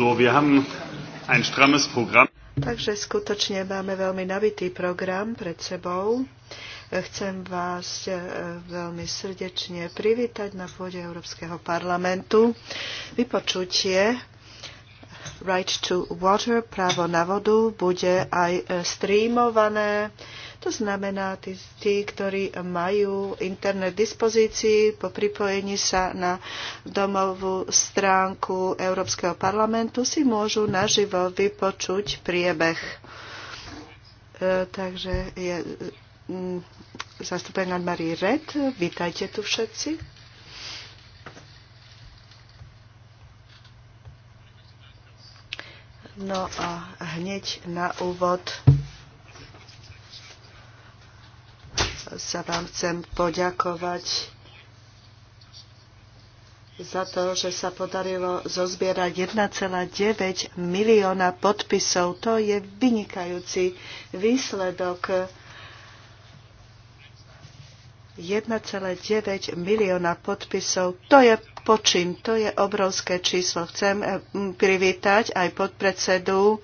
So, wir haben ein strammes Programm. Takže skutočne máme veľmi nabitý program pred sebou. Chcem vás eh, veľmi srdečne privítať na pôde Európskeho parlamentu. Vypočutie Right to Water, právo na vodu, bude aj eh, streamované to znamená, tí, tí ktorí majú internet dispozícii po pripojení sa na domovú stránku Európskeho parlamentu, si môžu naživo vypočuť priebeh. E, Takže je zastupená Marie Red. Vítajte tu všetci. No a hneď na úvod sa vám chcem poďakovať za to, že sa podarilo zozbierať 1,9 milióna podpisov. To je vynikajúci výsledok. 1,9 milióna podpisov. To je počin, to je obrovské číslo. Chcem eh, privítať aj podpredsedu eh,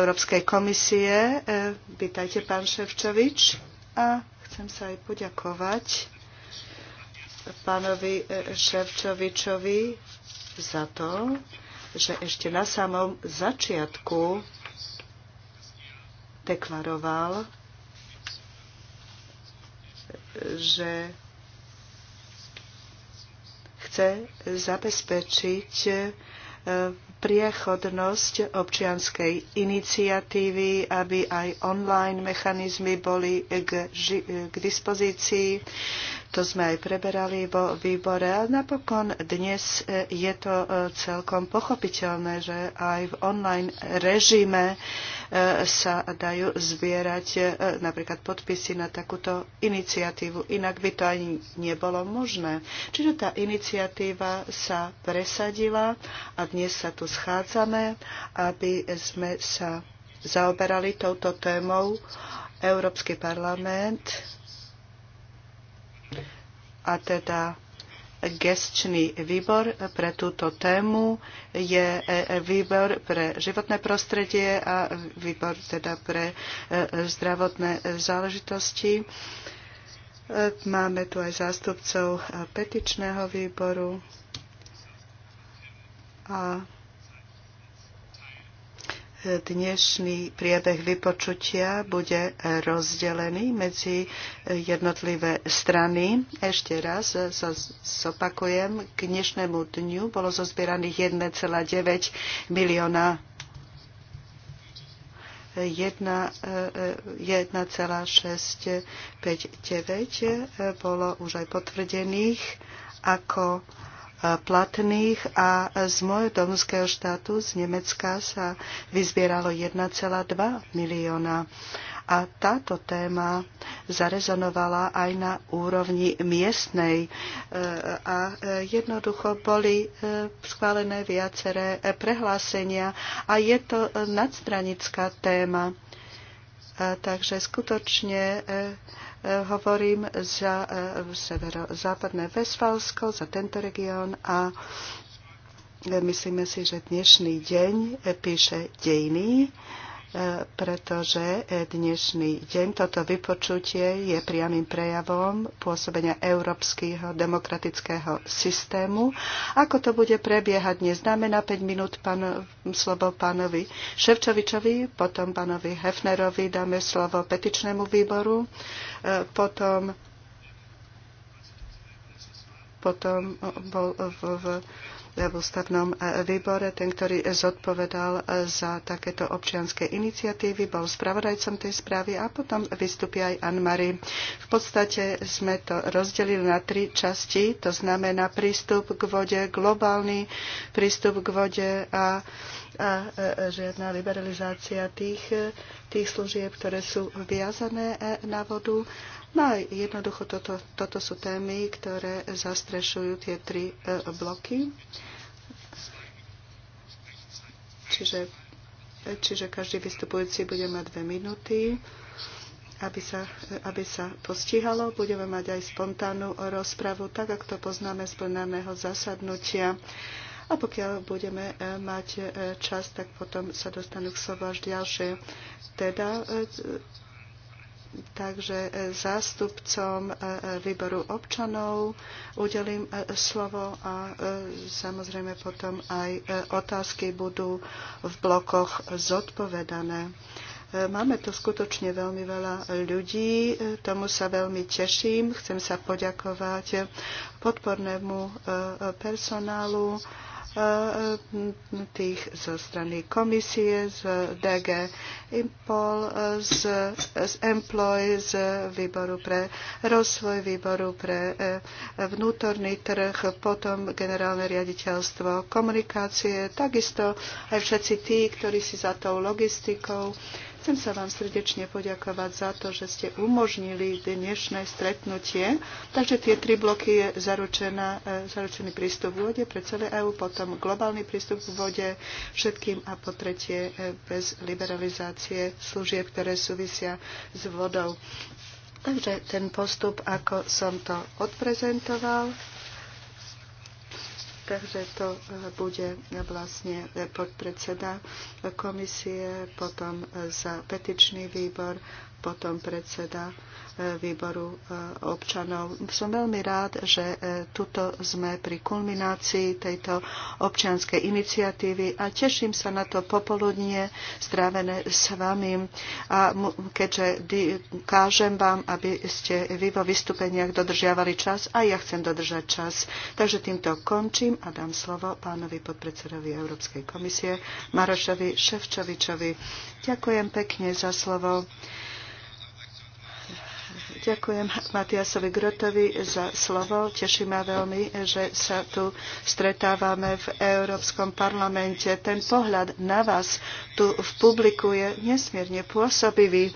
Európskej komisie. Eh, vítajte, pán Ševčovič. A chcem sa aj poďakovať pánovi e, Ševčovičovi za to, že ešte na samom začiatku deklaroval, že chce zabezpečiť e, priechodnosť občianskej iniciatívy, aby aj online mechanizmy boli k, k dispozícii. To sme aj preberali vo výbore a napokon dnes e, je to e, celkom pochopiteľné, že aj v online režime e, sa dajú zbierať napríklad podpisy na takúto iniciatívu. Inak by to ani nebolo možné. Čiže tá iniciatíva sa presadila a dnes sa tu schádzame, aby sme sa zaoberali touto témou. Európsky parlament a teda gestčný výbor pre túto tému je e, e, výbor pre životné prostredie a výbor teda pre e, zdravotné záležitosti. Máme tu aj zástupcov petičného výboru a dnešný priebeh vypočutia bude rozdelený medzi jednotlivé strany. Ešte raz sa zopakujem, k dnešnému dňu bolo zozbieraných 1,9 milióna 1,659 e, bolo už aj potvrdených ako platných a z môjho domovského štátu z Nemecka sa vyzbieralo 1,2 milióna. A táto téma zarezonovala aj na úrovni miestnej e, a e, jednoducho boli e, schválené viaceré prehlásenia a je to nadstranická téma. Takže skutočne hovorím za e, severozápadné Vesfalsko, za tento región a myslíme si, že dnešný deň e, píše dejný pretože dnešný deň, toto vypočutie je priamým prejavom pôsobenia európskeho demokratického systému. Ako to bude prebiehať dnes? Dáme na 5 minút pán, slovo pánovi Ševčovičovi, potom pánovi Hefnerovi dáme slovo petičnému výboru, e, potom potom bol v, v, v ústavnom e, výbore, ten, ktorý zodpovedal e, za takéto občianské iniciatívy, bol spravodajcom tej správy a potom vystupí aj Anne-Marie. V podstate sme to rozdelili na tri časti, to znamená prístup k vode, globálny prístup k vode a a e, žiadna liberalizácia tých, tých služieb, ktoré sú viazané na vodu No a jednoducho toto, toto sú témy, ktoré zastrešujú tie tri e, bloky. Čiže, čiže každý vystupujúci bude mať dve minúty aby sa, aby sa postihalo. Budeme mať aj spontánnu rozpravu, tak ako to poznáme z plenárneho zasadnutia. A pokiaľ budeme e, mať e, čas, tak potom sa dostanú k slovu až ďalšie. Teda e, Takže e, zástupcom e, výboru občanov udelím e, slovo a samozrejme potom aj otázky budú v blokoch zodpovedané. Máme tu skutočne veľmi veľa ľudí, tomu sa veľmi teším. Chcem sa poďakovať podpornému personálu, Eh, tých zo strany komisie, z DG Impol, z, z Employ, z výboru pre rozvoj, výboru pre eh, vnútorný trh, potom generálne riaditeľstvo komunikácie, takisto aj všetci tí, ktorí si za tou logistikou Chcem sa vám srdečne poďakovať za to, že ste umožnili dnešné stretnutie. Takže tie tri bloky je zaručená, e, zaručený prístup v vode pre celé EÚ, potom globálny prístup v vode všetkým a po tretie e, bez liberalizácie služieb, ktoré súvisia s vodou. Takže ten postup, ako som to odprezentoval, takže to e, bude vlastne e, podpredseda komisie, potom e, za petičný výbor potom predseda e, výboru e, občanov. Som veľmi rád, že e, tuto sme pri kulminácii tejto občianskej iniciatívy a teším sa na to popoludnie strávené s vami. A keďže kážem vám, aby ste vy vo vystúpeniach dodržiavali čas a ja chcem dodržať čas. Takže týmto končím a dám slovo pánovi podpredsedovi Európskej komisie Marošovi Ševčovičovi. Ďakujem pekne za slovo. Ďakujem Matiasovi Grotovi za slovo. Teší ma veľmi, že sa tu stretávame v Európskom parlamente. Ten pohľad na vás tu v publiku je nesmierne pôsobivý.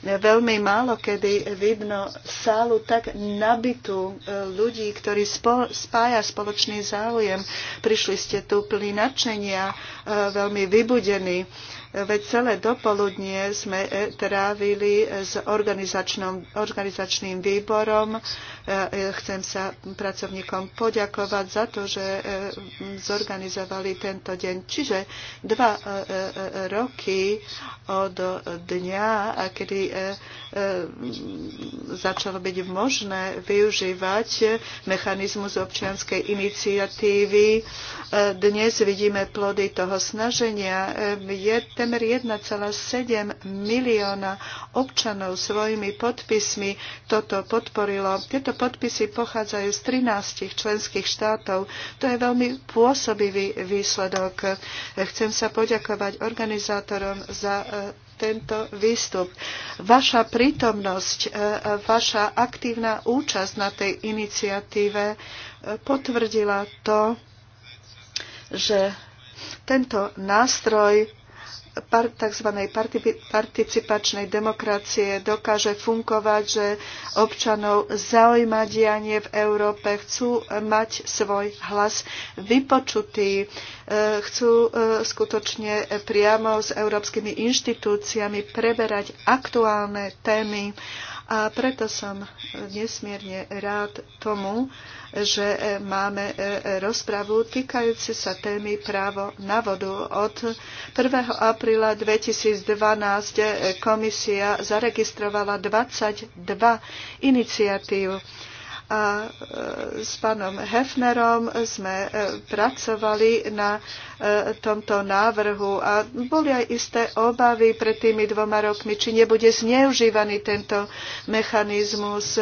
Veľmi málo kedy vidno sálu tak nabitú e, ľudí, ktorí spája spoločný záujem. Prišli ste tu plní nadšenia, e, veľmi vybudení. Veď celé dopoludnie sme e, trávili s organizačným výborom E, chcem sa pracovníkom poďakovať za to, že e, zorganizovali tento deň. Čiže dva e, roky od dňa, kedy začalo byť možné využívať mechanizmus občianskej iniciatívy. Dnes vidíme plody toho snaženia. Je temer 1,7 milióna občanov svojimi podpismi toto podporilo. Tieto podpisy pochádzajú z 13 členských štátov. To je veľmi pôsobivý výsledok. Chcem sa poďakovať organizátorom za e, tento výstup. Vaša prítomnosť, e, vaša aktívna účasť na tej iniciatíve e, potvrdila to, že tento nástroj tzv. participačnej demokracie dokáže fungovať, že občanov zaujíma dianie v Európe, chcú mať svoj hlas vypočutý, e, chcú e, skutočne priamo s európskymi inštitúciami preberať aktuálne témy a preto som nesmierne rád tomu, že máme e, rozpravu týkajúci sa témy právo na vodu. Od 1. apríla 2012 e, komisia zaregistrovala 22 iniciatív a e, s pánom Hefnerom sme pracovali na E, tomto návrhu a boli aj isté obavy pred tými dvoma rokmi, či nebude zneužívaný tento mechanizmus,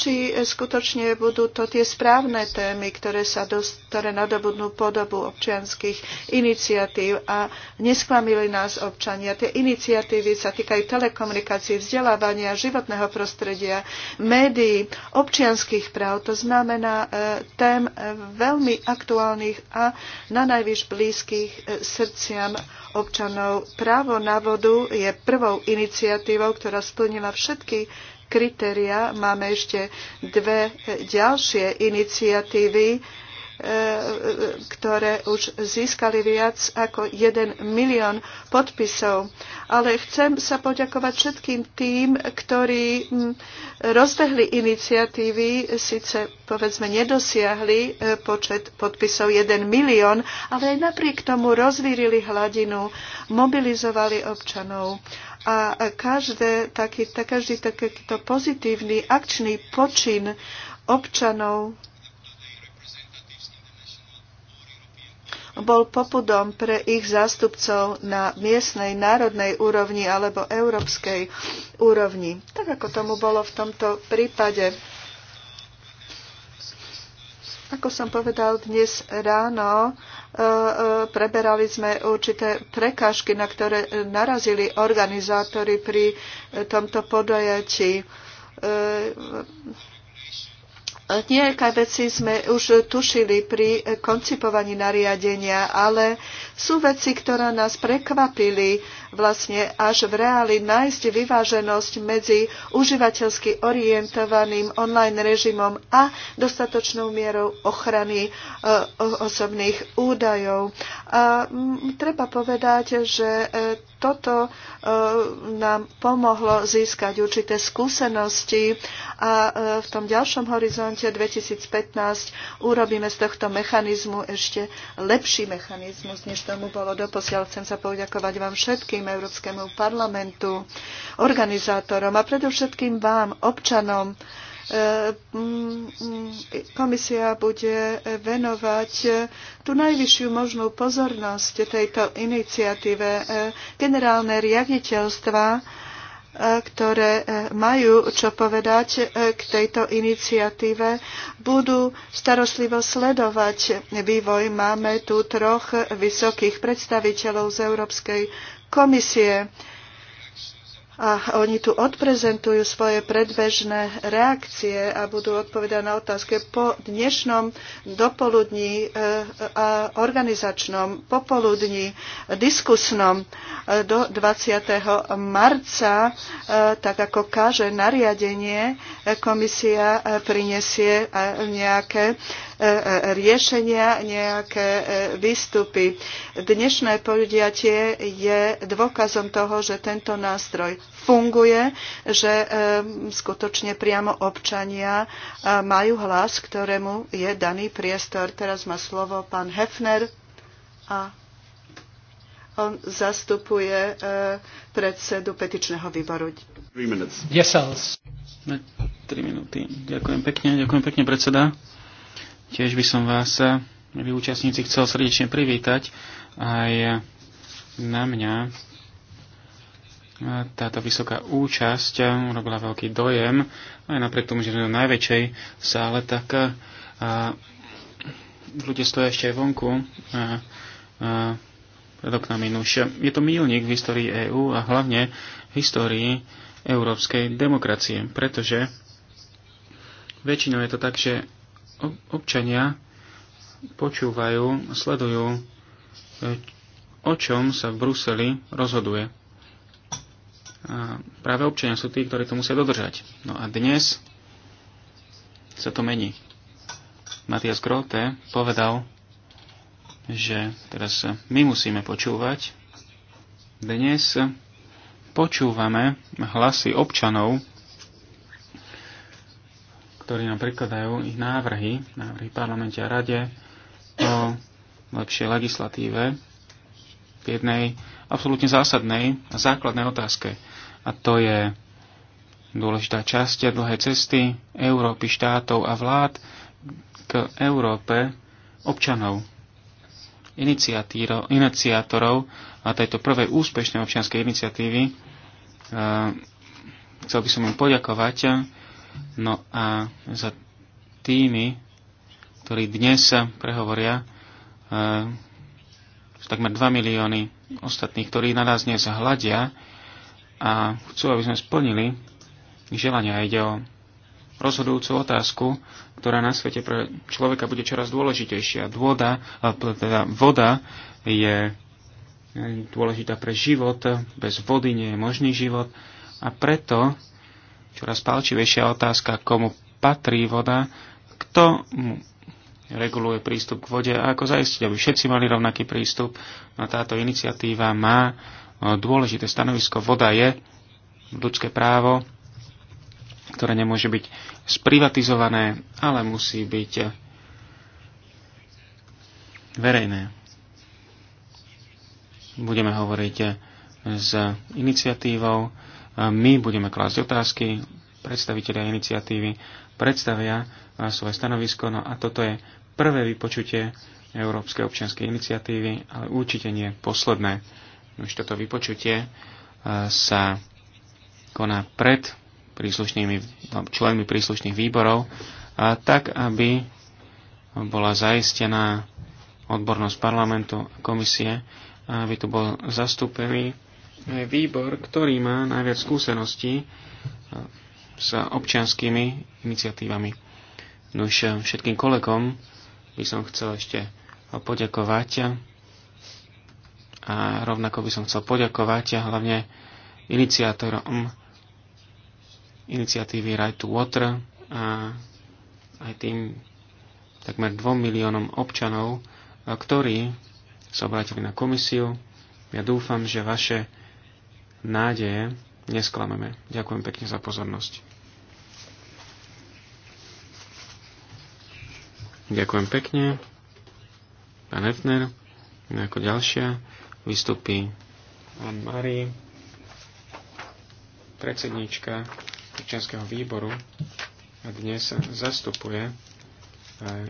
či skutočne budú to tie správne témy, ktoré, sa dost, ktoré nadobudnú podobu občianských iniciatív a nesklamili nás občania. Tie iniciatívy sa týkajú telekomunikácií, vzdelávania, životného prostredia, médií, občianských práv. To znamená e, tém e, veľmi aktuálnych a na najvyš blízkych blízkych e, srdciam občanov. Právo na vodu je prvou iniciatívou, ktorá splnila všetky kritéria. Máme ešte dve e, ďalšie iniciatívy, E, e, ktoré už získali viac ako 1 milión podpisov. Ale chcem sa poďakovať všetkým tým, ktorí rozbehli iniciatívy, síce povedzme nedosiahli e, počet podpisov 1 milión, ale aj napriek tomu rozvírili hladinu, mobilizovali občanov a každé, taký, každý takýto pozitívny akčný počin občanov bol popudom pre ich zástupcov na miestnej, národnej úrovni alebo európskej úrovni. Tak ako tomu bolo v tomto prípade. Ako som povedal dnes ráno, e, e, preberali sme určité prekážky, na ktoré narazili organizátori pri tomto podajatí e, Nieké veci sme už tušili pri koncipovaní nariadenia, ale sú veci, ktoré nás prekvapili vlastne až v reáli nájsť vyváženosť medzi užívateľsky orientovaným online režimom a dostatočnou mierou ochrany e, osobných údajov. A treba povedať, že e, toto e, nám pomohlo získať určité skúsenosti a v tom ďalšom horizonte 2015 urobíme z tohto mechanizmu ešte lepší mechanizmus, než tomu bolo doposiaľ. Chcem sa poďakovať vám všetkým všetkým Európskemu parlamentu, organizátorom a predovšetkým vám, občanom. E, komisia bude venovať e, tú najvyššiu možnú pozornosť tejto iniciatíve. E, generálne riaditeľstva ktoré majú čo povedať k tejto iniciatíve, budú starostlivo sledovať vývoj. Máme tu troch vysokých predstaviteľov z Európskej komisie. A oni tu odprezentujú svoje predbežné reakcie a budú odpovedať na otázky po dnešnom dopoludní e, a organizačnom popoludní diskusnom e, do 20. marca, e, tak ako káže nariadenie, komisia prinesie nejaké riešenia, nejaké výstupy. Dnešné podujatie je dôkazom toho, že tento nástroj funguje, že skutočne priamo občania majú hlas, ktorému je daný priestor. Teraz má slovo pán Hefner a on zastupuje predsedu petičného výboru. 3 minúty. Ďakujem pekne, ďakujem pekne predseda. Tiež by som vás, eh, milí účastníci, chcel srdečne privítať aj na mňa. Eh, táto vysoká účasť eh, robila veľký dojem, aj napriek tomu, že sme v najväčšej sále, tak a, ľudia stojí ešte aj vonku. A, a, no je to mílnik v histórii EÚ a hlavne v histórii európskej demokracie, pretože väčšinou je to tak, že občania počúvajú, sledujú, e, o čom sa v Bruseli rozhoduje. A práve občania sú tí, ktorí to musia dodržať. No a dnes sa to mení. Matias Grote povedal, že teraz my musíme počúvať. Dnes počúvame hlasy občanov ktorí nám prikladajú ich návrhy, návrhy v parlamente a rade o lepšej legislatíve k jednej absolútne zásadnej a základnej otázke. A to je dôležitá časť a dlhé cesty Európy, štátov a vlád k Európe občanov, iniciátorov a tejto prvej úspešnej občianskej iniciatívy. Chcel by som im poďakovať No a za tými, ktorí dnes sa prehovoria, e, sú takmer 2 milióny ostatných, ktorí na nás dnes hľadia a chcú, aby sme splnili ich želania. Ide o rozhodujúcu otázku, ktorá na svete pre človeka bude čoraz dôležitejšia. Dôda, teda voda je dôležitá pre život, bez vody nie je možný život a preto čoraz palčivejšia otázka, komu patrí voda, kto mu reguluje prístup k vode a ako zaistiť, aby všetci mali rovnaký prístup. no táto iniciatíva má dôležité stanovisko. Voda je ľudské právo, ktoré nemôže byť sprivatizované, ale musí byť verejné. Budeme hovoriť s iniciatívou my budeme klásť otázky, predstaviteľia iniciatívy predstavia svoje stanovisko, no a toto je prvé vypočutie Európskej občianskej iniciatívy, ale určite nie posledné. No už toto vypočutie sa koná pred príslušnými, no, členmi príslušných výborov, a tak aby bola zaistená odbornosť parlamentu a komisie, aby tu bol zastúpený výbor, ktorý má najviac skúseností s občianskými iniciatívami. Nuž no eh, všetkým kolegom by som chcel ešte poďakovať a rovnako by som chcel poďakovať a hlavne iniciátorom iniciatívy Right to Water a aj tým takmer 2 miliónom občanov, eh, ktorí sa obrátili na komisiu. Ja dúfam, že vaše nádeje nesklameme. Ďakujem pekne za pozornosť. Ďakujem pekne. Pán Hefner, ako ďalšia vystupí pán Mari, predsedníčka občianského výboru a dnes zastupuje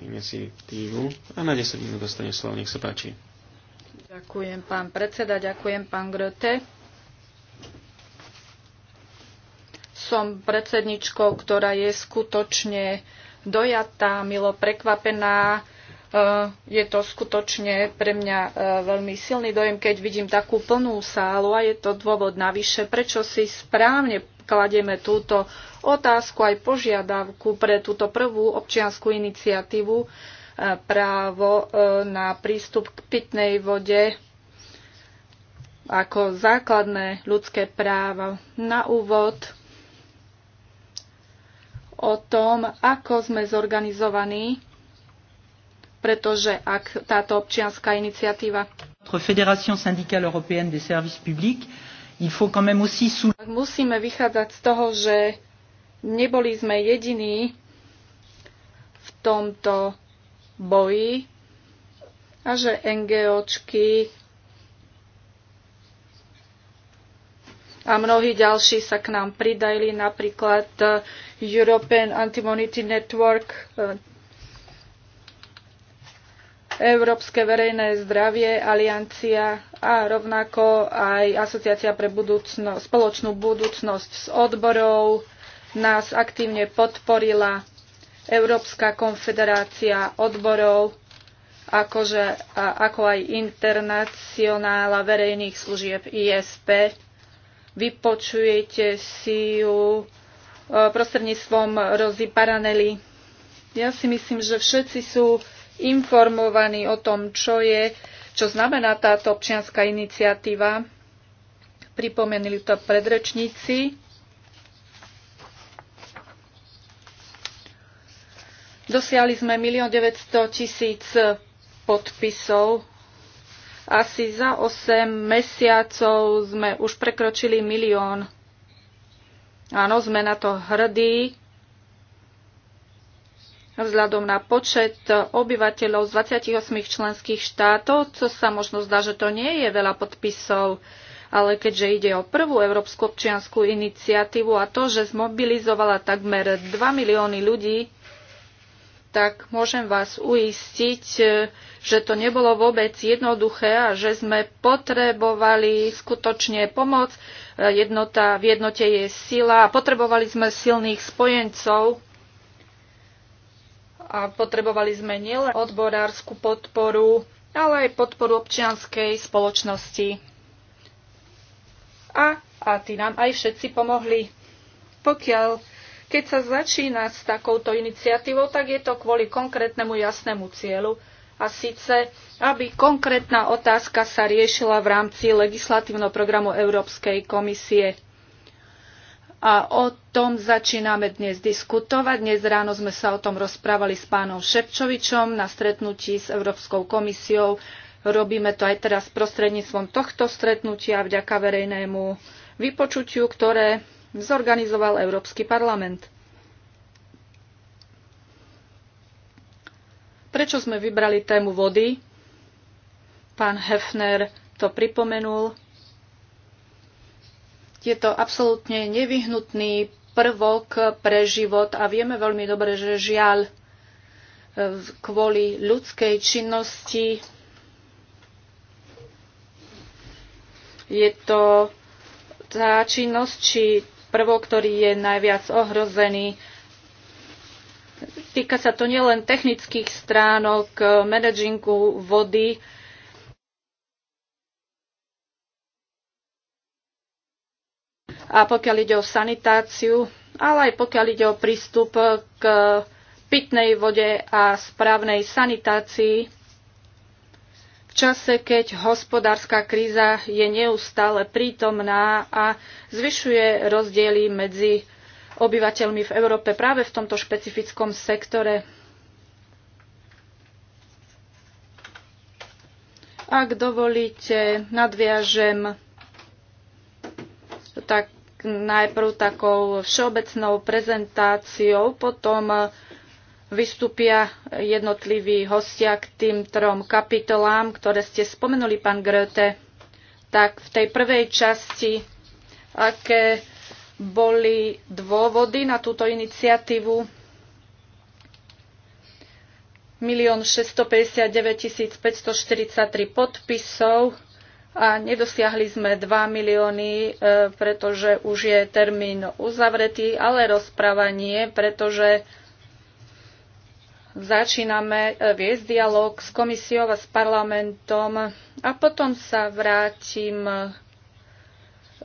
iniciatívu a na 10 minút dostane slovo. Nech sa páči. Ďakujem pán predseda, ďakujem pán Grote. som predsedničkou, ktorá je skutočne dojatá, milo prekvapená. Eh, je to skutočne pre mňa eh, veľmi silný dojem, keď vidím takú plnú sálu a je to dôvod navyše, prečo si správne kladieme túto otázku aj požiadavku pre túto prvú občianskú iniciatívu eh, právo na prístup k pitnej vode ako základné ľudské práva. Na úvod o tom, ako sme zorganizovaní, pretože ak táto občianská iniciatíva Fédération syndicale européenne des services publics, il faut quand même aussi sous... Musíme vychádzať z toho, že neboli sme jediní v tomto boji a že NGOčky a mnohí ďalší sa k nám pridajili, napríklad eh, European Antimonity Network, eh, Európske verejné zdravie, aliancia a rovnako aj Asociácia pre budúcno, spoločnú budúcnosť s odborov nás aktívne podporila Európska konfederácia odborov, akože, ako aj Internacionála verejných služieb ISP vypočujete si ju e, prostredníctvom Rozy Paranely. Ja si myslím, že všetci sú informovaní o tom, čo je, čo znamená táto občianská iniciatíva. Pripomenili to predrečníci. Dosiahli sme 1 900 000 podpisov asi za 8 mesiacov sme už prekročili milión. Áno, sme na to hrdí. Vzhľadom na počet obyvateľov z 28 členských štátov, čo sa možno zdá, že to nie je veľa podpisov, ale keďže ide o prvú európsku občianskú iniciatívu a to, že zmobilizovala takmer 2 milióny ľudí, tak môžem vás uistiť, e, že to nebolo vôbec jednoduché a že sme potrebovali skutočne pomoc. E, Jednota v jednote je sila a potrebovali sme silných spojencov a potrebovali sme nielen odborárskú podporu, ale aj podporu občianskej spoločnosti. A, a tí nám aj všetci pomohli. Pokiaľ keď sa začína s takouto iniciatívou, tak je to kvôli konkrétnemu jasnému cieľu a síce, aby konkrétna otázka sa riešila v rámci legislatívneho programu Európskej komisie. A o tom začíname dnes diskutovať. Dnes ráno sme sa o tom rozprávali s pánom Šepčovičom na stretnutí s Európskou komisiou. Robíme to aj teraz prostredníctvom tohto stretnutia vďaka verejnému vypočutiu, ktoré zorganizoval Európsky parlament. Prečo sme vybrali tému vody? Pán Hefner to pripomenul. Je to absolútne nevyhnutný prvok pre život a vieme veľmi dobre, že žiaľ kvôli ľudskej činnosti je to tá činnosť či prvok, ktorý je najviac ohrozený. Týka sa to nielen technických stránok, managingu vody, a pokiaľ ide o sanitáciu, ale aj pokiaľ ide o prístup k pitnej vode a správnej sanitácii v čase, keď hospodárska kríza je neustále prítomná a zvyšuje rozdiely medzi obyvateľmi v Európe práve v tomto špecifickom sektore. Ak dovolíte, nadviažem tak najprv takou všeobecnou prezentáciou, potom vystúpia jednotliví hostia k tým trom kapitolám, ktoré ste spomenuli, pán Grote, Tak v tej prvej časti, aké boli dôvody na túto iniciatívu? 1 659 543 podpisov a nedosiahli sme 2 milióny, e, pretože už je termín uzavretý, ale rozprávanie, pretože začíname e, viesť dialog s komisiou a s parlamentom a potom sa vrátim e,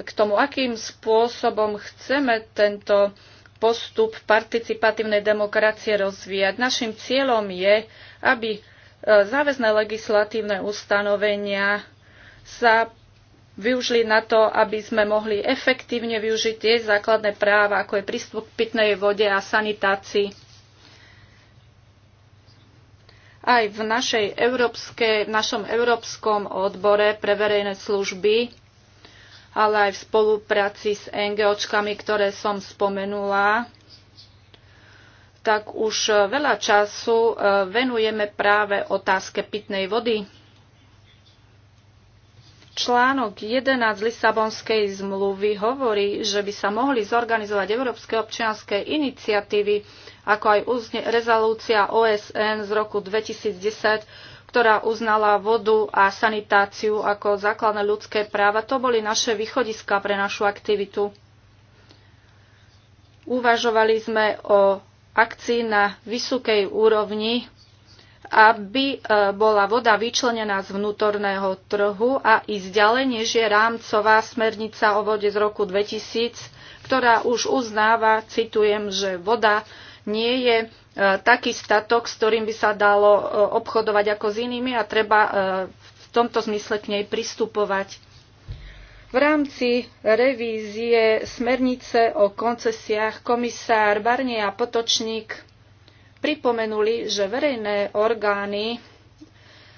k tomu, akým spôsobom chceme tento postup participatívnej demokracie rozvíjať. Našim cieľom je, aby e, záväzné legislatívne ustanovenia sa využili na to, aby sme mohli efektívne využiť tie základné práva, ako je prístup k pitnej vode a sanitácii aj v, našej európske, v našom európskom odbore pre verejné služby, ale aj v spolupráci s NGOčkami, ktoré som spomenula, tak už veľa času e, venujeme práve otázke pitnej vody. Článok 11 Lisabonskej zmluvy hovorí, že by sa mohli zorganizovať európske občianské iniciatívy, ako aj rezolúcia OSN z roku 2010, ktorá uznala vodu a sanitáciu ako základné ľudské práva. To boli naše východiska pre našu aktivitu. Uvažovali sme o akcii na vysokej úrovni, aby e, bola voda vyčlenená z vnútorného trhu a ísť ďalej, než je rámcová smernica o vode z roku 2000, ktorá už uznáva, citujem, že voda nie je e, taký statok, s ktorým by sa dalo e, obchodovať ako s inými a treba e, v tomto zmysle k nej pristupovať. V rámci revízie smernice o koncesiách komisár Barnie a Potočník pripomenuli, že verejné orgány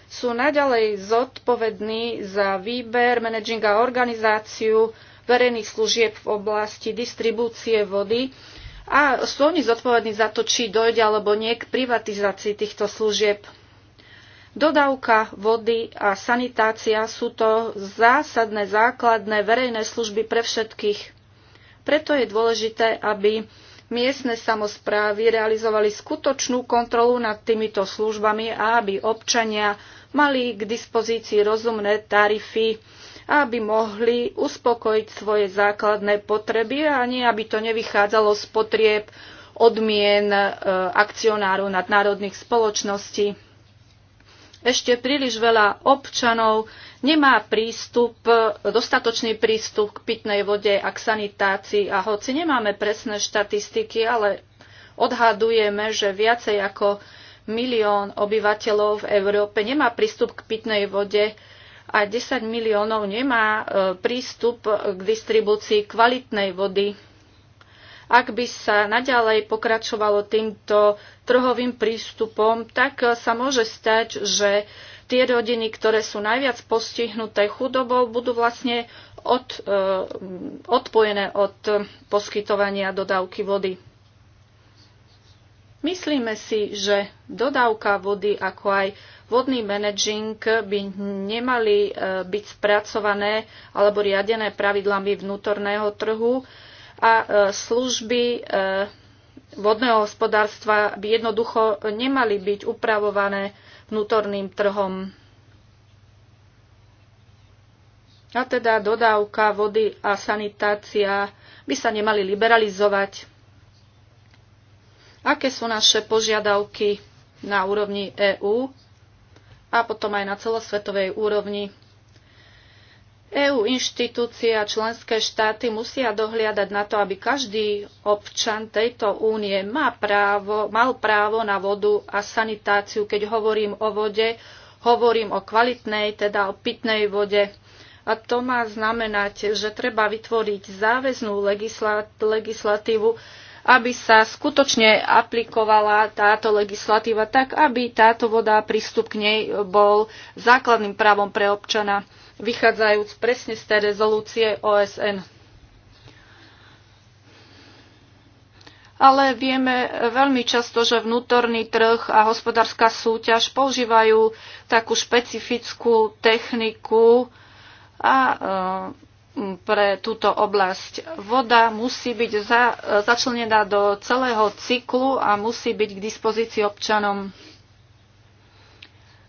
sú naďalej zodpovední za výber, managing a organizáciu verejných služieb v oblasti distribúcie vody a sú oni zodpovední za to, či dojde alebo nie k privatizácii týchto služieb. Dodávka vody a sanitácia sú to zásadné, základné verejné služby pre všetkých. Preto je dôležité, aby miestne samozprávy realizovali skutočnú kontrolu nad týmito službami a aby občania mali k dispozícii rozumné tarify aby mohli uspokojiť svoje základné potreby a nie, aby to nevychádzalo z potrieb odmien e, akcionárov nadnárodných spoločností. Ešte príliš veľa občanov nemá prístup, e, dostatočný prístup k pitnej vode a k sanitácii a hoci nemáme presné štatistiky, ale odhadujeme, že viacej ako milión obyvateľov v Európe nemá prístup k pitnej vode a 10 miliónov nemá e, prístup k distribúcii kvalitnej vody. Ak by sa naďalej pokračovalo týmto trhovým prístupom, tak e, sa môže stať, že tie rodiny, ktoré sú najviac postihnuté chudobou, budú vlastne od, e, odpojené od poskytovania dodávky vody. Myslíme si, že dodávka vody ako aj vodný managing by nemali e, byť spracované alebo riadené pravidlami vnútorného trhu a e, služby e, vodného hospodárstva by jednoducho nemali byť upravované vnútorným trhom. A teda dodávka vody a sanitácia by sa nemali liberalizovať aké sú naše požiadavky na úrovni EÚ a potom aj na celosvetovej úrovni. EÚ inštitúcie a členské štáty musia dohliadať na to, aby každý občan tejto únie má právo, mal právo na vodu a sanitáciu. Keď hovorím o vode, hovorím o kvalitnej, teda o pitnej vode. A to má znamenať, že treba vytvoriť záväznú legislatívu, aby sa skutočne aplikovala táto legislatíva tak, aby táto voda prístup k nej bol základným právom pre občana, vychádzajúc presne z tej rezolúcie OSN. Ale vieme veľmi často, že vnútorný trh a hospodárska súťaž používajú takú špecifickú techniku a e, pre túto oblasť. Voda musí byť za, začlenená do celého cyklu a musí byť k dispozícii občanom.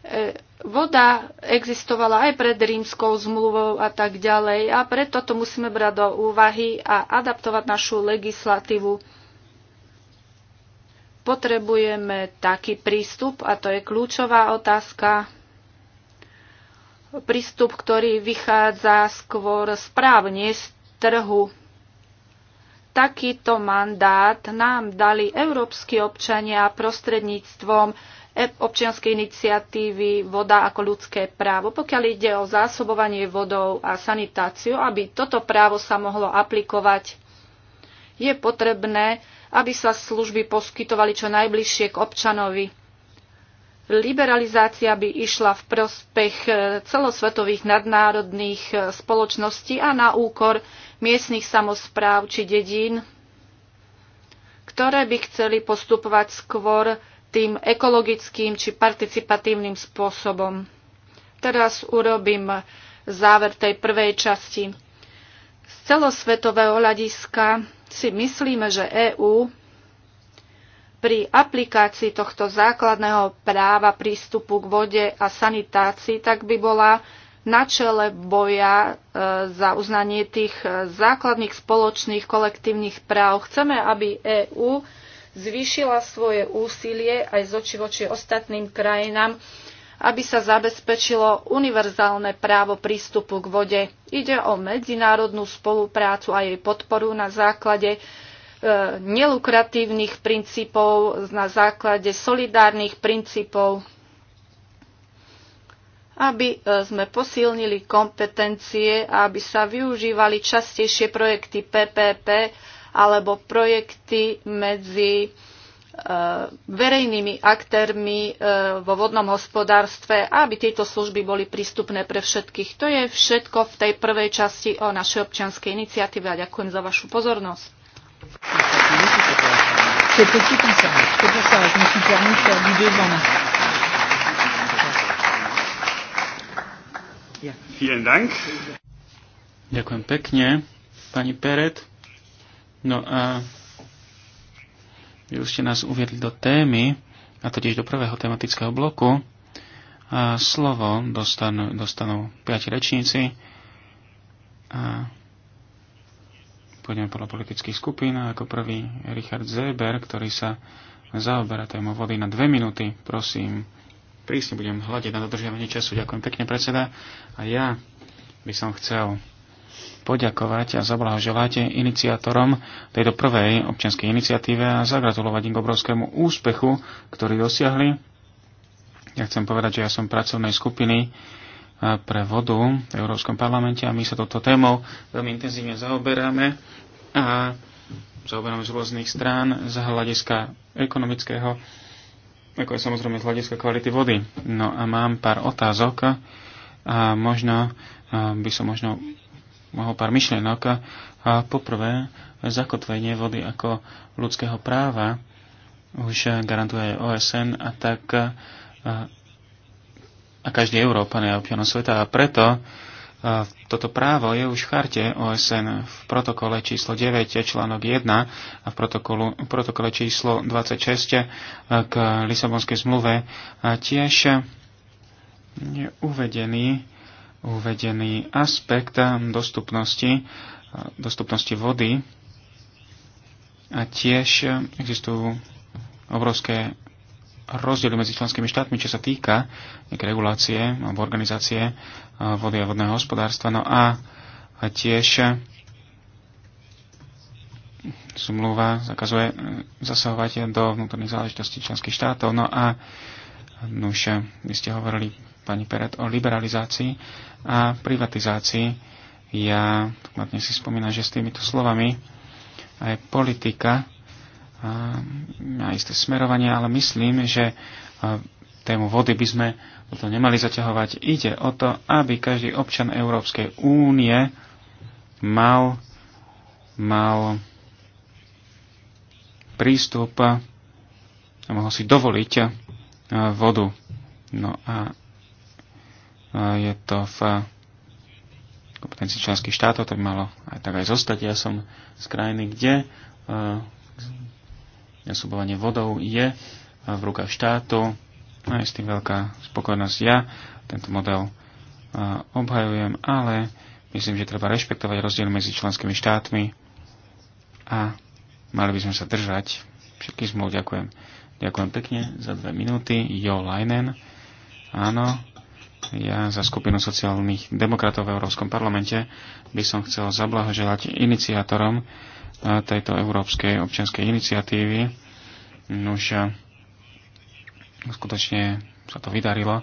E, voda existovala aj pred rímskou zmluvou a tak ďalej a preto to musíme brať do úvahy a adaptovať našu legislatívu. Potrebujeme taký prístup a to je kľúčová otázka prístup, ktorý vychádza skôr správne z trhu. Takýto mandát nám dali európsky občania prostredníctvom e- občianskej iniciatívy Voda ako ľudské právo, pokiaľ ide o zásobovanie vodou a sanitáciu, aby toto právo sa mohlo aplikovať. Je potrebné, aby sa služby poskytovali čo najbližšie k občanovi Liberalizácia by išla v prospech e, celosvetových nadnárodných e, spoločností a na úkor miestnych samozpráv či dedín, ktoré by chceli postupovať skôr tým ekologickým či participatívnym spôsobom. Teraz urobím záver tej prvej časti. Z celosvetového hľadiska si myslíme, že EÚ pri aplikácii tohto základného práva prístupu k vode a sanitácii, tak by bola na čele boja e, za uznanie tých e, základných spoločných kolektívnych práv. Chceme, aby EÚ zvýšila svoje úsilie aj z oči voči ostatným krajinám, aby sa zabezpečilo univerzálne právo prístupu k vode. Ide o medzinárodnú spoluprácu a jej podporu na základe E, nelukratívnych princípov, na základe solidárnych princípov, aby e, sme posilnili kompetencie a aby sa využívali častejšie projekty PPP alebo projekty medzi e, verejnými aktérmi vo vodnom hospodárstve, aby tieto služby boli prístupné pre všetkých. To je všetko v tej prvej časti o našej občianskej iniciatíve a ďakujem za vašu pozornosť. C'est petit comme ça. C'est pour ça que je me suis permis de faire du devant. Vielen Dank. Ďakujem pekne, pani Peret. No a vy už ste nás uviedli do témy, a totiž do prvého tematického bloku. A slovo dostanú, dostanú piati rečníci. A pôjdem podľa politických skupín. A ako prvý Richard Zeber, ktorý sa zaoberá tému vody na dve minúty. Prosím, prísne budem hľadiť na dodržiavanie času. Ďakujem pekne, predseda. A ja by som chcel poďakovať a zablahoželať iniciátorom tejto prvej občianskej iniciatíve a zagratulovať im k obrovskému úspechu, ktorý dosiahli. Ja chcem povedať, že ja som pracovnej skupiny pre vodu v Európskom parlamente a my sa toto témou veľmi intenzívne zaoberáme a zaoberáme z rôznych strán z hľadiska ekonomického, ako je samozrejme z hľadiska kvality vody. No a mám pár otázok a možno by som možno mohol pár myšlienok. A poprvé, zakotvenie vody ako ľudského práva už garantuje OSN a tak a každý Európan je občanom sveta a preto e, toto právo je už v charte OSN v protokole číslo 9, článok 1 a v protokolu, protokole číslo 26 e, k Lisabonskej zmluve a tiež je uvedený, uvedený aspekt dostupnosti, dostupnosti vody a tiež existujú obrovské rozdiely medzi členskými štátmi, čo sa týka regulácie alebo organizácie eh, vody a vodného hospodárstva. No a tiež eh, zmluva zakazuje eh, zasahovať do vnútorných záležitostí členských štátov. No a už vy ste hovorili, pani Peret, o liberalizácii a privatizácii. Ja dnes si spomínam, že s týmito slovami aj politika na isté smerovanie, ale myslím, že tému vody by sme to nemali zaťahovať. Ide o to, aby každý občan Európskej únie mal, mal prístup a mohol si dovoliť vodu. No a je to v kompetencii členských štátov, to by malo aj tak aj zostať. Ja som z krajiny, kde zásobovanie vodou je v rukách štátu a je s tým veľká spokojnosť. Ja tento model obhajujem, ale myslím, že treba rešpektovať rozdiel medzi členskými štátmi a mali by sme sa držať všetkých zmluv. Ďakujem. Ďakujem pekne za dve minúty. Jo Leinen. Áno, ja za skupinu sociálnych demokratov v Európskom parlamente by som chcel zablahoželať iniciátorom tejto európskej občianskej iniciatívy. Nuž skutočne sa to vydarilo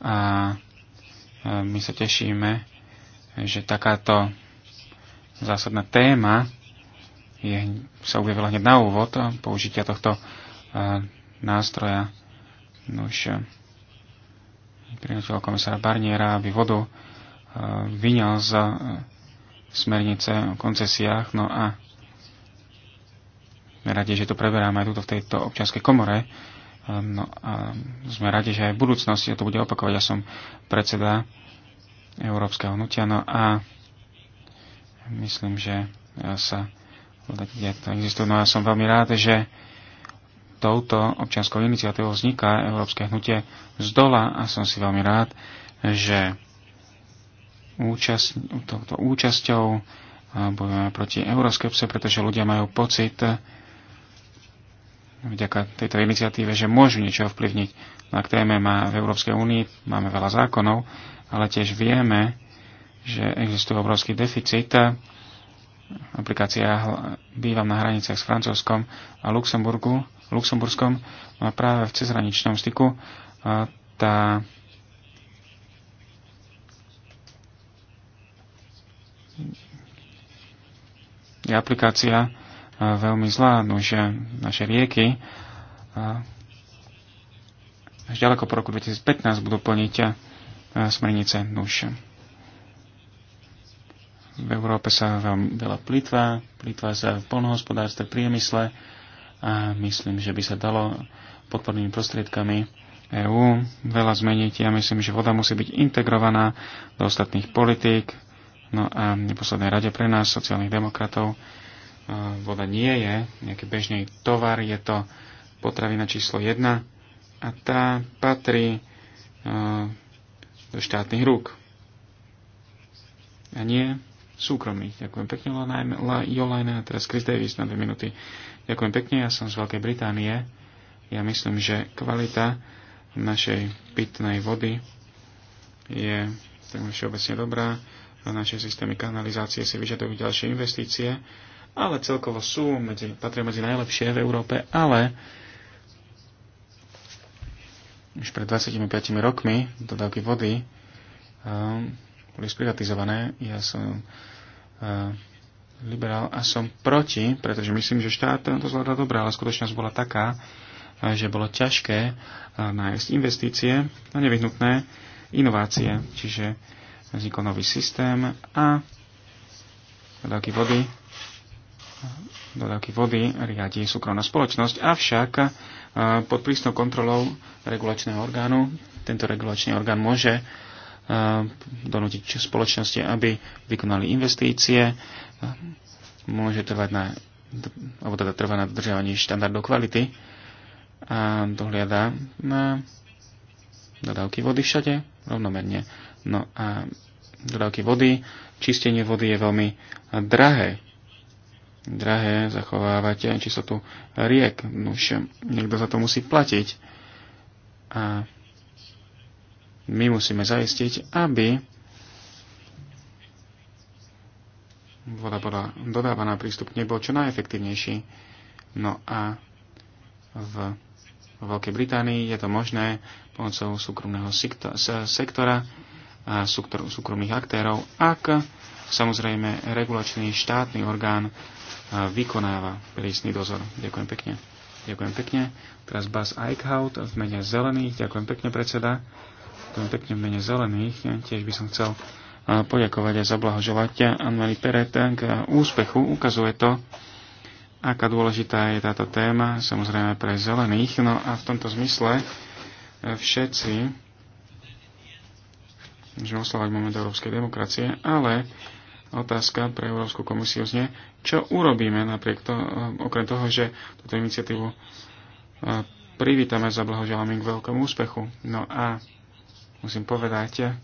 a e, my sa tešíme, že takáto zásadná téma je, sa objavila hneď na úvod použitia tohto e, nástroja. Nuž prinútil komisára Barniera, aby vodu e, vyňal z smernice o koncesiách. No a radi, že to preberáme aj tuto v tejto občianskej komore. Ehm, no a sme radi, že aj v budúcnosti to bude opakovať. Ja som predseda Európskeho hnutia. No a myslím, že ja sa kde to existuje. No a som veľmi rád, že touto občianskou iniciatívou vzniká Európske hnutie z dola a som si veľmi rád, že účasť, touto účasťou bojujeme proti euroskepse, pretože ľudia majú pocit, vďaka tejto iniciatíve, že môžu niečo ovplyvniť. Na no téme má v Európskej únii máme veľa zákonov, ale tiež vieme, že existuje obrovský deficit. Aplikácia bývam na hraniciach s Francúzskom a Luxemburgu, Luxemburskom no a práve v cezhraničnom styku tá je aplikácia veľmi zlá, že naše rieky až ďaleko po roku 2015 budú plniť e, smernice nuž. V Európe sa veľmi veľa plitva, plitva sa v polnohospodárstve, priemysle a myslím, že by sa dalo podpornými prostriedkami EÚ veľa zmeniť. Ja myslím, že voda musí byť integrovaná do ostatných politík. No a v neposlednej rade pre nás, sociálnych demokratov, voda nie je nejaký bežný tovar, je to potravina číslo 1 a tá patrí e, do štátnych rúk. A nie súkromných. Ďakujem pekne, Jolajna. A teraz Chris Davis na dve minúty. Ďakujem pekne, ja som z Veľkej Británie. Ja myslím, že kvalita našej pitnej vody je tak všeobecne dobrá. Naše systémy kanalizácie si vyžadujú ďalšie investície ale celkovo sú, medzi, patria medzi najlepšie v Európe, ale už pred 25 rokmi dodávky vody um, boli sprivatizované. Ja som uh, liberál a som proti, pretože myslím, že štát to zvládla dobre, ale skutočnosť bola taká, eh, že bolo ťažké eh, nájsť investície a nevyhnutné inovácie. Čiže vznikol nový systém a dodávky vody dodávky vody riadi súkromná spoločnosť, avšak e, pod prísnou kontrolou regulačného orgánu tento regulačný orgán môže e, donútiť spoločnosti, aby vykonali investície, môže trvať na, alebo teda trvá na dodržiavaní štandardov kvality a dohliada na dodávky vody všade rovnomerne. No a dodávky vody, čistenie vody je veľmi drahé drahé zachovávate, či sa tu riek. Už niekto za to musí platiť. A my musíme zaistiť, aby voda bola dodávaná prístup nebol čo najefektívnejší. No a v Veľkej Británii je to možné pomocou súkromného sektora a súkromných aktérov, ak samozrejme regulačný štátny orgán vykonáva prísny dozor. Ďakujem pekne. Ďakujem pekne. Teraz Bas Eichhout v mene zelených. Ďakujem pekne, predseda. Ďakujem pekne v mene zelených. Tiež by som chcel poďakovať a zablahoželať anne Peret k úspechu. Ukazuje to, aká dôležitá je táto téma, samozrejme pre zelených. No a v tomto zmysle e, všetci môžeme oslovať moment európskej demokracie, ale otázka pre Európsku komisiu znie, čo urobíme napriek to, eh, okrem toho, že túto iniciatívu eh, privítame, za blahoželami k veľkému úspechu. No a musím povedať,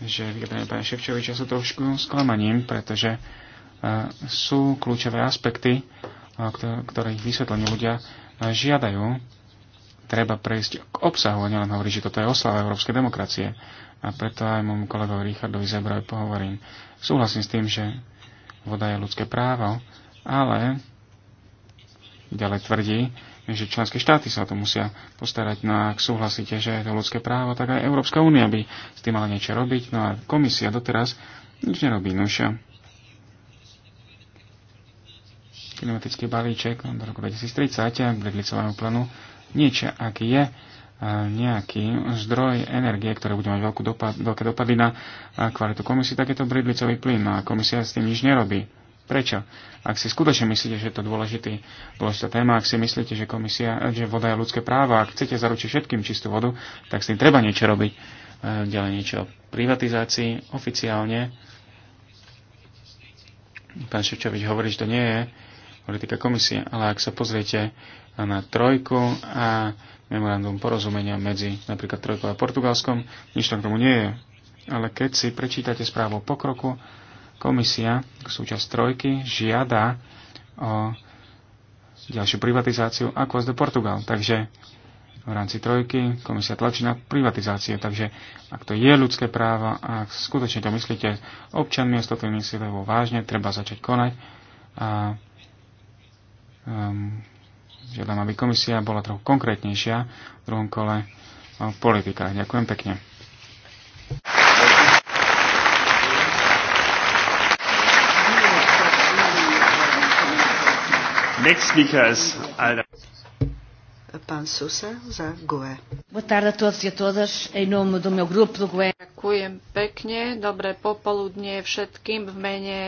že vyjadrenie pána Ševčoviča sú trošku sklamaním, pretože eh, sú kľúčové aspekty, ktorých vysvetlení ľudia žiadajú. Treba prejsť k obsahu a nielen hovoriť, že toto je oslava európskej demokracie a preto aj môjmu kolegovi Richardovi Zebrovi pohovorím. Súhlasím s tým, že voda je ľudské právo, ale ďalej tvrdí, že členské štáty sa o to musia postarať. No a ak súhlasíte, že je to ľudské právo, tak aj Európska únia by s tým mala niečo robiť. No a komisia doteraz nič nerobí. Nuša. No Klimatický balíček do roku 2030 k vedlicovému plánu nič, aký je nejaký zdroj energie, ktoré bude mať veľkú dopad, veľké dopady na kvalitu komisie, tak je to bridlicový plyn a komisia s tým nič nerobí. Prečo? Ak si skutočne myslíte, že je to dôležitý, dôležitá téma, ak si myslíte, že, komisia, že voda je ľudské právo a chcete zaručiť všetkým čistú vodu, tak s tým treba niečo robiť. E, ďalej niečo o privatizácii oficiálne. Pán Ševčovič hovorí, že to nie je politika komisie, ale ak sa pozriete na trojku a memorandum porozumenia medzi napríklad Trojkou a Portugalskom. Nič tam k tomu nie je. Ale keď si prečítate správu o pokroku, komisia, súčasť Trojky, žiada o ďalšiu privatizáciu Aquas de Portugal. Takže v rámci trojky komisia tlačí na privatizácie. Takže ak to je ľudské právo, a ak skutočne to myslíte občanmi a stotovými silou vážne, treba začať konať. A, um, Žiadam, aby komisia bola trochu konkrétnejšia v druhom kole o politikách. Ďakujem pekne. Next speaker Pán Susa za GUE. Boa tarde a todos e a todas. Em nome do meu grupo do GUE. Ďakujem pekne. Dobré popoludnie všetkým v mene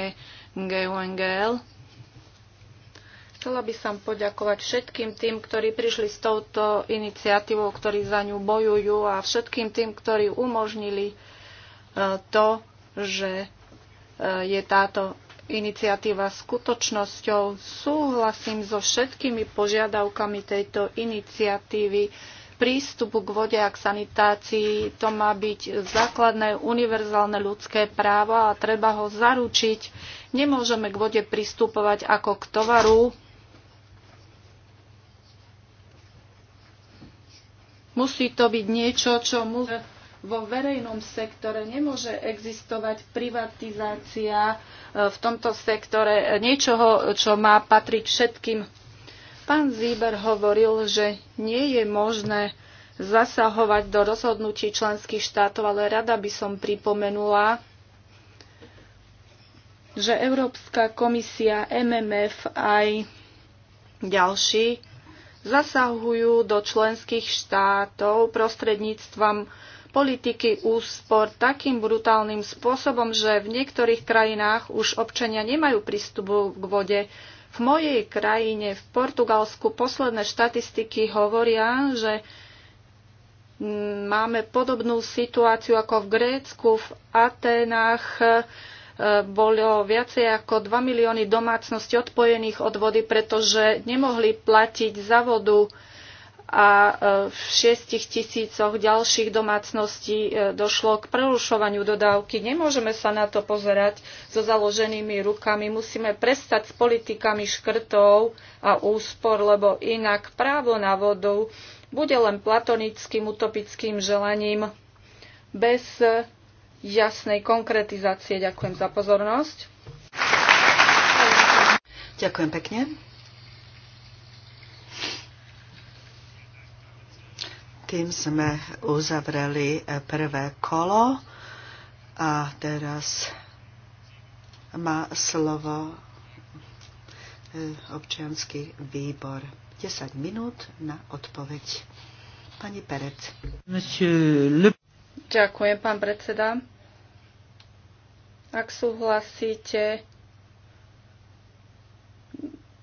GUNGL. Chcela by som poďakovať všetkým tým, ktorí prišli s touto iniciatívou, ktorí za ňu bojujú a všetkým tým, ktorí umožnili e, to, že e, je táto iniciatíva skutočnosťou. Súhlasím so všetkými požiadavkami tejto iniciatívy prístupu k vode a k sanitácii. To má byť základné univerzálne ľudské právo a treba ho zaručiť. Nemôžeme k vode pristupovať ako k tovaru, Musí to byť niečo, čo mu vo verejnom sektore nemôže existovať privatizácia e, v tomto sektore niečoho, čo má patriť všetkým. Pán Zíber hovoril, že nie je možné zasahovať do rozhodnutí členských štátov, ale rada by som pripomenula, že Európska komisia, MMF aj ďalší zasahujú do členských štátov prostredníctvom politiky úspor takým brutálnym spôsobom, že v niektorých krajinách už občania nemajú prístupu k vode. V mojej krajine, v Portugalsku, posledné štatistiky hovoria, že máme podobnú situáciu ako v Grécku, v Atenách bolo viacej ako 2 milióny domácností odpojených od vody, pretože nemohli platiť za vodu a e, v 6 tisícoch ďalších domácností e, došlo k prerušovaniu dodávky. Nemôžeme sa na to pozerať so založenými rukami. Musíme prestať s politikami škrtov a úspor, lebo inak právo na vodu bude len platonickým utopickým želaním bez jasnej konkretizácie. Ďakujem za pozornosť. Ďakujem pekne. Tým sme uzavreli prvé kolo a teraz má slovo občianský výbor. 10 minút na odpoveď. Pani Perec. Ďakujem, pán predseda. Ak súhlasíte,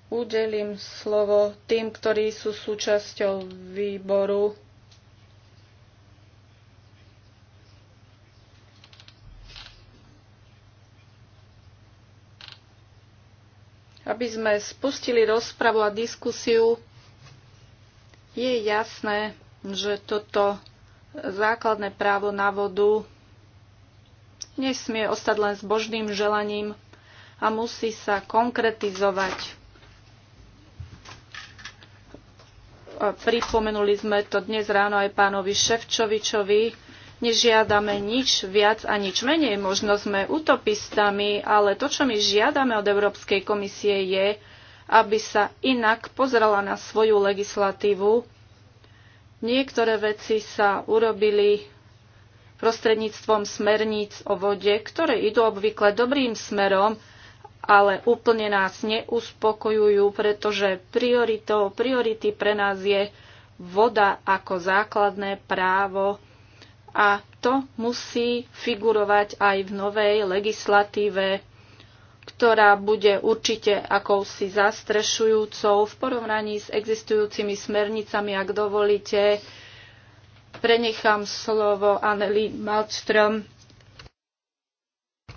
udelím slovo tým, ktorí sú súčasťou výboru. Aby sme spustili rozpravu a diskusiu, je jasné, že toto základné právo na vodu nesmie ostať len s božným želaním a musí sa konkretizovať. Pripomenuli sme to dnes ráno aj pánovi Ševčovičovi. Nežiadame nič viac a nič menej. Možno sme utopistami, ale to, čo my žiadame od Európskej komisie, je, aby sa inak pozrela na svoju legislatívu. Niektoré veci sa urobili prostredníctvom smerníc o vode, ktoré idú obvykle dobrým smerom, ale úplne nás neuspokojujú, pretože prioritou, priority pre nás je voda ako základné právo a to musí figurovať aj v novej legislatíve, ktorá bude určite akousi zastrešujúcou v porovnaní s existujúcimi smernicami, ak dovolíte, prenechám slovo Anneli Malmström,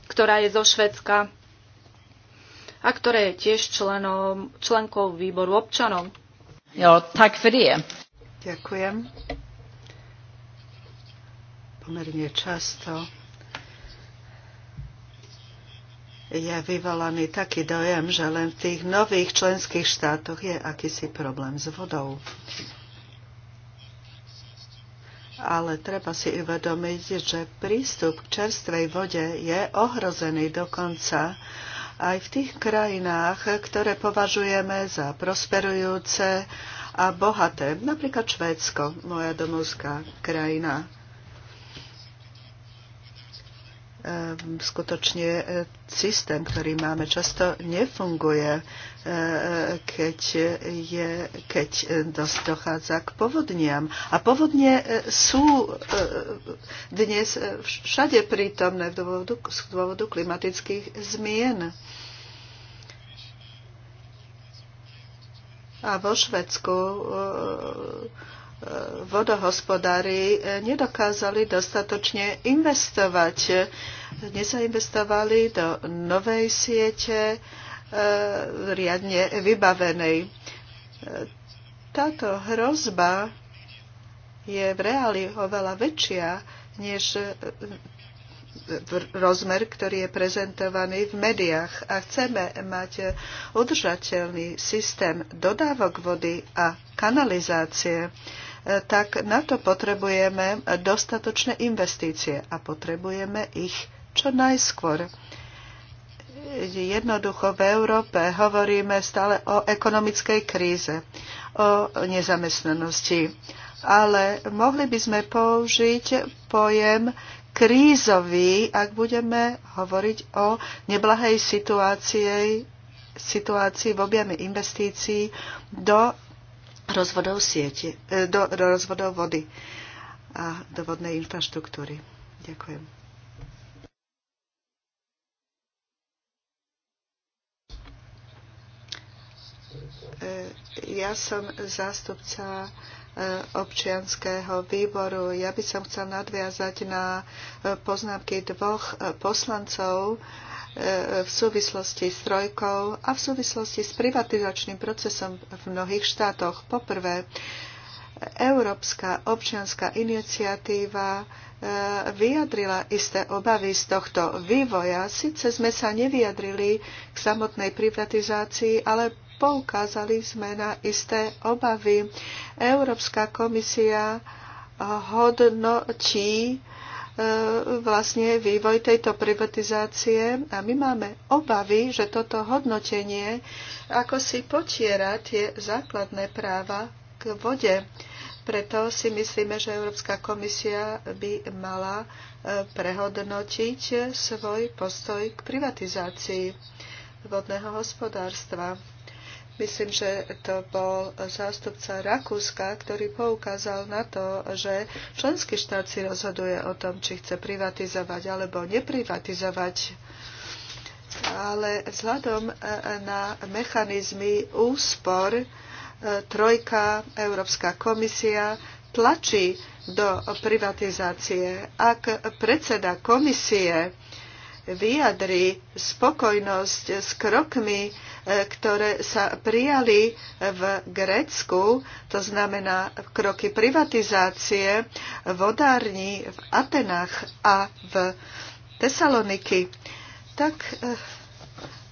ktorá je zo Švedska a ktorá je tiež členom, členkou výboru občanov. Jo, tak vedie. Ďakujem. Pomerne často je vyvolaný taký dojem, že len v tých nových členských štátoch je akýsi problém s vodou ale treba si uvedomiť, že prístup k čerstvej vode je ohrozený dokonca aj v tých krajinách, ktoré považujeme za prosperujúce a bohaté, napríklad Švédsko, moja domovská krajina. skutočne e, systém, ktorý máme, často nefunguje, e, e, keď, je, keď dosť dochádza k povodniam. A povodne sú dnes všade prítomné z dôvodu, z dôvodu klimatických zmien. A vo Švedsku vodohospodári e, nedokázali dostatočne investovať. Nezainvestovali do novej siete e, riadne vybavenej. E, táto hrozba je v reáli oveľa väčšia než rozmer, ktorý je prezentovaný v médiách. A chceme mať udržateľný systém dodávok vody a kanalizácie tak na to potrebujeme dostatočné investície a potrebujeme ich čo najskôr. Jednoducho v Európe hovoríme stále o ekonomickej kríze, o nezamestnanosti, ale mohli by sme použiť pojem krízový, ak budeme hovoriť o neblahej situácii, situácii v objeme investícií do rozvodov siete, do, do rozvodov vody a do vodnej infraštruktúry. Ďakujem. E, ja som zástupca e, občianského výboru. Ja by som chcel nadviazať na e, poznámky dvoch poslancov, E, v súvislosti s trojkou a v súvislosti s privatizačným procesom v mnohých štátoch. Poprvé, Európska občianská iniciatíva e, vyjadrila isté obavy z tohto vývoja. Sice sme sa nevyjadrili k samotnej privatizácii, ale poukázali sme na isté obavy. Európska komisia hodnotí E, vlastne vývoj tejto privatizácie a my máme obavy, že toto hodnotenie ako si potiera tie základné práva k vode. Preto si myslíme, že Európska komisia by mala e, prehodnotiť svoj postoj k privatizácii vodného hospodárstva. Myslím, že to bol zástupca Rakúska, ktorý poukázal na to, že členský štát si rozhoduje o tom, či chce privatizovať alebo neprivatizovať ale vzhľadom e, na mechanizmy úspor e, Trojka, Európska komisia tlačí do privatizácie. Ak predseda komisie vyjadri spokojnosť s krokmi, e, ktoré sa prijali v Grécku, to znamená kroky privatizácie vodární v Atenách a v Tesaloniky, tak e,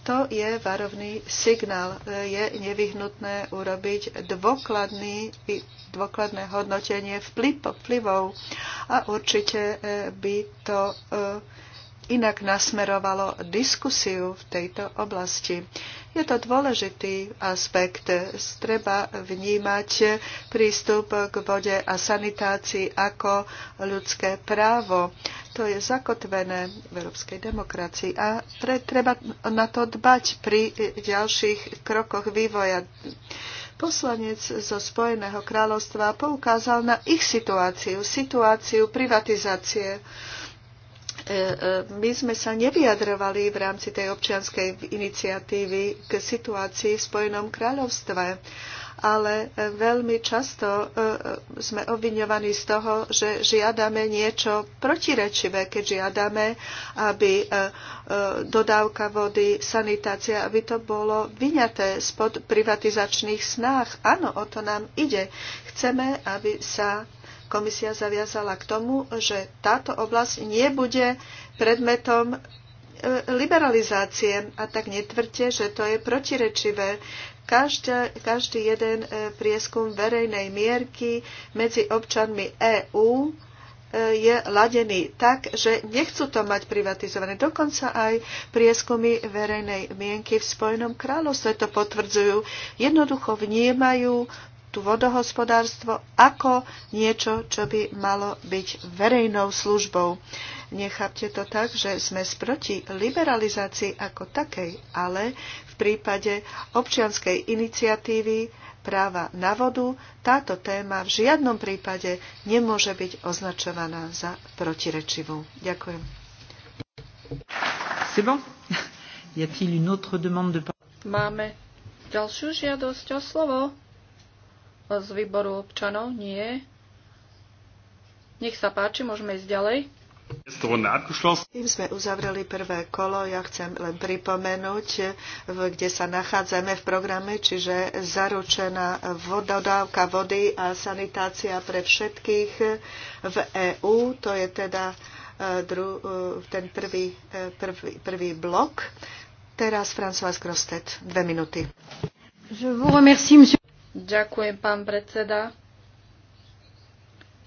to je varovný signál. E, je nevyhnutné urobiť dôkladný, dôkladné hodnotenie vplyvov a určite by to inak nasmerovalo diskusiu v tejto oblasti. Je to dôležitý aspekt. Treba vnímať prístup k vode a sanitácii ako ľudské právo. To je zakotvené v európskej demokracii a treba na to dbať pri ďalších krokoch vývoja. Poslanec zo Spojeného kráľovstva poukázal na ich situáciu, situáciu privatizácie. E, e, my sme sa nevyjadrovali v rámci tej občianskej iniciatívy k situácii v Spojenom kráľovstve ale e, veľmi často sme obviňovaní z toho, že žiadame niečo protirečivé, keď žiadame, aby dodávka vody, sanitácia, aby to bolo vyňaté spod privatizačných snách. Áno, o to nám ide. Chceme, aby sa komisia zaviazala k tomu, že táto oblasť nebude predmetom e, liberalizácie. A tak netvrďte, že to je protirečivé. Každý, každý jeden e, prieskum verejnej mierky medzi občanmi EÚ e, je ladený tak, že nechcú to mať privatizované. Dokonca aj prieskumy verejnej mienky v Spojenom kráľovstve to potvrdzujú. Jednoducho vnímajú tu vodohospodárstvo ako niečo, čo by malo byť verejnou službou. Nechápte to tak, že sme sproti liberalizácii ako takej, ale v prípade občianskej iniciatívy práva na vodu táto téma v žiadnom prípade nemôže byť označovaná za protirečivú. Ďakujem. Máme ďalšiu žiadosť o slovo z výboru občanov? Nie. Nech sa páči, môžeme ísť ďalej. Tým sme uzavreli prvé kolo. Ja chcem len pripomenúť, kde sa nachádzame v programe, čiže zaručená vododávka vody a sanitácia pre všetkých v EÚ. To je teda e, dru, e, ten prvý, e, prvý, prvý blok. Teraz François Grostet, dve minúty. Je vous remercie, monsieur. Ďakujem, pán predseda.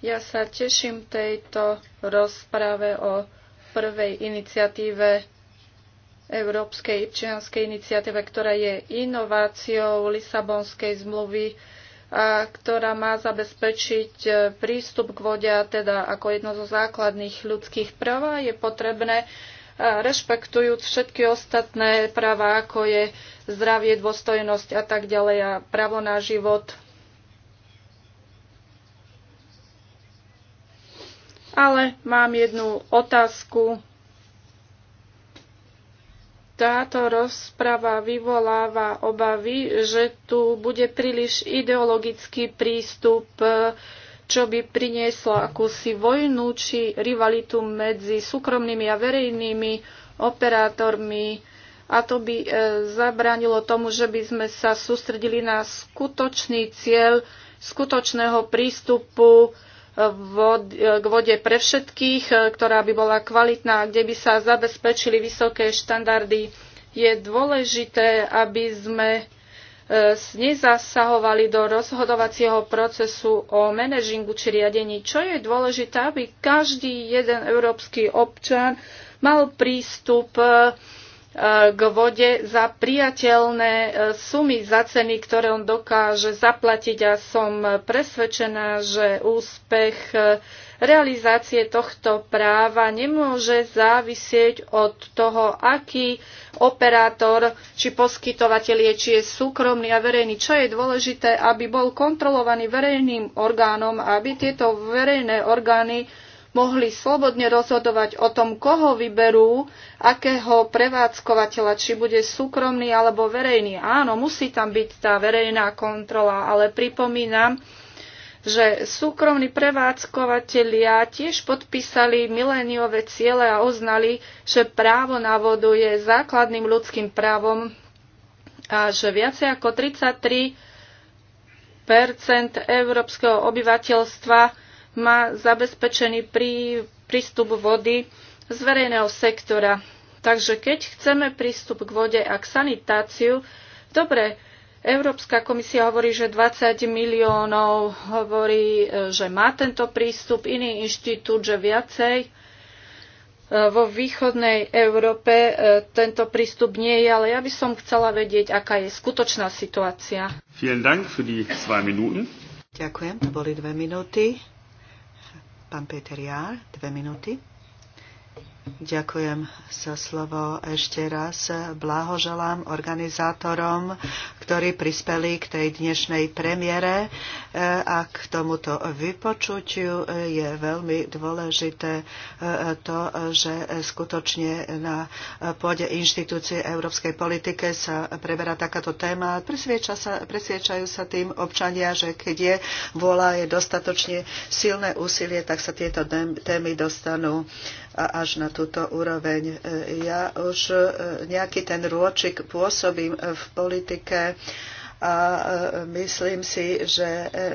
Ja sa teším tejto rozprave o prvej iniciatíve Európskej občianskej iniciatíve, ktorá je inováciou Lisabonskej zmluvy, a ktorá má zabezpečiť e, prístup k vode, teda ako jedno zo základných ľudských práv. Je potrebné rešpektujúc všetky ostatné práva, ako je zdravie, dôstojnosť a tak ďalej a právo na život. Ale mám jednu otázku. Táto rozprava vyvoláva obavy, že tu bude príliš ideologický prístup čo by prinieslo akúsi vojnu či rivalitu medzi súkromnými a verejnými operátormi a to by e, zabránilo tomu, že by sme sa sústredili na skutočný cieľ skutočného prístupu e, vod, e, k vode pre všetkých, ktorá by bola kvalitná, kde by sa zabezpečili vysoké štandardy. Je dôležité, aby sme Eh, nezasahovali do rozhodovacieho procesu o manažingu či riadení. Čo je dôležité, aby každý jeden európsky občan mal prístup eh, k vode za priateľné eh, sumy, za ceny, ktoré on dokáže zaplatiť a som presvedčená, že úspech realizácie tohto práva nemôže závisieť od toho, aký operátor či poskytovateľ je, či je súkromný a verejný. Čo je dôležité, aby bol kontrolovaný verejným orgánom, aby tieto verejné orgány mohli slobodne rozhodovať o tom, koho vyberú, akého prevádzkovateľa, či bude súkromný alebo verejný. Áno, musí tam byť tá verejná kontrola, ale pripomínam, že súkromní prevádzkovateľia tiež podpísali miléniové ciele a oznali, že právo na vodu je základným ľudským právom a že viacej ako 33 európskeho obyvateľstva má zabezpečený prí, prístup vody z verejného sektora. Takže keď chceme prístup k vode a k sanitáciu, dobre, Európska komisia hovorí, že 20 miliónov hovorí, e, že má tento prístup, iný inštitút, že viacej. E, vo východnej Európe e, tento prístup nie je, ale ja by som chcela vedieť, aká je skutočná situácia. Ďakujem, to boli dve minúty. Pán Peter Jár, dve minúty. Ďakujem za slovo ešte raz. Blahoželám organizátorom ktorí prispeli k tej dnešnej premiére e, a k tomuto vypočutiu. Je veľmi dôležité e, to, že skutočne na pôde inštitúcie európskej politike sa preberá takáto téma. Presvieča sa, presviečajú sa tým občania, že keď je vola, je dostatočne silné úsilie, tak sa tieto témy dostanú a až na túto úroveň. E, ja už nejaký ten rôčik pôsobím v politike a e, myslím si, že e,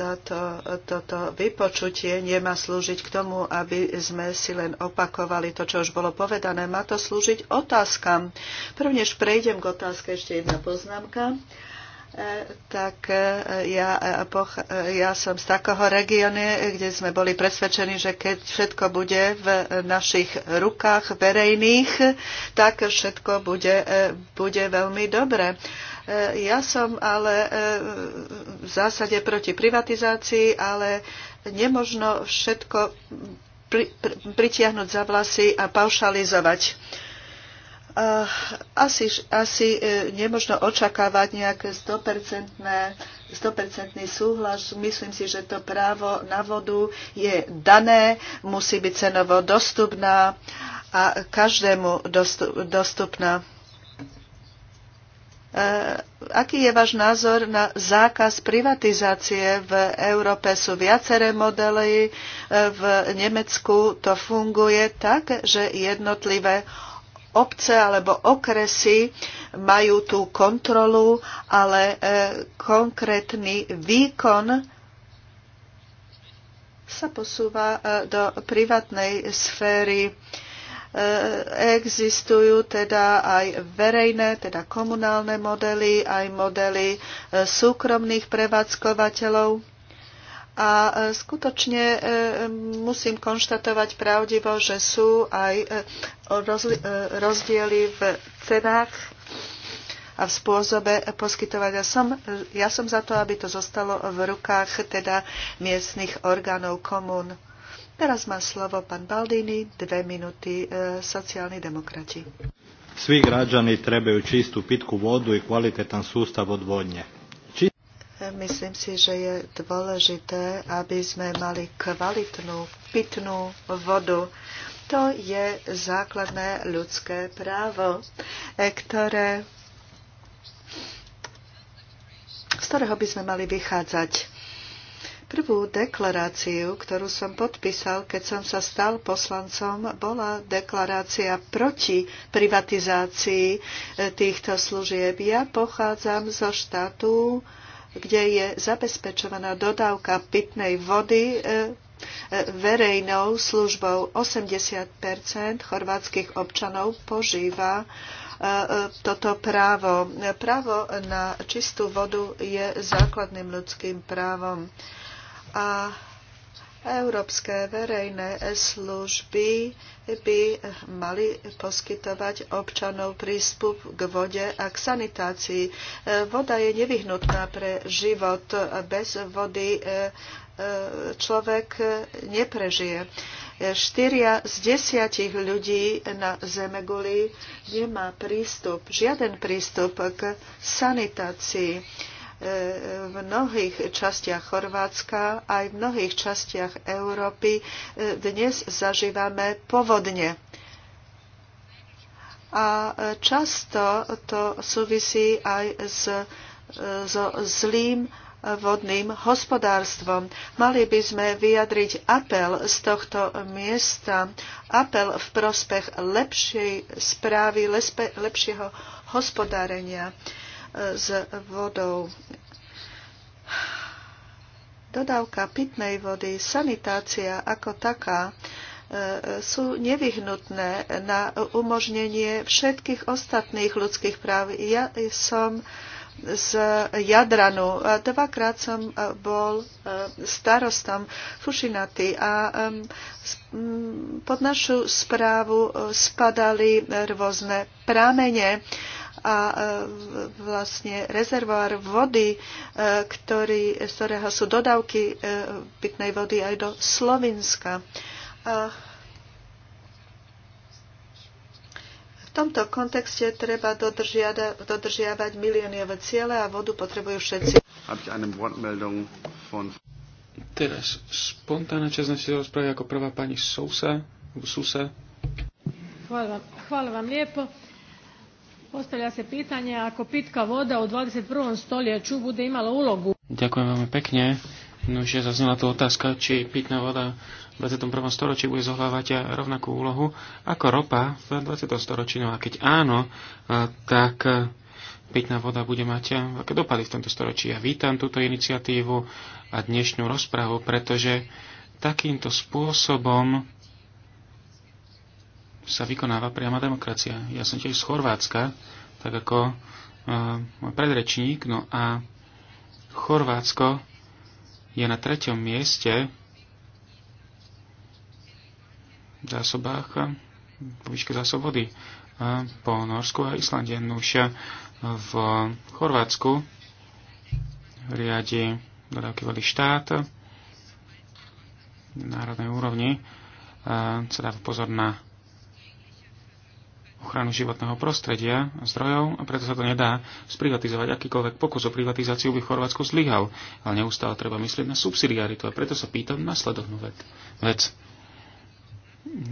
toto, toto vypočutie nemá slúžiť k tomu, aby sme si len opakovali to, čo už bolo povedané. Má to slúžiť otázkam. Prvnež prejdem k otázke ešte jedna poznámka. Uh, tak e, ja, e, e, ja som z takého regióne, kde sme boli presvedčení, že keď všetko bude v našich rukách verejných, tak všetko bude, bude veľmi dobre. Ja som ale v zásade proti privatizácii, ale nemožno všetko pri, pri, pritiahnuť za vlasy a paušalizovať Eh, asi, asi eh, nemožno očakávať nejaké 100%, 100% súhlas. Myslím si, že to právo na vodu je dané, musí byť cenovo dostupná a každému dostup, dostupná. Eh, aký je váš názor na zákaz privatizácie? V Európe sú viaceré modely, v Nemecku to funguje tak, že jednotlivé obce alebo okresy majú tú kontrolu, ale e, konkrétny výkon sa posúva e, do privátnej sféry. E, existujú teda aj verejné, teda komunálne modely, aj modely súkromných prevádzkovateľov a e, skutočne e, musím konštatovať pravdivo, že sú aj e, rozdiely v cenách a v spôsobe Ja Som, ja som za to, aby to zostalo v rukách teda miestnych orgánov komún. Teraz má slovo pán Baldini, dve minúty, e, sociálni demokrati. Svi građani trebaju čistu pitku vodu i kvalitetan sustav odvodnje Myslím si, že je dôležité, aby sme mali kvalitnú pitnú vodu. To je základné ľudské právo, e, ktoré, z ktorého by sme mali vychádzať. Prvú deklaráciu, ktorú som podpísal, keď som sa stal poslancom, bola deklarácia proti privatizácii e, týchto služieb. Ja pochádzam zo štátu, kde je zabezpečovaná dodávka pitnej vody e, e, verejnou službou. 80 chorvátskych občanov požíva e, toto právo. Právo na čistú vodu je základným ľudským právom. A Európske verejné služby by mali poskytovať občanov prístup k vode a k sanitácii. Voda je nevyhnutná pre život. Bez vody e, e, človek neprežije. Štyria z desiatich ľudí na Zemeguli nemá prístup, žiaden prístup k sanitácii v mnohých častiach Chorvátska, aj v mnohých častiach Európy e, dnes zažívame povodne. A e, často to súvisí aj s, e, so zlým vodným hospodárstvom. Mali by sme vyjadriť apel z tohto miesta, apel v prospech lepšej správy, lepšieho hospodárenia. E, s vodou. Dodávka pitnej vody, sanitácia ako taká e, sú nevyhnutné na umožnenie všetkých ostatných ľudských práv. Ja som z Jadranu. Dvakrát som e, bol e, starostom Fušinaty a pod našu správu spadali rôzne pramene a e, vlastne rezervoár vody, e, ktorý, z ktorého sú dodávky e, pitnej vody aj do Slovenska. v tomto kontexte treba dodržiavať miliónové ciele a vodu potrebujú všetci. Teraz spontánna časť našej rozpravy ako prvá pani Sousa. Sousa. Hvala vam, hvala vam lijepo. Postavlja se pitanje ako pitka voda u 21. stoljeću bude imala ulogu. Ďakujem veľmi pekne. No, že zaznela tu otázka, či pitná voda v 21. storočí bude zohľávať rovnakú úlohu ako ropa v 20. storočí. No a keď áno, tak e, pitná voda bude mať aké e, dopady v tomto storočí. Ja vítam túto iniciatívu a dnešnú rozpravu, pretože takýmto spôsobom sa vykonáva priama demokracia. Ja som tiež z Chorvátska, tak ako e, môj predrečník, no a Chorvátsko je na treťom mieste v zásobách, po výške zásob vody e, po Norsku a Islande. Nuž e, v Chorvátsku riadi dodávky vody štát na národnej úrovni. Sa teda dáva pozor na ochranu životného prostredia a zdrojov a preto sa to nedá sprivatizovať. Akýkoľvek pokus o privatizáciu by v Chorvátsku zlyhal, ale neustále treba myslieť na subsidiaritu a preto sa pýtam nasledovnú vec. vec.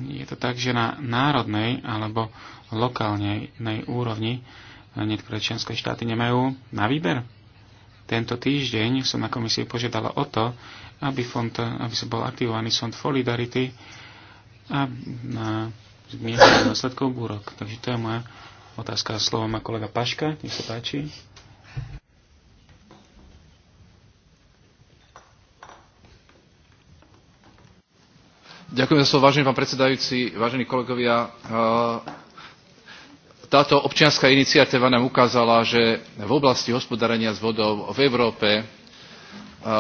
Je to tak, že na národnej alebo lokálnej úrovni niektoré členské štáty nemajú na výber. Tento týždeň som na komisii požiadala o to, aby, fond, aby sa bol aktivovaný fond Solidarity a na negatívnych následkov búrok. Takže to je moja otázka. Slovo má kolega Paška, nech sa páči. Ďakujem za slovo, vážený pán predsedajúci, vážení kolegovia. E, táto občianská iniciatíva nám ukázala, že v oblasti hospodárenia s vodou v Európe e, e,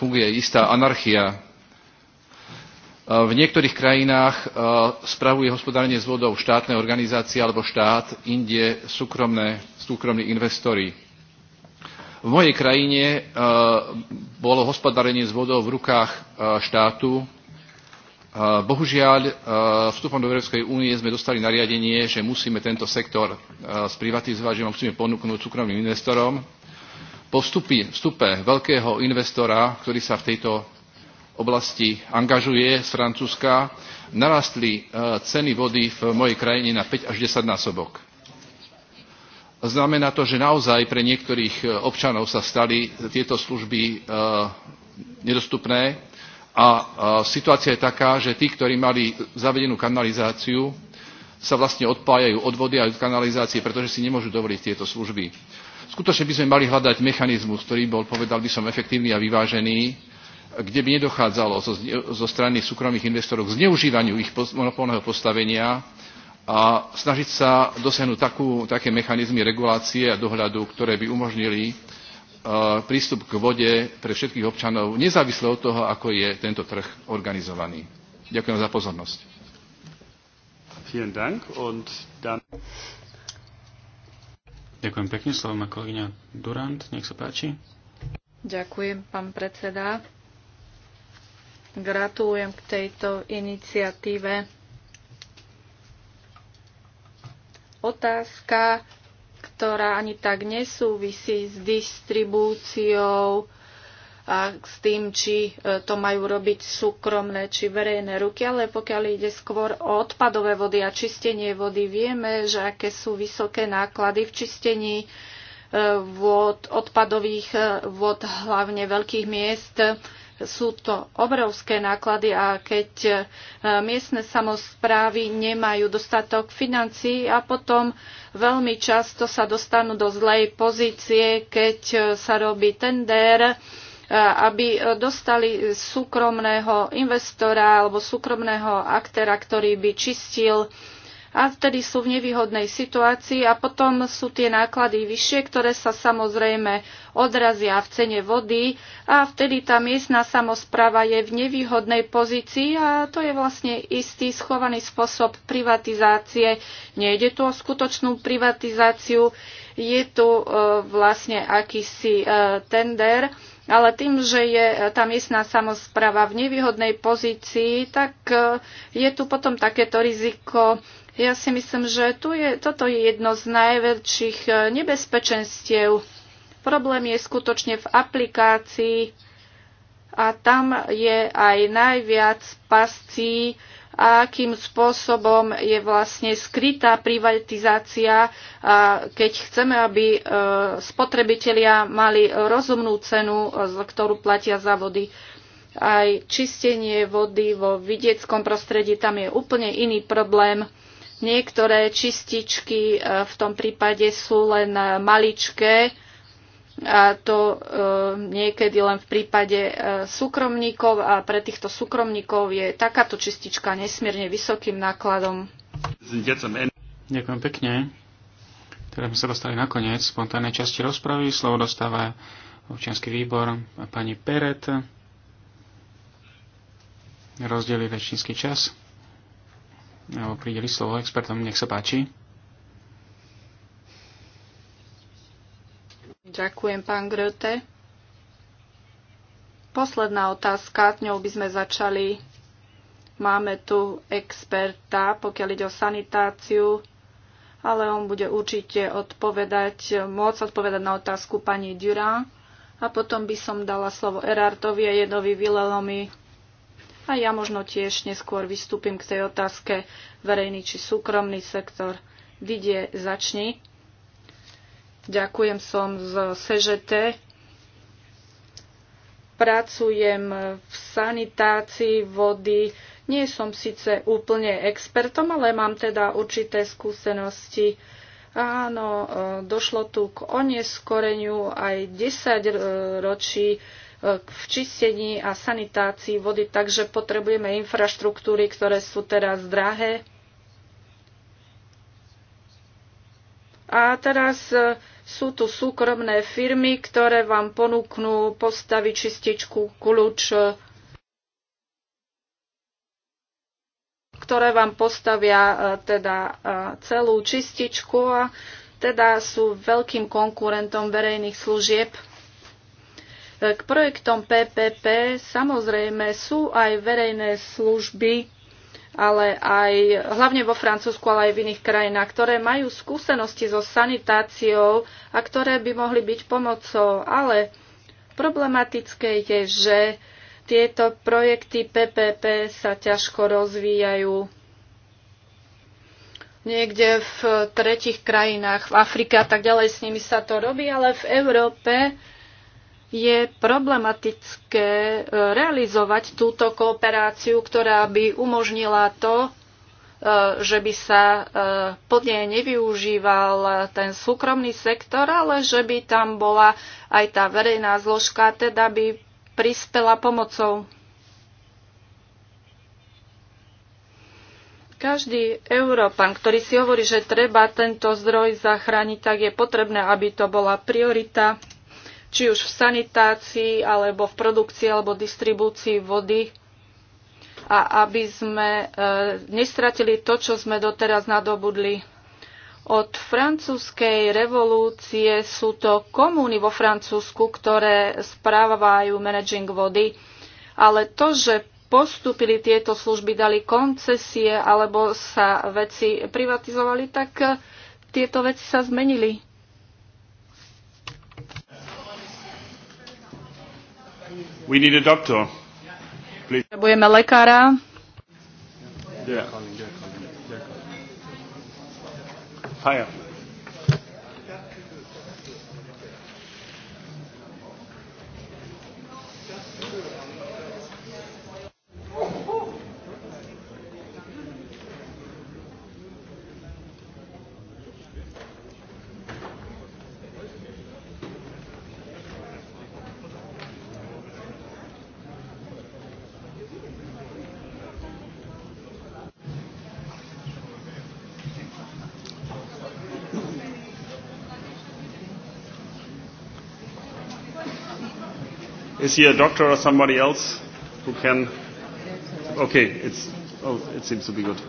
funguje istá anarchia Eh, v niektorých krajinách eh, spravuje hospodárenie s vodou štátne organizácie alebo štát, inde súkromné, súkromní investori. V mojej krajine eh, bolo hospodárenie s vodou v rukách štátu. Bohužiaľ, vstupom do Európskej únie sme dostali nariadenie, že musíme tento sektor sprivatizovať, že ho musíme ponúknuť súkromným investorom. Po vstupe veľkého investora, ktorý sa v tejto oblasti angažuje z Francúzska, narastli e, ceny vody v mojej krajine na 5 až desať násobok. Znamená to, že naozaj pre niektorých e, občanov sa stali tieto služby e, nedostupné a situácia je taká, že tí, ktorí mali zavedenú kanalizáciu, sa vlastne odpájajú od vody aj od kanalizácie, pretože si nemôžu dovoliť tieto služby. Skutočne by sme mali hľadať mechanizmus, ktorý bol, povedal by som, efektívny a vyvážený kde by nedochádzalo zo, zo strany súkromných investorov k zneužívaniu ich monopolného postavenia a snažiť sa dosiahnuť takú, také mechanizmy regulácie a dohľadu, ktoré by umožnili e, prístup k vode pre všetkých občanov, nezávisle od toho, ako je tento trh organizovaný. Ďakujem za pozornosť. Ďakujem pekne, slovo má kolegyňa Durant, nech sa páči. Ďakujem, pán predseda. Gratulujem k tejto iniciatíve. Otázka, ktorá ani tak nesúvisí s distribúciou a s tým, či e, to majú robiť súkromné či verejné ruky, ale pokiaľ ide skôr o odpadové vody a čistenie vody, vieme, že aké sú vysoké náklady v čistení e, vod, odpadových e, vod, hlavne veľkých miest. Sú to obrovské náklady a keď e, miestne samozprávy nemajú dostatok financií a potom veľmi často sa dostanú do zlej pozície, keď e, sa robí tender, e, aby dostali súkromného investora alebo súkromného aktéra, ktorý by čistil a vtedy sú v nevýhodnej situácii a potom sú tie náklady vyššie, ktoré sa samozrejme odrazia v cene vody a vtedy tá miestna samozpráva je v nevýhodnej pozícii a to je vlastne istý schovaný spôsob privatizácie. Nejde tu o skutočnú privatizáciu, je tu e, vlastne akýsi e, tender, ale tým, že je e, tá miestná samozpráva v nevýhodnej pozícii, tak je tu potom takéto riziko ja si myslím, že tu je, toto je jedno z najväčších eh, nebezpečenstiev. Problém je skutočne v aplikácii a tam je aj najviac pascí, akým spôsobom je vlastne skrytá privatizácia, a keď chceme, aby eh, spotrebitelia mali rozumnú cenu, eh, ktorú platia za vody aj čistenie vody vo vidieckom prostredí, tam je úplne iný problém. Niektoré čističky e, v tom prípade sú len e, maličké a to e, niekedy len v prípade súkromníkov a pre týchto súkromníkov je takáto čistička nesmierne vysokým nákladom. Ďakujem pekne. Teraz sme sa dostali na koniec spontánnej časti rozpravy. Slovo dostáva občianský výbor a pani Peret. je väčšinský čas alebo prideli slovo expertom. Nech sa páči. Ďakujem, pán Grote. Posledná otázka, s ňou by sme začali. Máme tu experta, pokiaľ ide o sanitáciu, ale on bude určite odpovedať, môcť odpovedať na otázku pani Durán. A potom by som dala slovo Erartovi a Jedovi Vilelomi a ja možno tiež neskôr vystúpim k tej otázke verejný či súkromný sektor. Didie, začni. Ďakujem, som z SŽT. Pracujem v sanitácii vody. Nie som síce úplne expertom, ale mám teda určité skúsenosti. Áno, e, došlo tu k oneskoreniu aj 10 ročí v čistení a sanitácii vody, takže potrebujeme infraštruktúry, ktoré sú teraz drahé. A teraz e, sú tu súkromné firmy, ktoré vám ponúknú postaviť čističku, kľúč, e, ktoré vám postavia e, teda celú čističku a teda sú veľkým konkurentom verejných služieb. K projektom PPP samozrejme sú aj verejné služby, ale aj hlavne vo Francúzsku, ale aj v iných krajinách, ktoré majú skúsenosti so sanitáciou a ktoré by mohli byť pomocou. Ale problematické je, že tieto projekty PPP sa ťažko rozvíjajú. Niekde v tretich krajinách, v Afrike a tak ďalej s nimi sa to robí, ale v Európe je problematické e, realizovať túto kooperáciu, ktorá by umožnila to, e, že by sa e, pod nej nevyužíval ten súkromný sektor, ale že by tam bola aj tá verejná zložka, teda by prispela pomocou. Každý Európan, ktorý si hovorí, že treba tento zdroj zachrániť, tak je potrebné, aby to bola priorita či už v sanitácii, alebo v produkcii, alebo distribúcii vody a aby sme e, nestratili to, čo sme doteraz nadobudli. Od francúzskej revolúcie sú to komúny vo Francúzsku, ktoré správajú managing vody, ale to, že postúpili tieto služby, dali koncesie alebo sa veci privatizovali, tak e, tieto veci sa zmenili. We need a doctor. Potrebujeme lekára. Yeah. Fire. Is he a doctor or somebody else who can? Okay, it's, oh, it seems to be good.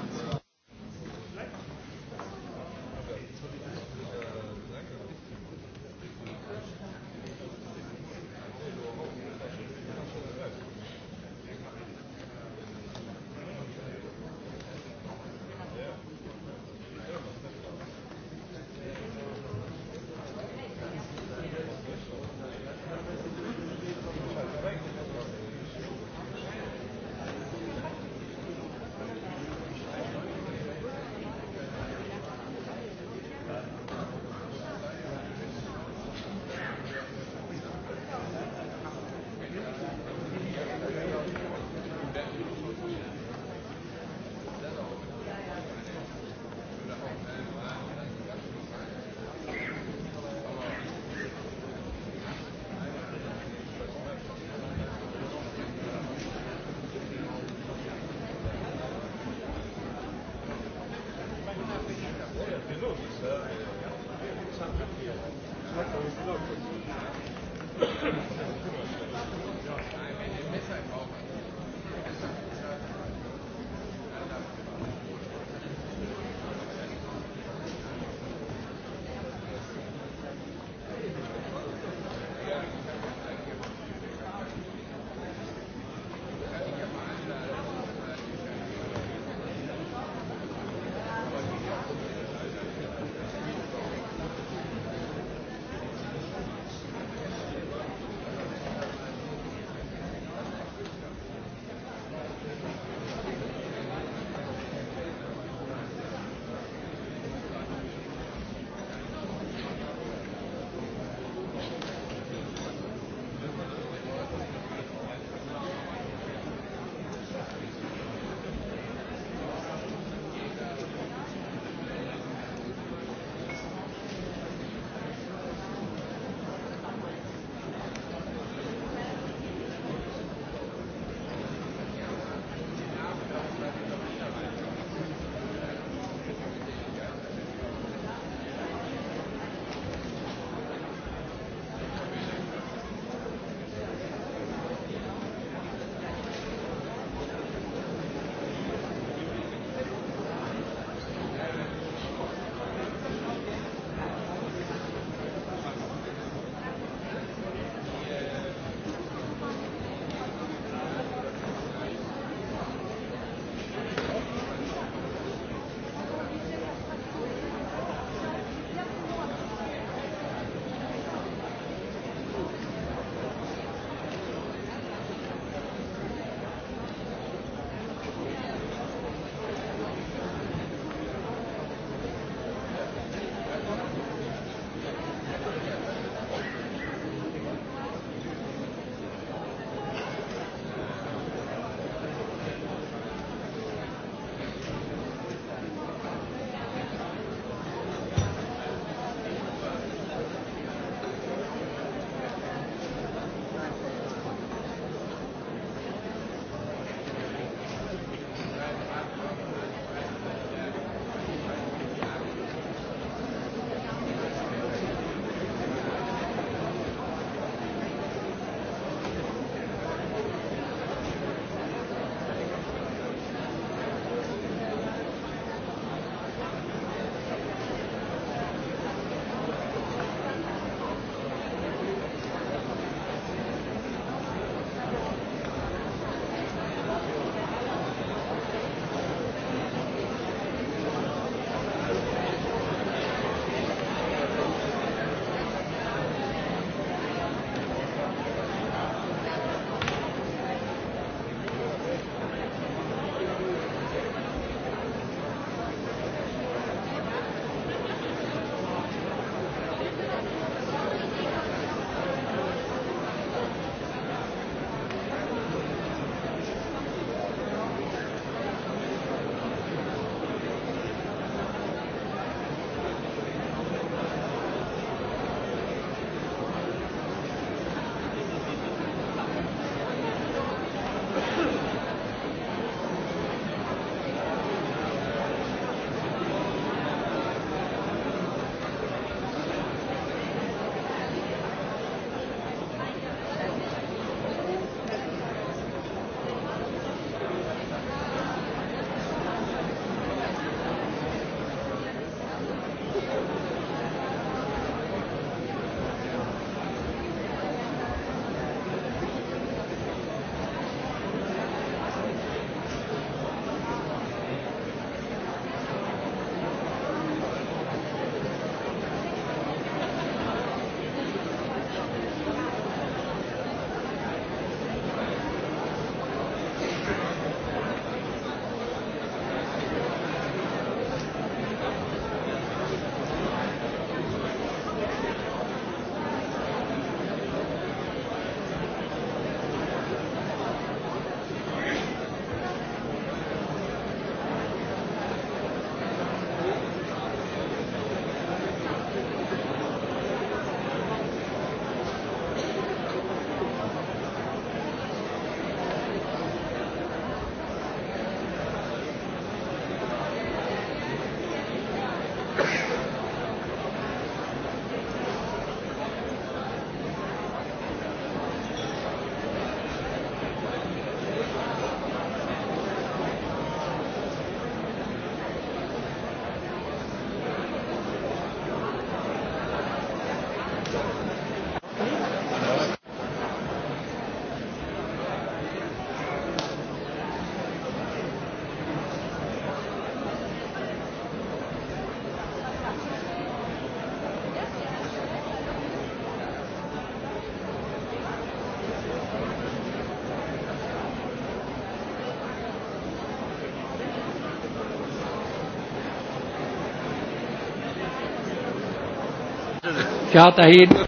Katerhin.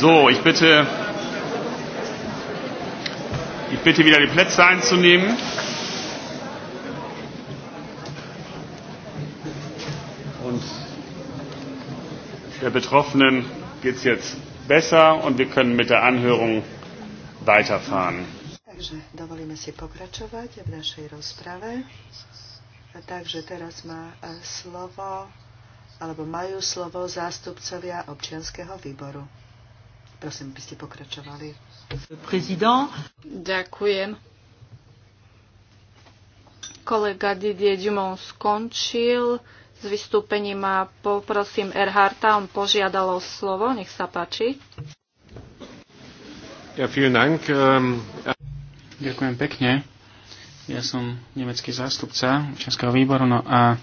So, ich bitte, ich bitte wieder die Plätze einzunehmen. Und der Betroffenen geht es jetzt besser und wir können mit der Anhörung weiterfahren. Takže dovolíme si pokračovať v našej rozprave. Takže teraz má e, slovo, alebo majú slovo zástupcovia občianského výboru. Prosím, by ste pokračovali. Prezident. Ďakujem. Kolega Didier Dumont skončil s vystúpením a poprosím Erharta, on požiadal o slovo, nech sa páči. Ja, vielen Dank. Ähm, Ďakujem pekne. Ja som nemecký zástupca Českého výboru no a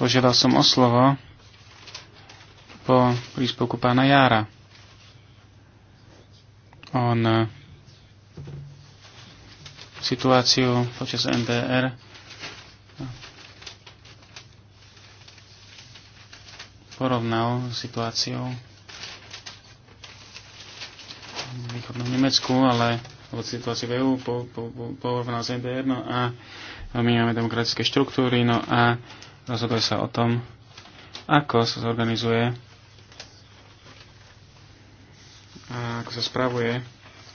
požiadal som o slovo po príspevku pána Jára on eh, situáciu počas NDR. Porovnal situáciu v východnom Nemecku, ale od situácie v EU po, po, po, porovnal s NDR, no a my máme demokratické štruktúry, no a rozhoduje sa o tom, ako sa zorganizuje ako sa spravuje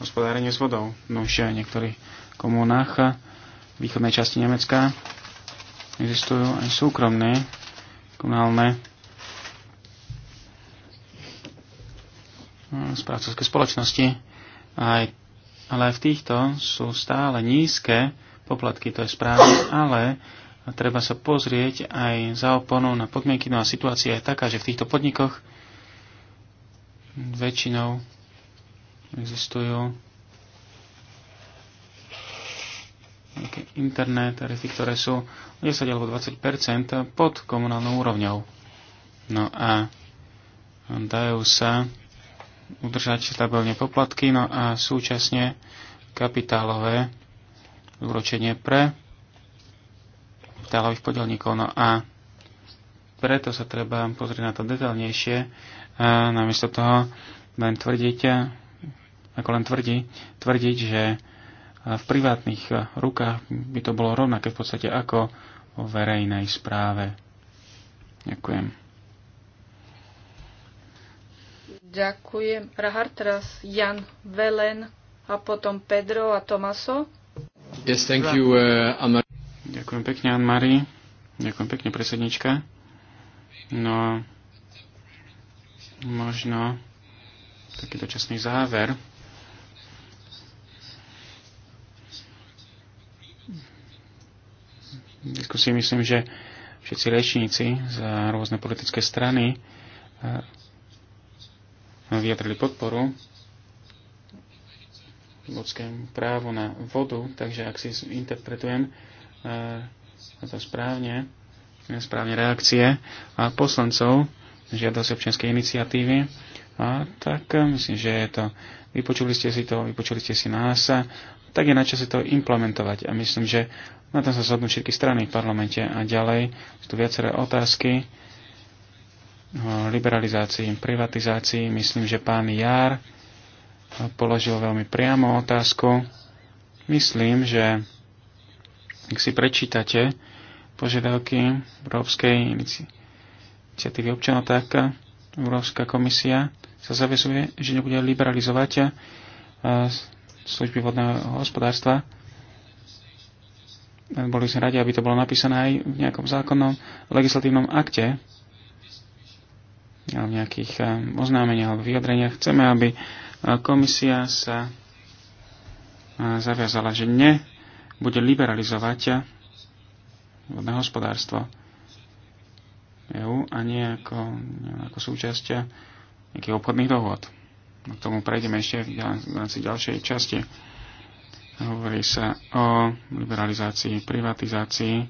hospodárenie s vodou. No už v niektorých komunách východnej časti Nemecka existujú aj súkromné komunálne správcovské spoločnosti, aj, ale aj v týchto sú stále nízke poplatky, to je správne, ale treba sa pozrieť aj za oponou na podmienky. No a situácia je taká, že v týchto podnikoch väčšinou existujú nejaké interné tarify, ktoré sú 10 alebo 20 pod komunálnou úrovňou. No a dajú sa udržať stabilne poplatky, no a súčasne kapitálové úročenie pre kapitálových podielníkov. No a preto sa treba pozrieť na to detaľnejšie. a namiesto toho len tvrdíte, ako len tvrdí, tvrdiť, že eh, v privátnych eh, rukách by to bolo rovnaké v podstate ako o verejnej správe. Ďakujem. Ďakujem. Rahar, teraz Jan Velen a potom Pedro a Tomaso. Yes, thank you, uh, Ďakujem pekne, Ann Marie. Ďakujem pekne, presednička. No, možno taký dočasný záver si myslím, že všetci rečníci za rôzne politické strany eh, vyjadrili podporu ľudskému právu na vodu, takže ak si interpretujem eh, to správne, správne reakcie a poslancov žiadosť občianskej iniciatívy, a, tak eh, myslím, že je to, vypočuli ste si to, vypočuli ste si nás, a, eh, tak je na čase to implementovať. A myslím, že na tom sa zhodnú všetky strany v parlamente a ďalej sú tu viaceré otázky o liberalizácii, privatizácii. Myslím, že pán Jar eh, položil veľmi priamo otázku. Myslím, že ak si prečítate požiadavky Európskej iniciatívy občanov, tak Európska komisia sa zavezuje, že nebude liberalizovať eh, služby vodného hospodárstva. Boli sme radi, aby to bolo napísané aj v nejakom zákonnom legislatívnom akte, v nejakých eh, oznámeniach alebo vyjadreniach. Chceme, aby eh, komisia sa zaviazala, že ne bude liberalizovať vodné hospodárstvo EÚ a nie ako, nie ako súčasť nejakých obchodných dohod. No, k tomu prejdeme ešte v rámci ďalšej časti. Hovorí sa o liberalizácii, privatizácii.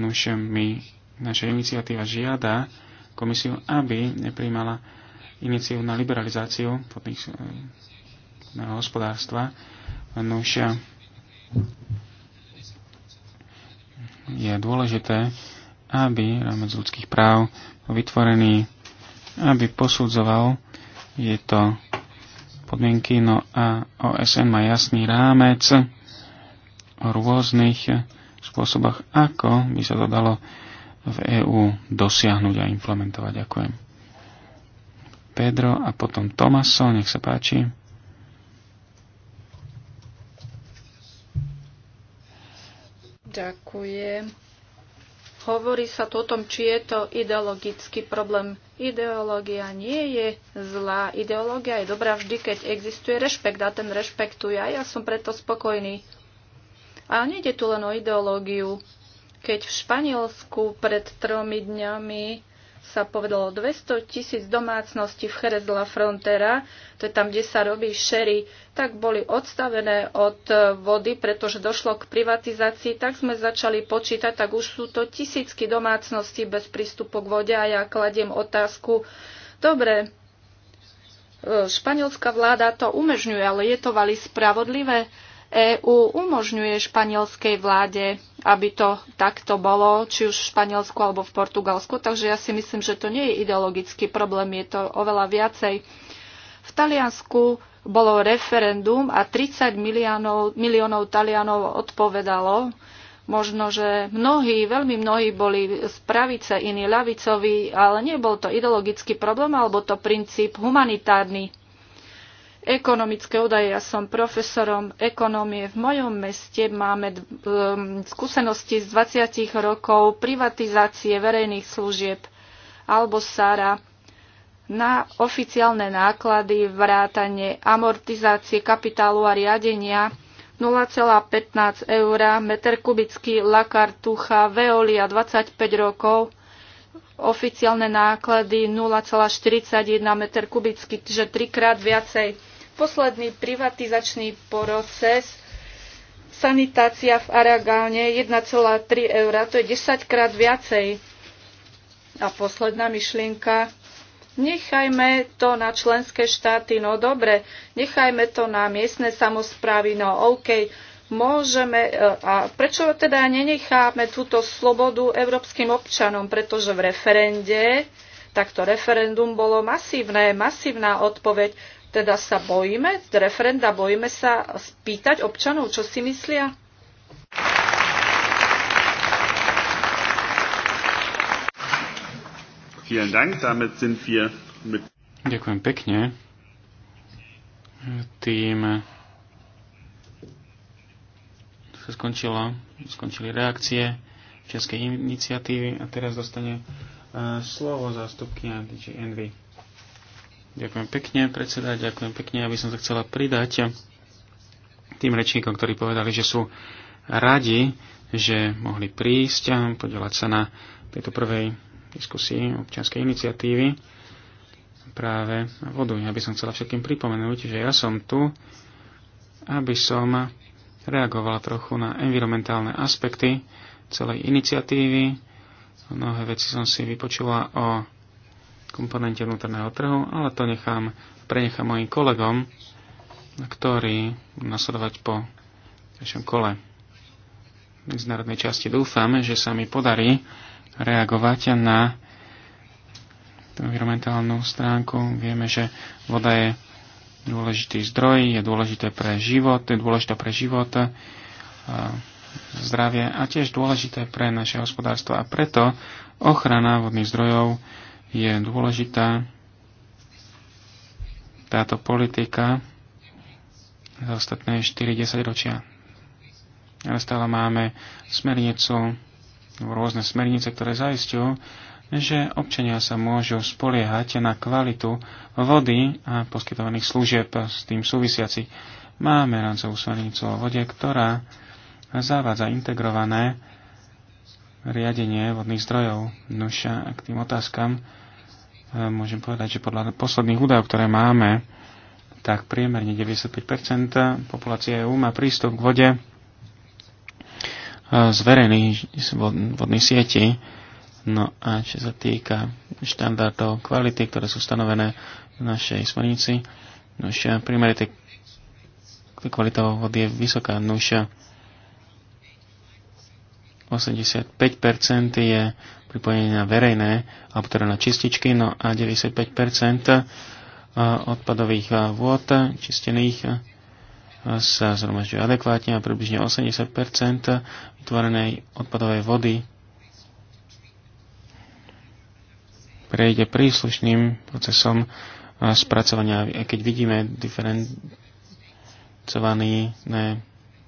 Nuž mi naša iniciatíva žiada komisiu, aby nepríjmala iniciu na liberalizáciu podných, eh, na hospodárstva. Nuž je dôležité, aby rámec ľudských práv bol vytvorený aby posudzoval je to podmienky, no a OSN má jasný rámec o rôznych spôsoboch, ako by sa to dalo v EÚ dosiahnuť a implementovať. Ďakujem. Pedro a potom Tomaso, nech sa páči. Ďakujem Hovorí sa tu o tom, či je to ideologický problém. Ideológia nie je zlá. Ideológia je dobrá vždy, keď existuje rešpekt a ten rešpektuje. A ja som preto spokojný. A nejde tu len o ideológiu. Keď v Španielsku pred tromi dňami sa povedalo 200 tisíc domácností v Jerez la Frontera, to je tam, kde sa robí šery, tak boli odstavené od e, vody, pretože došlo k privatizácii, tak sme začali počítať, tak už sú to tisícky domácností bez prístupu k vode a ja kladiem otázku, dobre, e, španielská vláda to umežňuje, ale je to vali spravodlivé? EÚ umožňuje španielskej vláde, aby to takto bolo, či už v Španielsku alebo v Portugalsku. Takže ja si myslím, že to nie je ideologický problém, je to oveľa viacej. V Taliansku bolo referendum a 30 miliónov, miliónov Talianov odpovedalo. Možno, že mnohí, veľmi mnohí boli z pravice, iní ľavicovi, ale nebol to ideologický problém, alebo to princíp humanitárny ekonomické údaje. Ja som profesorom ekonómie. V mojom meste máme um, skúsenosti z 20 rokov privatizácie verejných služieb alebo SARA na oficiálne náklady, vrátanie, amortizácie kapitálu a riadenia 0,15 eur, meter kubický, lakartucha, veolia 25 rokov, oficiálne náklady 0,41 meter kubický, čiže trikrát viacej posledný privatizačný proces sanitácia v Aragáne 1,3 eur, to je 10 krát viacej. A posledná myšlienka, nechajme to na členské štáty, no dobre, nechajme to na miestne samozprávy, no OK, môžeme, e, a prečo teda nenecháme túto slobodu európskym občanom, pretože v referende, takto referendum bolo masívne, masívna odpoveď, teda sa bojíme, z referenda bojíme sa spýtať občanov, čo si myslia? Ďakujem pekne. Tým sa skončilo, skončili reakcie českej iniciatívy a teraz dostane eh, slovo zástupky DJ Envy. Ďakujem pekne, predseda, ďakujem pekne, aby som sa chcela pridať tým rečníkom, ktorí povedali, že sú radi, že mohli prísť a podelať sa na tejto prvej diskusii občianskej iniciatívy práve na vodu. Ja by som chcela všetkým pripomenúť, že ja som tu, aby som reagovala trochu na environmentálne aspekty celej iniciatívy. Mnohé veci som si vypočula o komponente vnútorného trhu, ale to nechám, prenechám mojim kolegom, ktorí nasledovať po našom kole medzinárodnej časti. Dúfam, že sa mi podarí reagovať na tú environmentálnu stránku. Vieme, že voda je dôležitý zdroj, je dôležité pre život, je dôležité pre život, zdravie a tiež dôležité pre naše hospodárstvo. A preto ochrana vodných zdrojov je dôležitá. Táto politika za ostatné 4-10 ročia. Ale stále máme smernicu, rôzne smernice, ktoré zaistujú, že občania sa môžu spoliehať na kvalitu vody a poskytovaných služieb s tým súvisiaci. Máme rancovú smernicu o vode, ktorá zavádza integrované riadenie vodných zdrojov. Nuša k tým otázkam môžem povedať, že podľa posledných údajov, ktoré máme, tak priemerne 95% populácie EÚ má prístup k vode e, z verejných vodných sietí. No a čo sa týka štandardov kvality, ktoré sú stanovené v našej smernici, no už priemerne tej kvalitou vody je vysoká. No už 85% je pripojené na verejné, alebo teda na čističky, no a 95% eh, odpadových eh, vôd čistených eh, sa zhromažďuje adekvátne a približne 80 vytvorenej odpadovej vody prejde príslušným procesom spracovania. A keď vidíme diferencované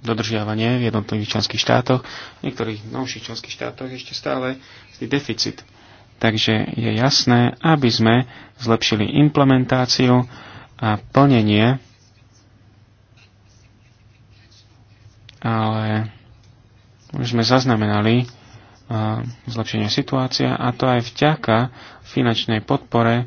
dodržiavanie v jednotlivých členských štátoch, v niektorých novších členských štátoch ešte stále deficit. Takže je jasné, aby sme zlepšili implementáciu a plnenie, ale už sme zaznamenali e, zlepšenie situácia a to aj vďaka finančnej podpore e,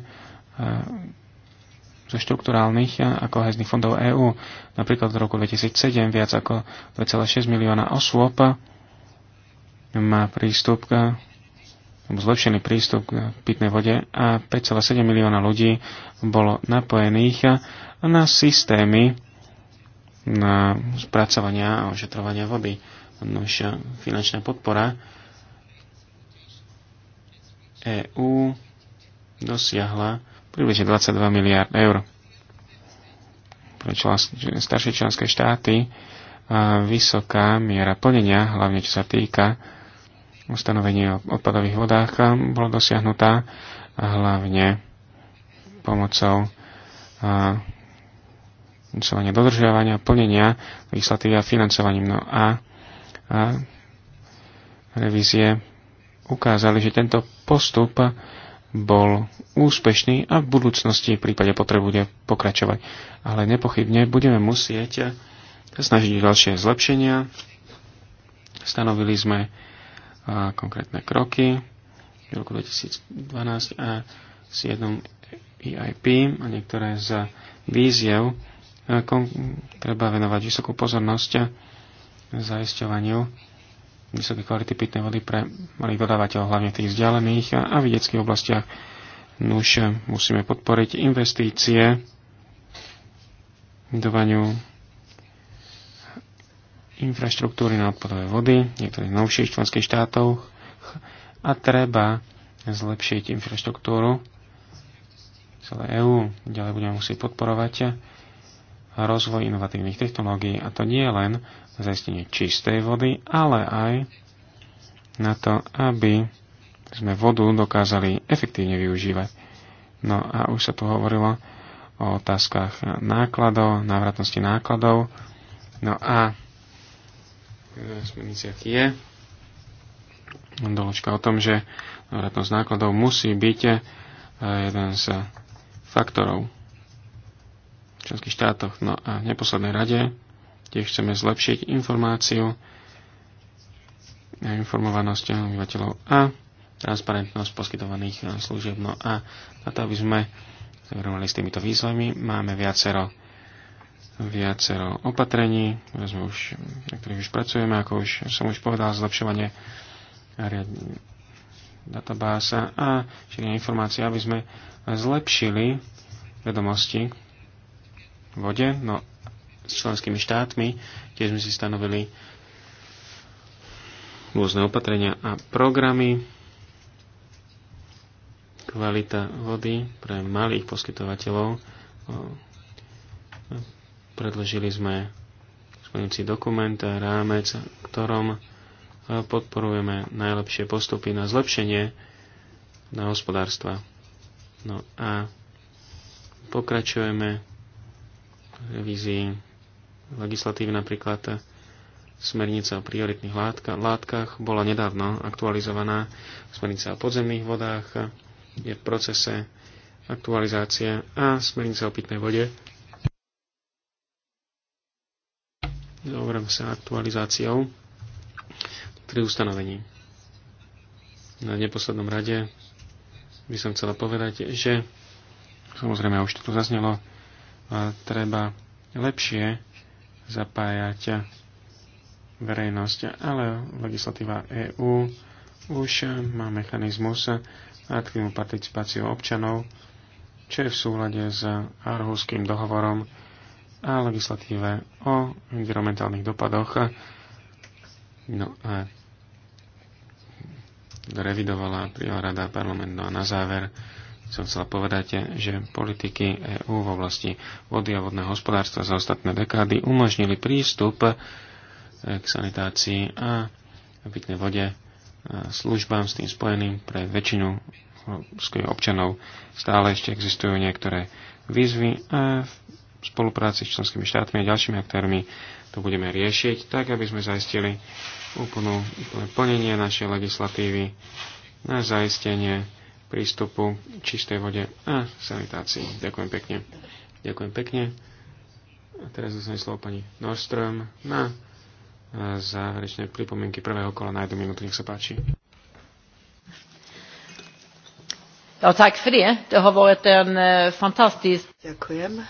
zo štrukturálnych eh, a kohezných fondov EÚ. Napríklad v roku 2007 viac ako 2,6 milióna osôb má prístup k zlepšený prístup k pitnej vode a 5,7 milióna ľudí bolo napojených na systémy na spracovania a ošetrovania vody. Nož finančná podpora EÚ dosiahla približne 22 miliard eur. Pre staršie členské štáty vysoká miera plnenia, hlavne čo sa týka ustanovenie o odpadových vodách, bola dosiahnutá hlavne pomocou financovania dodržiavania, plnenia legislatívy a financovaním. No a, a revízie ukázali, že tento postup bol úspešný a v budúcnosti v prípade potreby bude pokračovať. Ale nepochybne budeme musieť snažiť ďalšie zlepšenia. Stanovili sme konkrétne kroky v roku 2012 a 7 EIP a niektoré z víziev treba venovať vysokú pozornosť zaisťovaniu vysoké kvality pitnej vody pre malých dodávateľov, hlavne tých vzdialených a, a vidieckých oblastiach. Nuž e, musíme podporiť investície, budovaniu infraštruktúry na odpadové vody niektorých novších členských štátov a treba zlepšiť infraštruktúru celé EÚ. Ďalej budeme musieť podporovať rozvoj inovatívnych technológií a to nie len zaistenie čistej vody, ale aj na to, aby sme vodu dokázali efektívne využívať. No a už sa tu hovorilo o otázkach nákladov, návratnosti nákladov. No a v je doložka o tom, že návratnosť nákladov musí byť eh, jeden z faktorov členských štátoch. No a v neposlednej rade tiež chceme zlepšiť informáciu a informovanosť obyvateľov a transparentnosť poskytovaných eh, služieb. No a na to, aby sme zavrhovali s týmito výzvami, máme viacero viacero opatrení, ktoré sme už, na ktorých už pracujeme, ako už som už povedal, zlepšovanie databáza a šírenie informácií, aby sme zlepšili vedomosti, vode. No, s členskými štátmi, tiež sme si stanovili rôzne opatrenia a programy, kvalita vody pre malých poskytovateľov. Predložili sme splňujúci dokument a rámec, v ktorom e, podporujeme najlepšie postupy na zlepšenie na hospodárstva. No a pokračujeme revízii legislatívy napríklad smernica o prioritných látkach bola nedávno aktualizovaná. Smernica o podzemných vodách je v procese aktualizácie a smernica o pitnej vode. Zoberiem sa aktualizáciou tri ustanovení. Na neposlednom rade by som chcela povedať, že samozrejme už to tu zaznelo, treba lepšie zapájať verejnosť, ale legislatíva EÚ už má mechanizmus aktívnu participáciu občanov, čo je v súlade s Arhuským dohovorom a legislatíve o environmentálnych dopadoch. No a revidovala priorada Rada parlamentu no a na záver som chcel povedať, že politiky EÚ v oblasti vody a vodného hospodárstva za ostatné dekády umožnili prístup eh, k sanitácii a pitnej vode a eh, službám s tým spojeným pre väčšinu občanov. Stále ešte existujú niektoré výzvy a v spolupráci s členskými štátmi a ďalšími aktérmi to budeme riešiť, tak aby sme zaistili úplnú plnenie našej legislatívy na zaistenie prístupu čistej vode a sanitácii. Ďakujem pekne. Ďakujem pekne. A teraz zase slovo pani Nordström na e, záverečné pripomienky prvého kola na jednu minútu. Nech sa páči. Ja, tak, för to Det ten e, fantastický. Ďakujem.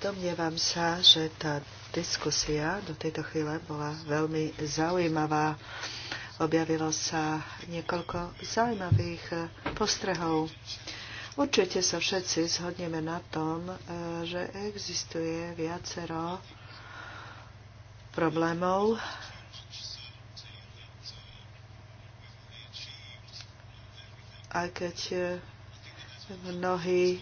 Domnievam sa, že tá diskusia do tejto chvíle bola veľmi zaujímavá. Objavilo sa niekoľko zaujímavých e, postrehov. Určite sa všetci zhodneme na tom, e, že existuje viacero problémov, aj keď e, mnohí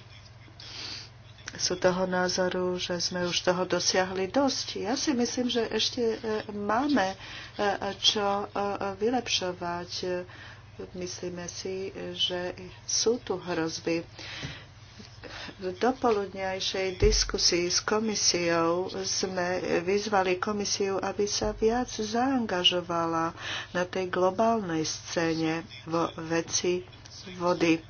sú toho názoru, že sme už toho dosiahli dosť. Ja si myslím, že ešte máme čo e, e, vylepšovať. Myslíme si, že sú tu hrozby. V dopoludnejšej diskusii s komisiou sme vyzvali komisiu, aby sa viac zaangažovala na tej globálnej scéne vo veci vody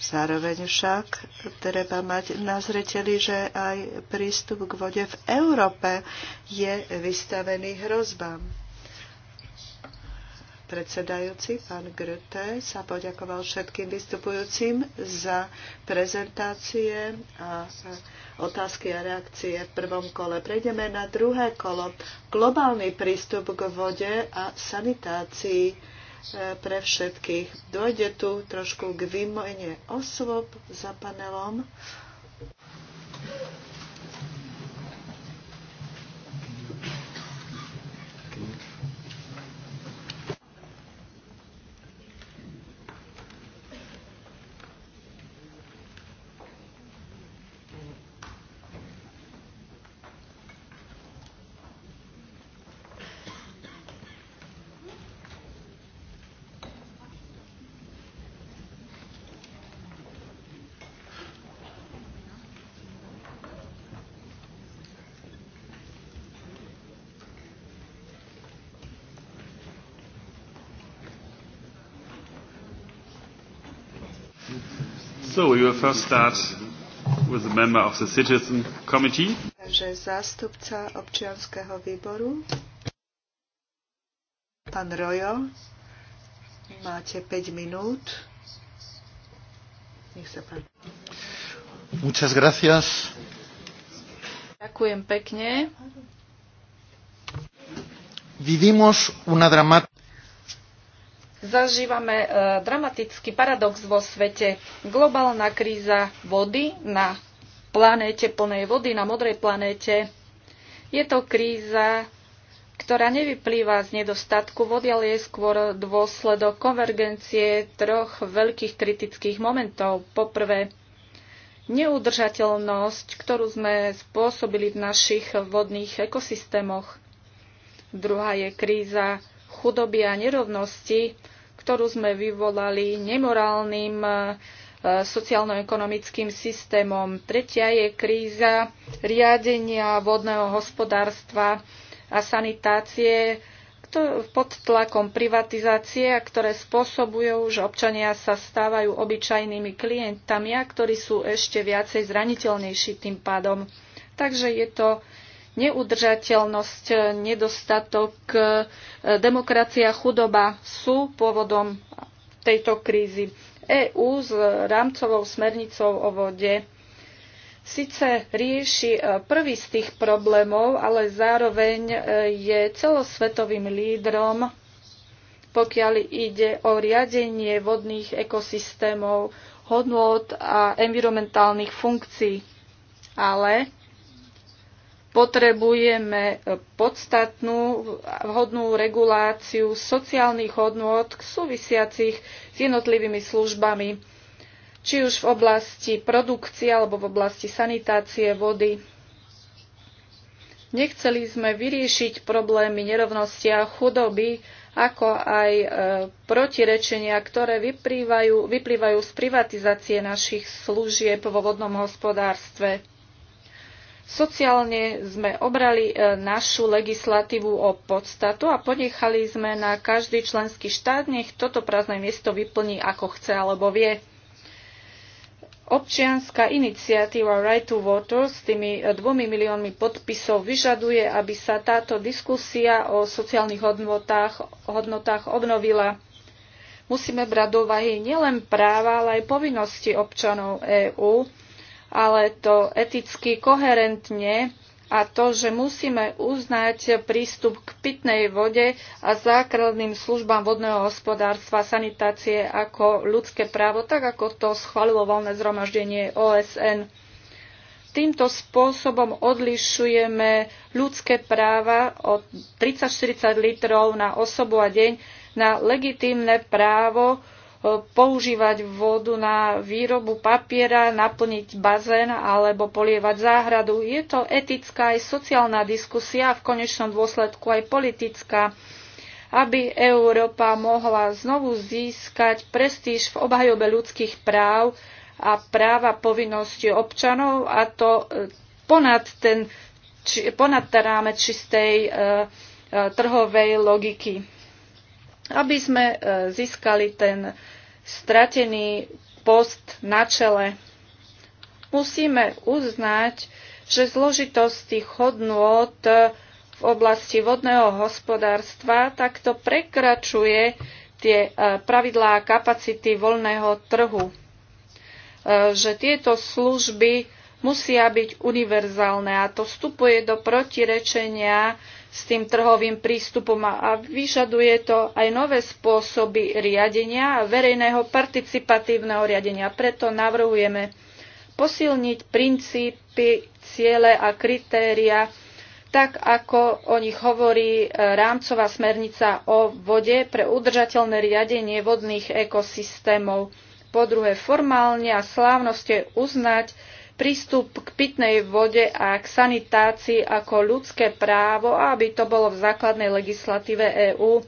Zároveň však treba mať na zreteli, že aj prístup k vode v Európe je vystavený hrozbám. Predsedajúci pán Grte sa poďakoval všetkým vystupujúcim za prezentácie a otázky a reakcie v prvom kole. Prejdeme na druhé kolo. Globálny prístup k vode a sanitácii E, pre všetkých. Dojde tu trošku k výmene osôb za panelom. So we will first start with the member of the Citizen Committee. Takže zástupca občianského výboru, pán Rojo, máte 5 minút. Nech sa pán. Muchas gracias. Ďakujem pekne. Vivimos una dramática zažívame e, dramatický paradox vo svete. Globálna kríza vody na planéte plnej vody, na modrej planéte. Je to kríza, ktorá nevyplýva z nedostatku vody, ale je skôr dôsledok konvergencie troch veľkých kritických momentov. Poprvé, neudržateľnosť, ktorú sme spôsobili v našich vodných ekosystémoch. Druhá je kríza chudoby a nerovnosti, ktorú sme vyvolali nemorálnym e, sociálno-ekonomickým systémom. Tretia je kríza riadenia vodného hospodárstva a sanitácie pod tlakom privatizácie, ktoré spôsobujú, že občania sa stávajú obyčajnými klientami a ktorí sú ešte viacej zraniteľnejší tým pádom. Takže je to neudržateľnosť, nedostatok e, demokracia, chudoba sú pôvodom tejto krízy. EÚ s rámcovou smernicou o vode síce rieši e, prvý z tých problémov, ale zároveň e, je celosvetovým lídrom, pokiaľ ide o riadenie vodných ekosystémov, hodnot a environmentálnych funkcií. Ale potrebujeme podstatnú vhodnú reguláciu sociálnych hodnôt súvisiacich s jednotlivými službami, či už v oblasti produkcie alebo v oblasti sanitácie vody. Nechceli sme vyriešiť problémy nerovnosti a chudoby, ako aj e, protirečenia, ktoré vyplývajú, vyplývajú z privatizácie našich služieb vo vodnom hospodárstve. Sociálne sme obrali e, našu legislatívu o podstatu a ponechali sme na každý členský štát, nech toto prázdne miesto vyplní ako chce alebo vie. Občianská iniciatíva Right to Water s tými e, dvomi miliónmi podpisov vyžaduje, aby sa táto diskusia o sociálnych hodnotách, hodnotách obnovila. Musíme brať do vahy nielen práva, ale aj povinnosti občanov EÚ ale to eticky koherentne a to, že musíme uznať prístup k pitnej vode a základným službám vodného hospodárstva, sanitácie ako ľudské právo, tak ako to schválilo voľné zhromaždenie OSN. Týmto spôsobom odlišujeme ľudské práva od 30-40 litrov na osobu a deň na legitímne právo používať vodu na výrobu papiera, naplniť bazén alebo polievať záhradu. Je to etická aj sociálna diskusia a v konečnom dôsledku aj politická aby Európa mohla znovu získať prestíž v obhajobe ľudských práv a práva povinnosti občanov a to e, ponad ten, či, ponad tá ráme čistej e, e, trhovej logiky aby sme e, získali ten stratený post na čele. Musíme uznať, že zložitosti tých e, v oblasti vodného hospodárstva takto prekračuje tie e, pravidlá a kapacity voľného trhu. Že tieto služby musia byť univerzálne a to vstupuje do protirečenia s tým trhovým prístupom a vyžaduje to aj nové spôsoby riadenia a verejného participatívneho riadenia. Preto navrhujeme posilniť princípy, ciele a kritéria, tak ako o nich hovorí e, rámcová smernica o vode pre udržateľné riadenie vodných ekosystémov. Po druhé, formálne a slávnosti uznať prístup k pitnej vode a k sanitácii ako ľudské právo, aby to bolo v základnej legislatíve EÚ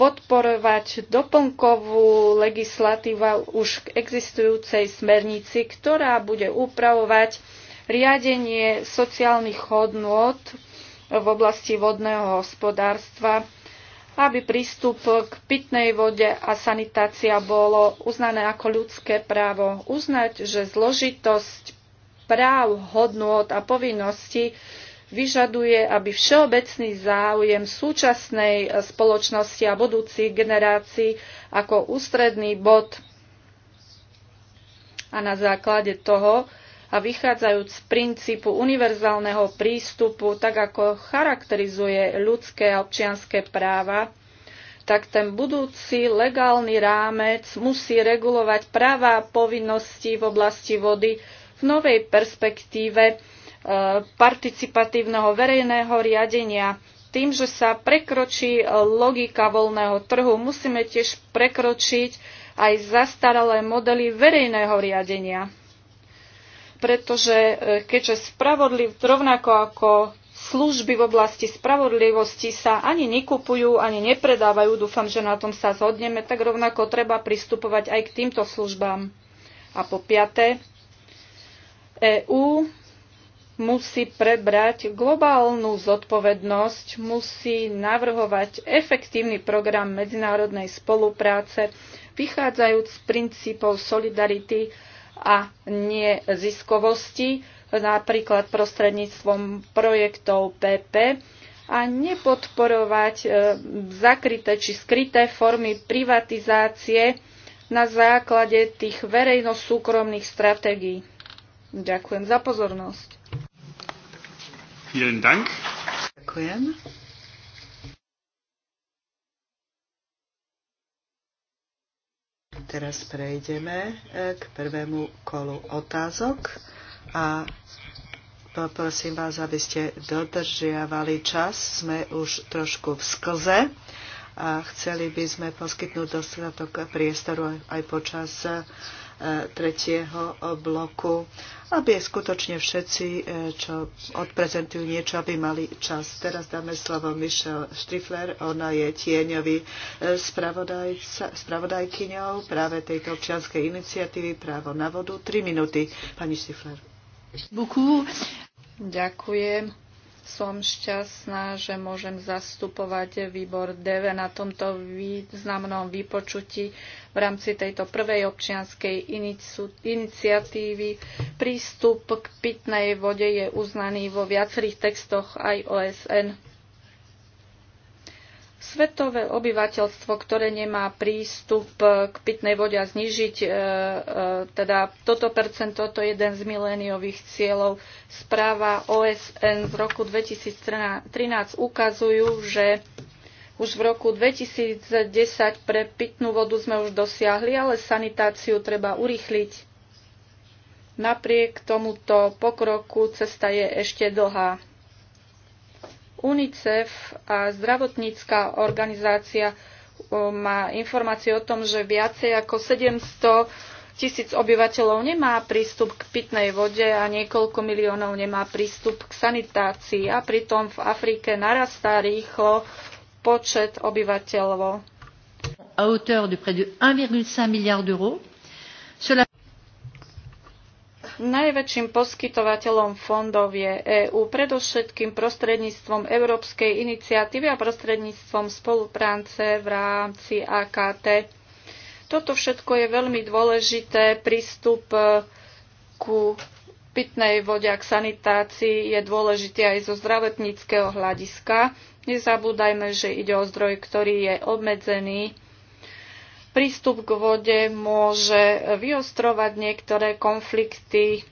podporovať doplnkovú legislatívu už k existujúcej smernici, ktorá bude upravovať riadenie sociálnych hodnôt v oblasti vodného hospodárstva, aby prístup k pitnej vode a sanitácia bolo uznané ako ľudské právo. Uznať, že zložitosť práv, hodnôt a povinností vyžaduje, aby všeobecný záujem súčasnej spoločnosti a budúcich generácií ako ústredný bod a na základe toho a vychádzajúc z princípu univerzálneho prístupu, tak ako charakterizuje ľudské a občianské práva, tak ten budúci legálny rámec musí regulovať práva a povinnosti v oblasti vody, novej perspektíve eh, participatívneho verejného riadenia. Tým, že sa prekročí eh, logika voľného trhu, musíme tiež prekročiť aj zastaralé modely verejného riadenia. Pretože eh, keďže spravodliv, rovnako ako služby v oblasti spravodlivosti sa ani nekupujú, ani nepredávajú, dúfam, že na tom sa zhodneme, tak rovnako treba pristupovať aj k týmto službám. A po piaté, EÚ musí prebrať globálnu zodpovednosť, musí navrhovať efektívny program medzinárodnej spolupráce, vychádzajúc z princípov solidarity a nie ziskovosti, napríklad prostredníctvom projektov PP, a nepodporovať e, zakryté či skryté formy privatizácie na základe tých verejno-súkromných stratégií. Ďakujem za pozornosť. Vielen Dank. Ďakujem. Teraz prejdeme e, k prvému kolu otázok a poprosím vás, aby ste dodržiavali čas. Sme už trošku v sklze a chceli by sme poskytnúť dostatok priestoru aj počas e, tretieho bloku, aby skutočne všetci, eh, čo odprezentujú niečo, aby mali čas. Teraz dáme slovo Michelle Štrifler, ona je tieňový eh, spravodajkyňou práve tejto občianskej iniciatívy Právo na vodu. Tri minúty, pani Štrifler. Ďakujem. Som šťastná, že môžem zastupovať výbor DV na tomto významnom vypočutí v rámci tejto prvej občianskej iniciatívy. Prístup k pitnej vode je uznaný vo viacerých textoch aj OSN svetové obyvateľstvo, ktoré nemá prístup k pitnej vode a znižiť e, e, teda toto percento, to je jeden z miléniových cieľov. Správa OSN z roku 2013 ukazujú, že už v roku 2010 pre pitnú vodu sme už dosiahli, ale sanitáciu treba urýchliť. Napriek tomuto pokroku cesta je ešte dlhá. UNICEF a zdravotnícká organizácia má informácie o tom, že viacej ako 700 tisíc obyvateľov nemá prístup k pitnej vode a niekoľko miliónov nemá prístup k sanitácii a pritom v Afrike narastá rýchlo počet obyvateľov. A hauteur de près de 1,5 miliard d'euros. Cela Najväčším poskytovateľom fondov je EÚ, predovšetkým prostredníctvom Európskej iniciatívy a prostredníctvom spolupráce v rámci AKT. Toto všetko je veľmi dôležité. Prístup e, ku pitnej vode a k sanitácii je dôležitý aj zo zdravotníckého hľadiska. Nezabúdajme, že ide o zdroj, ktorý je obmedzený Prístup k vode môže vyostrovať niektoré konflikty,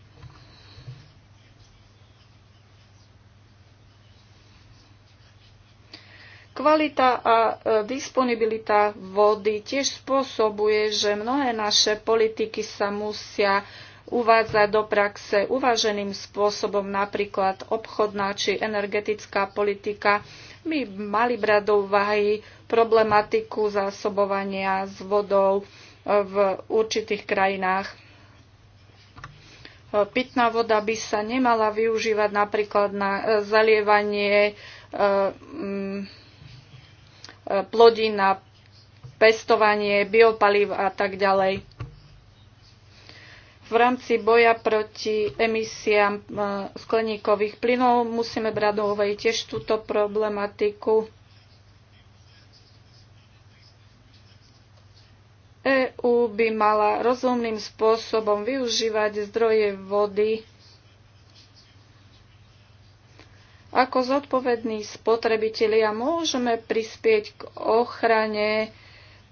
Kvalita a e, disponibilita vody tiež spôsobuje, že mnohé naše politiky sa musia uvádzať do praxe uvaženým spôsobom, napríklad obchodná či energetická politika. My mali brať do úvahy problematiku zásobovania s vodou e, v určitých krajinách. E, pitná voda by sa nemala využívať napríklad na e, zalievanie mm, plodín na pestovanie biopalív a tak ďalej. V rámci boja proti emisiám skleníkových plynov musíme brať do tiež túto problematiku EÚ by mala rozumným spôsobom využívať zdroje vody Ako zodpovední spotrebitelia môžeme prispieť k ochrane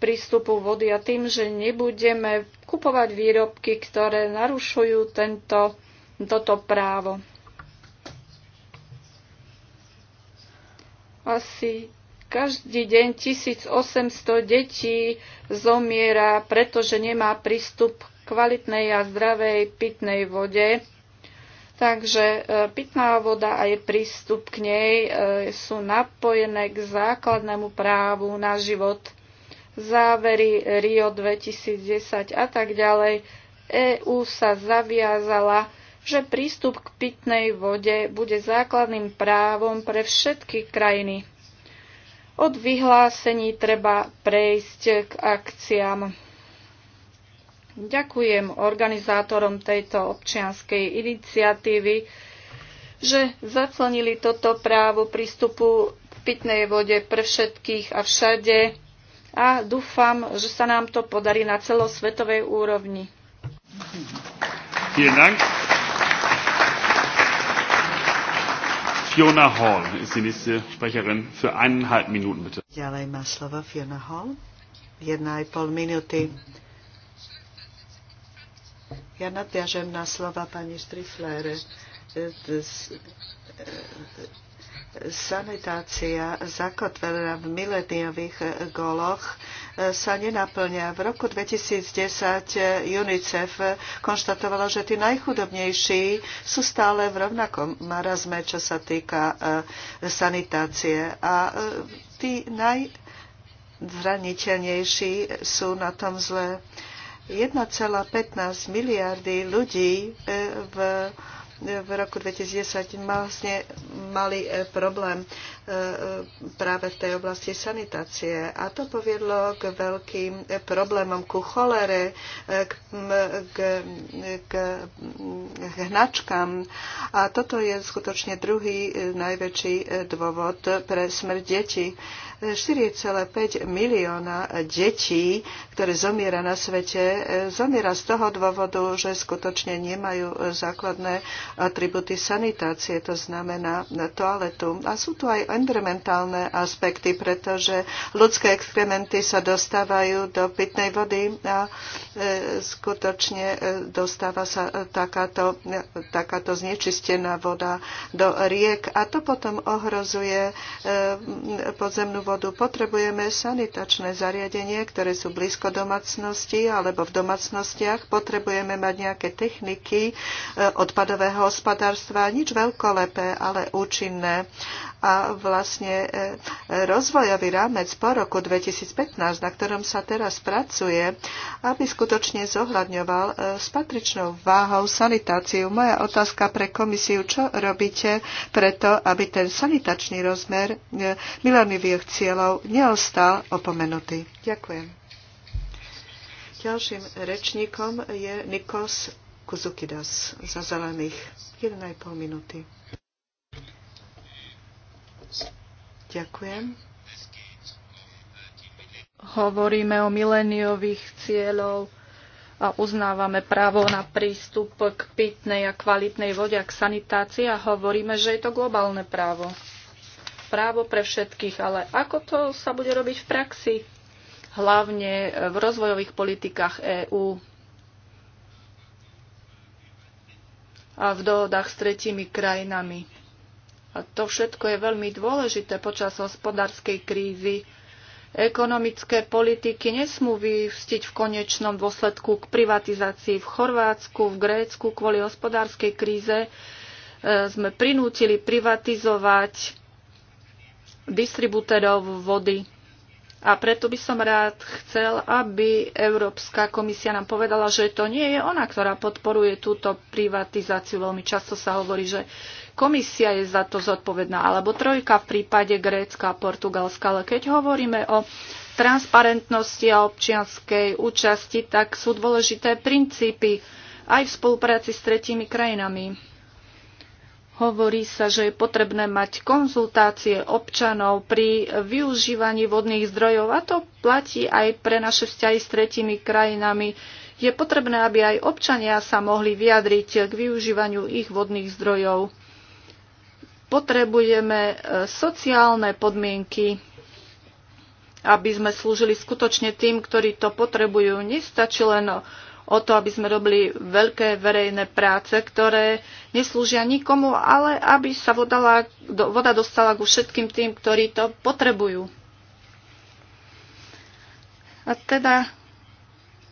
prístupu vody a tým, že nebudeme kupovať výrobky, ktoré narušujú tento, toto právo. Asi každý deň 1800 detí zomiera, pretože nemá prístup k kvalitnej a zdravej pitnej vode. Takže e, pitná voda a je prístup k nej e, sú napojené k základnému právu na život. Závery Rio 2010 a tak ďalej. EÚ sa zaviazala, že prístup k pitnej vode bude základným právom pre všetky krajiny. Od vyhlásení treba prejsť k akciám. Ďakujem organizátorom tejto občianskej iniciatívy, že zaclnili toto právo prístupu k pitnej vode pre všetkých a všade a dúfam, že sa nám to podarí na celosvetovej úrovni. Vielen Dank. Fiona Hall ist die nächste Sprecherin für eineinhalb Minuten, bitte. Ďalej má slovo Fiona Hall. Jedna aj pol minúty. Ja nadviažem na slova pani Striflere. Sanitácia zakotvená v mileniových goloch sa nenaplňa. V roku 2010 UNICEF konštatovalo, že tí najchudobnejší sú stále v rovnakom marazme, čo sa týka e, sanitácie. A e, tí najzraniteľnejší sú na tom zle. 1,15 miliardy ľudí e, v v roku 2010 vlastne mali problém E, e, práve v tej oblasti sanitácie. A to poviedlo k veľkým problémom, ku cholere, e, k, k, k, k hnačkám. A toto je skutočne druhý najväčší dôvod pre smrť detí. 4,5 milióna detí, ktoré zomiera na svete, zomiera z toho dôvodu, že skutočne nemajú základné atributy sanitácie, to znamená toaletu. A sú tu aj environmentálne aspekty, pretože ľudské exkrementy sa dostávajú do pitnej vody a e, skutočne e, dostáva sa e, takáto, takáto znečistená voda do riek a to potom ohrozuje podzemnú vodu. Potrebujeme sanitačné zariadenie, ktoré sú blízko domácnosti alebo v domácnostiach. Potrebujeme mať nejaké techniky odpadového hospodárstva, nič veľkolepé, ale účinné a vlastne e, rozvojový rámec po roku 2015, na ktorom sa teraz pracuje, aby skutočne zohľadňoval e, s patričnou váhou sanitáciu. Moja otázka pre komisiu, čo robíte preto, aby ten sanitačný rozmer e, milionivých cieľov neostal opomenutý? Ďakujem. Ďalším rečníkom je Nikos Kuzukidas za zelených. 1,5 minúty. Ďakujem. Hovoríme o mileniových cieľov a uznávame právo na prístup k pitnej a kvalitnej vode a k sanitácii a hovoríme, že je to globálne právo. Právo pre všetkých, ale ako to sa bude robiť v praxi? Hlavne v rozvojových politikách EÚ a v dohodách s tretími krajinami a to všetko je veľmi dôležité počas hospodárskej krízy. Ekonomické politiky nesmú vyvstiť v konečnom dôsledku k privatizácii v Chorvátsku, v Grécku kvôli hospodárskej kríze. E, sme prinútili privatizovať distribútorov vody. A preto by som rád chcel, aby Európska komisia nám povedala, že to nie je ona, ktorá podporuje túto privatizáciu. Veľmi často sa hovorí, že komisia je za to zodpovedná, alebo trojka v prípade Grécka a Portugalska. Ale keď hovoríme o transparentnosti a občianskej účasti, tak sú dôležité princípy aj v spolupráci s tretími krajinami. Hovorí sa, že je potrebné mať konzultácie občanov pri využívaní vodných zdrojov a to platí aj pre naše vzťahy s tretími krajinami. Je potrebné, aby aj občania sa mohli vyjadriť k využívaniu ich vodných zdrojov. Potrebujeme e, sociálne podmienky, aby sme slúžili skutočne tým, ktorí to potrebujú. Nestačí len o to, aby sme robili veľké verejné práce, ktoré neslúžia nikomu, ale aby sa voda, voda dostala ku všetkým tým, ktorí to potrebujú. A teda,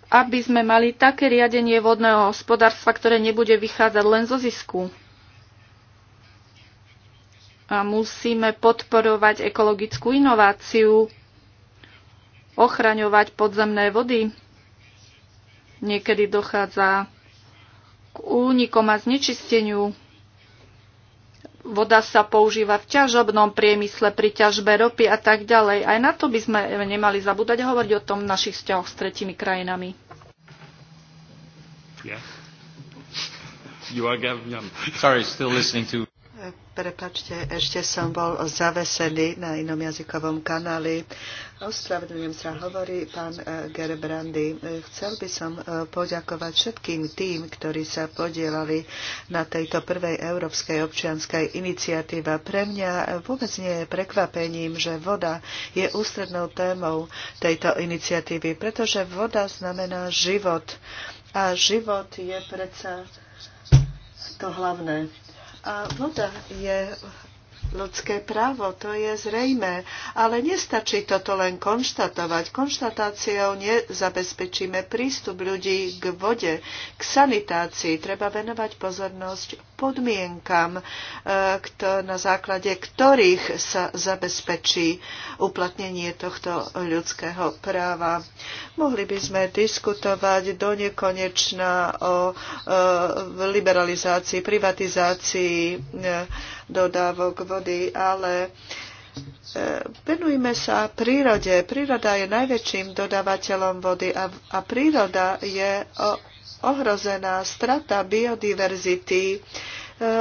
aby sme mali také riadenie vodného hospodárstva, ktoré nebude vychádzať len zo zisku a musíme podporovať ekologickú inováciu, ochraňovať podzemné vody. Niekedy dochádza k únikom a znečisteniu. Voda sa používa v ťažobnom priemysle, pri ťažbe ropy a tak ďalej. Aj na to by sme nemali zabúdať hovoriť o tom v našich vzťahoch s tretimi krajinami. Yeah. You are Sorry, still listening to Prepačte, ešte som bol zavesený na inom jazykovom kanáli. Ospravedlňujem sa, hovorí pán e, Gerbrandy. E, chcel by som e, poďakovať všetkým tým, ktorí sa podielali na tejto prvej európskej občianskej iniciatíva. Pre mňa vôbec nie je prekvapením, že voda je ústrednou témou tejto iniciatívy, pretože voda znamená život. A život je predsa to hlavné. A voda je ľudské právo, to je zrejme. Ale nestačí toto len konštatovať. Konštatáciou nezabezpečíme prístup ľudí k vode, k sanitácii. Treba venovať pozornosť podmienkam, e, na základe ktorých sa zabezpečí uplatnenie tohto ľudského práva. Mohli by sme diskutovať do nekonečna o e, liberalizácii, privatizácii, e, dodávok vody, ale e, venujme sa prírode. Príroda je najväčším dodávateľom vody a, a príroda je ohrozená. Strata biodiverzity e,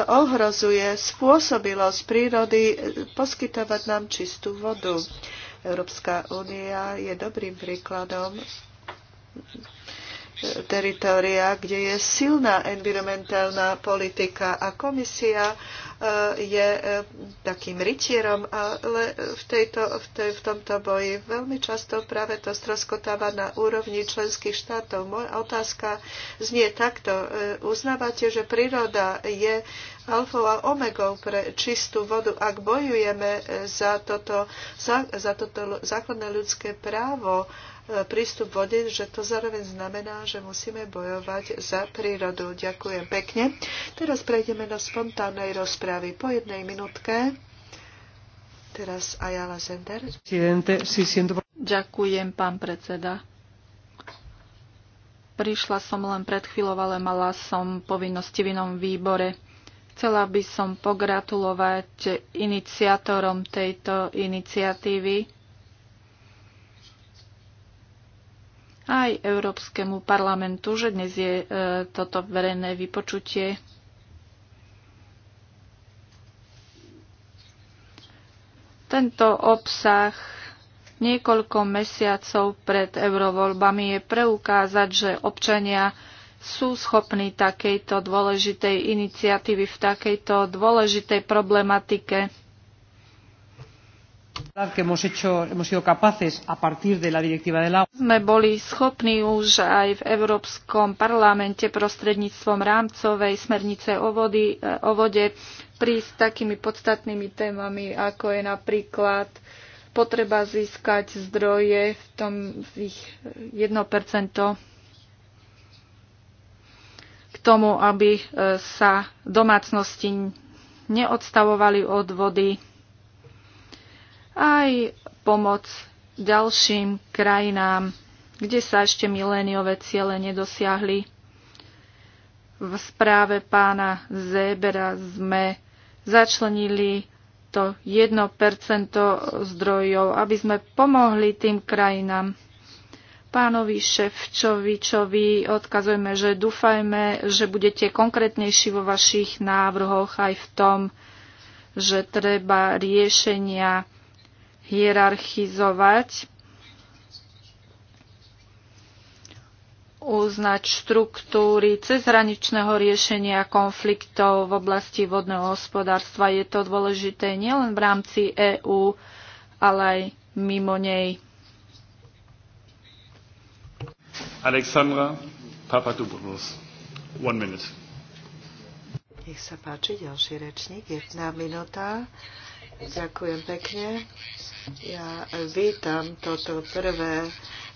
ohrozuje spôsobilosť prírody e, poskytovať nám čistú vodu. Európska únia je dobrým príkladom teritoria, kde je silná environmentálna politika a komisia je eh, takým rytierom, ale v, tejto, v, tej, v tomto boji veľmi často práve to stroskotáva na úrovni členských štátov. Moja otázka znie takto. Eh, uznávate, že príroda je alfou a omegou pre čistú vodu. Ak bojujeme eh, za toto, za, za toto základné ľudské právo, E, prístup vody, že to zároveň znamená, že musíme bojovať za prírodu. Ďakujem pekne. Teraz prejdeme do spontánnej rozpravy. Po jednej minútke. Teraz Ayala Zender. Ďakujem, pán predseda. Prišla som len pred chvíľou, ale mala som povinnosti v inom výbore. Chcela by som pogratulovať iniciátorom tejto iniciatívy aj Európskemu parlamentu, že dnes je e, toto verejné vypočutie. Tento obsah niekoľko mesiacov pred eurovoľbami je preukázať, že občania sú schopní takejto dôležitej iniciatívy v takejto dôležitej problematike. E. Sme boli schopní už aj v Európskom parlamente prostredníctvom rámcovej smernice o, vody, o vode prísť takými podstatnými témami, ako je napríklad potreba získať zdroje v tom v ich 1% k tomu, aby e, sa domácnosti neodstavovali od vody aj pomoc ďalším krajinám, kde sa ešte miléniové ciele nedosiahli. V správe pána Zébera sme začlenili to 1% zdrojov, aby sme pomohli tým krajinám. Pánovi Ševčovičovi odkazujeme, že dúfajme, že budete konkrétnejší vo vašich návrhoch aj v tom, že treba riešenia hierarchizovať, uznať štruktúry cezhraničného riešenia konfliktov v oblasti vodného hospodárstva. Je to dôležité nielen v rámci EÚ, ale aj mimo nej. Alexandra Papadopoulos. One minute. Nech sa páči, ďalší rečník, jedna minúta. Ďakujem pekne. Ja vítam toto prvé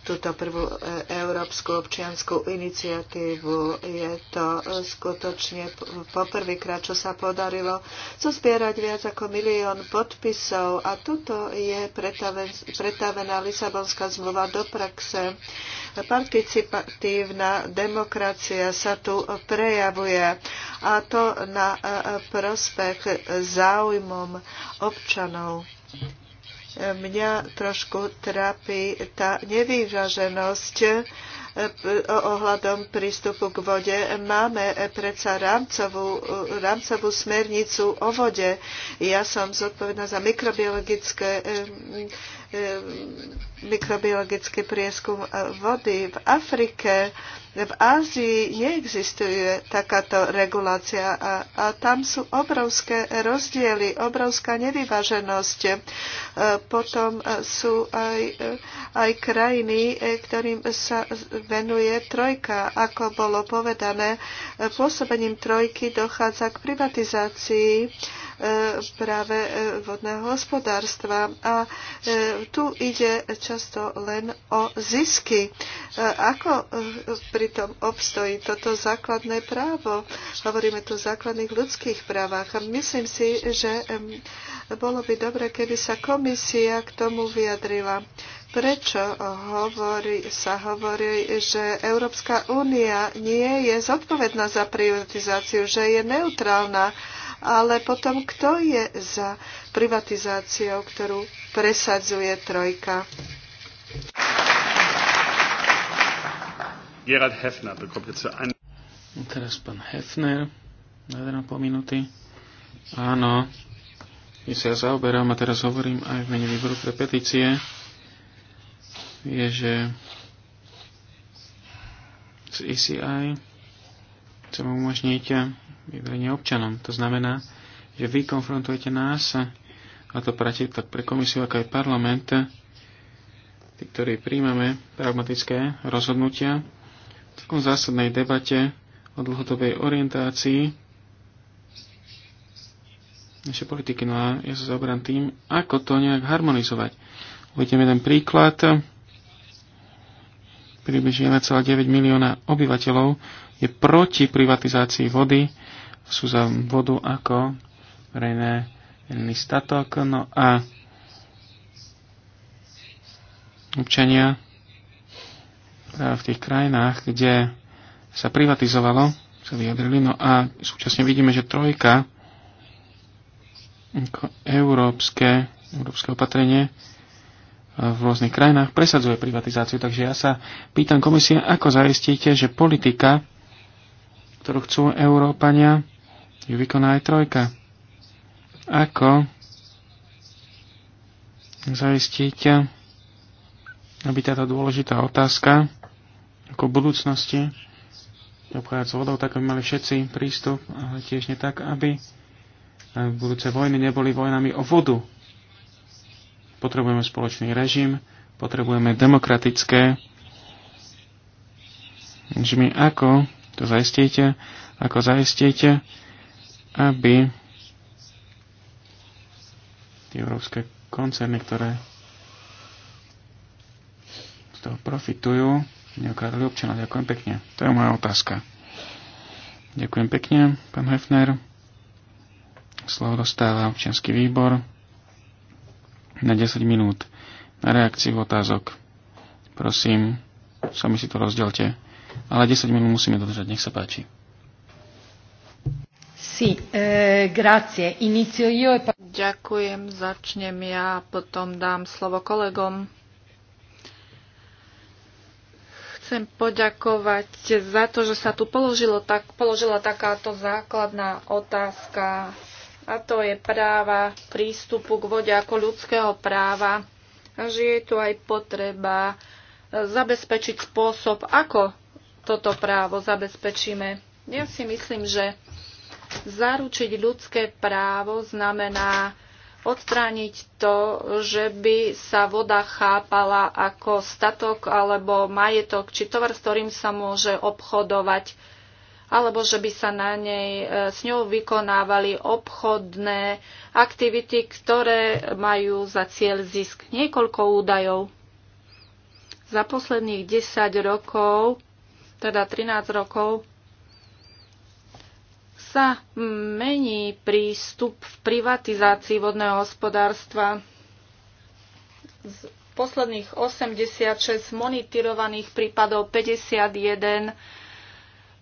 túto prvú e, európsku občianskú iniciatívu. Je to skutočne poprvýkrát, čo sa podarilo zozbierať viac ako milión podpisov a tuto je pretavená Lisabonská zmluva do praxe. Participatívna demokracia sa tu prejavuje a to na e, e, prospech záujmom občanov. Mňa trošku trápi tá nevýraženosť eh, eh, ohľadom prístupu k vode. Máme eh, predsa rámcovú, rámcovú smernicu o vode. Ja som zodpovedná za mikrobiologické Eh, mikrobiologický prieskum vody. V Afrike, v Ázii neexistuje takáto regulácia a, a tam sú obrovské rozdiely, obrovská nevyváženosť. Eh, potom sú aj, eh, aj krajiny, ktorým sa venuje trojka. Ako bolo povedané, pôsobením trojky dochádza k privatizácii práve e, vodného hospodárstva. A e, tu ide často len o zisky. E, ako pritom obstojí toto základné právo? Hovoríme tu o základných ľudských právach. Myslím si, že bolo by dobre, keby sa komisia k tomu vyjadrila prečo hovorí, sa hovorí, že Európska únia nie je zodpovedná za privatizáciu, že je neutrálna ale potom kto je za privatizáciou, ktorú presadzuje trojka? Gerard Hefner bekommt jetzt für ein... Teraz pán Hefner, na pol minúty. Áno, my sa zaoberám a teraz hovorím aj v mene výboru pre petície. Je, že z ECI chcem umožniť vyjadrenie občanom. To znamená, že vy konfrontujete nás, a to prate tak pre komisiu, ako aj parlament, tí, ktorí príjmame pragmatické rozhodnutia, v takom zásadnej debate o dlhodobej orientácii Naše politiky. No a ja sa zaoberám tým, ako to nejak harmonizovať. Uvidím jeden príklad. Približne 1,9 milióna obyvateľov je proti privatizácii vody sú za vodu ako verejné statok. No a občania e, v tých krajinách, kde sa privatizovalo, sa vyjadrili. No a súčasne vidíme, že trojka ako európske, európske opatrenie e, v rôznych krajinách presadzuje privatizáciu. Takže ja sa pýtam komisie, ako zaistíte, že politika, ktorú chcú Európania, ju vykoná aj trojka. Ako zaistiť, aby táto dôležitá otázka ako budúcnosti obchádzať s vodou, tak aby mali všetci prístup, ale tiež nie tak, aby budúce vojny neboli vojnami o vodu. Potrebujeme spoločný režim, potrebujeme demokratické režimy. Ako to zaistíte? Ako zaistíte, aby tie európske koncerny, ktoré z toho profitujú, neokradli občana. Ďakujem pekne. To je moja otázka. Ďakujem pekne, pán Hefner. Slovo dostáva občianský výbor na 10 minút na reakciu otázok. Prosím, sami si to rozdielte. Ale 10 minút musíme dodržať, nech sa páči. Eh, e Ďakujem, začnem ja, potom dám slovo kolegom. Chcem poďakovať za to, že sa tu položilo tak, položila takáto základná otázka a to je práva prístupu k vode ako ľudského práva a že je tu aj potreba eh, zabezpečiť spôsob, ako toto právo zabezpečíme. Ja si myslím, že Zaručiť ľudské právo znamená odstrániť to, že by sa voda chápala ako statok alebo majetok či tovar, s ktorým sa môže obchodovať, alebo že by sa na nej e, s ňou vykonávali obchodné aktivity, ktoré majú za cieľ zisk. Niekoľko údajov. Za posledných 10 rokov, teda 13 rokov, sa mení prístup v privatizácii vodného hospodárstva. Z posledných 86 monitorovaných prípadov 51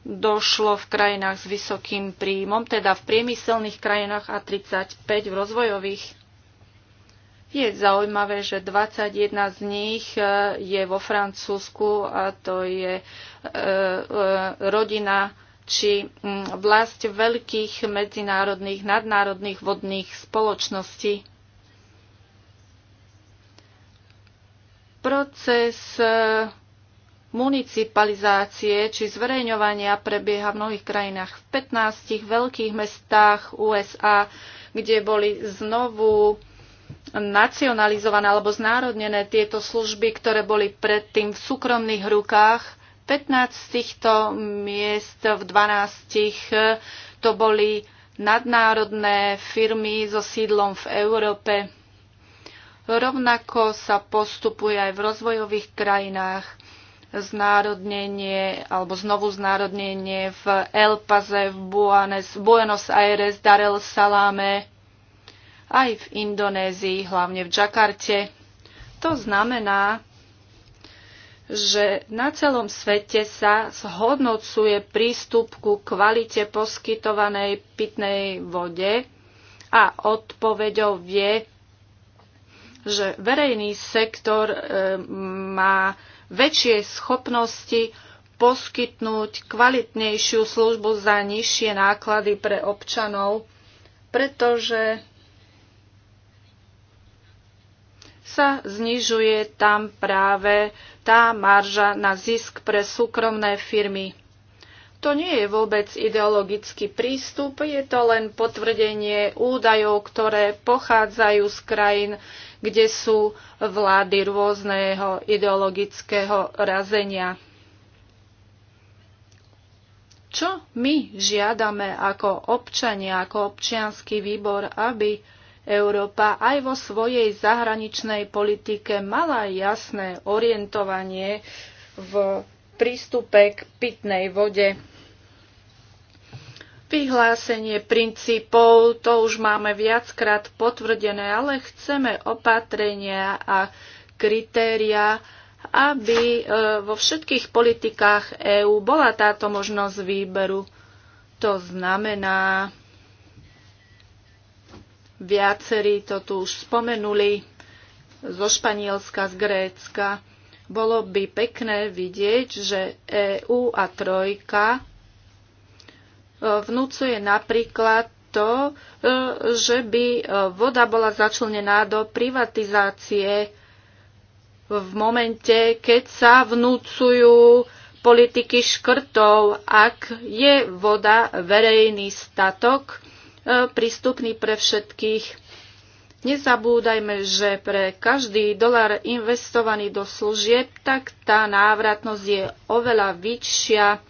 došlo v krajinách s vysokým príjmom, teda v priemyselných krajinách a 35 v rozvojových. Je zaujímavé, že 21 z nich e, je vo Francúzsku a to je e, e, rodina či mm, vlast veľkých medzinárodných, nadnárodných vodných spoločností. Proces e, municipalizácie či zverejňovania prebieha v mnohých krajinách. V 15 veľkých mestách USA, kde boli znovu nacionalizované alebo znárodnené tieto služby, ktoré boli predtým v súkromných rukách 15 z týchto miest v 12 eh, to boli nadnárodné firmy so sídlom v Európe. Rovnako sa postupuje aj v rozvojových krajinách znárodnenie alebo znovu znárodnenie v El Paze, v Buanes, Buenos Aires, Dar el Salame, aj v Indonézii, hlavne v Džakarte. To znamená, že na celom svete sa zhodnocuje prístup ku kvalite poskytovanej pitnej vode a odpoveďou je, že verejný sektor e, má väčšie schopnosti poskytnúť kvalitnejšiu službu za nižšie náklady pre občanov, pretože sa znižuje tam práve tá marža na zisk pre súkromné firmy. To nie je vôbec ideologický prístup, je to len potvrdenie údajov, ktoré pochádzajú z krajín, kde sú vlády rôzneho ideologického razenia. Čo my žiadame ako občania, ako občianský výbor, aby Európa aj vo svojej zahraničnej politike mala jasné orientovanie v prístupe k pitnej vode. Vyhlásenie princípov to už máme viackrát potvrdené, ale chceme opatrenia a kritéria, aby e, vo všetkých politikách EÚ bola táto možnosť výberu. To znamená, Viacerí to tu už spomenuli zo Španielska, z Grécka. Bolo by pekné vidieť, že EÚ a Trojka e, vnúcuje napríklad to, e, že by e, voda bola začlenená do privatizácie v momente, keď sa vnúcujú politiky škrtov, ak je voda verejný statok, E, prístupný pre všetkých. Nezabúdajme, že pre každý dolar investovaný do služieb, tak tá návratnosť je oveľa vyššia,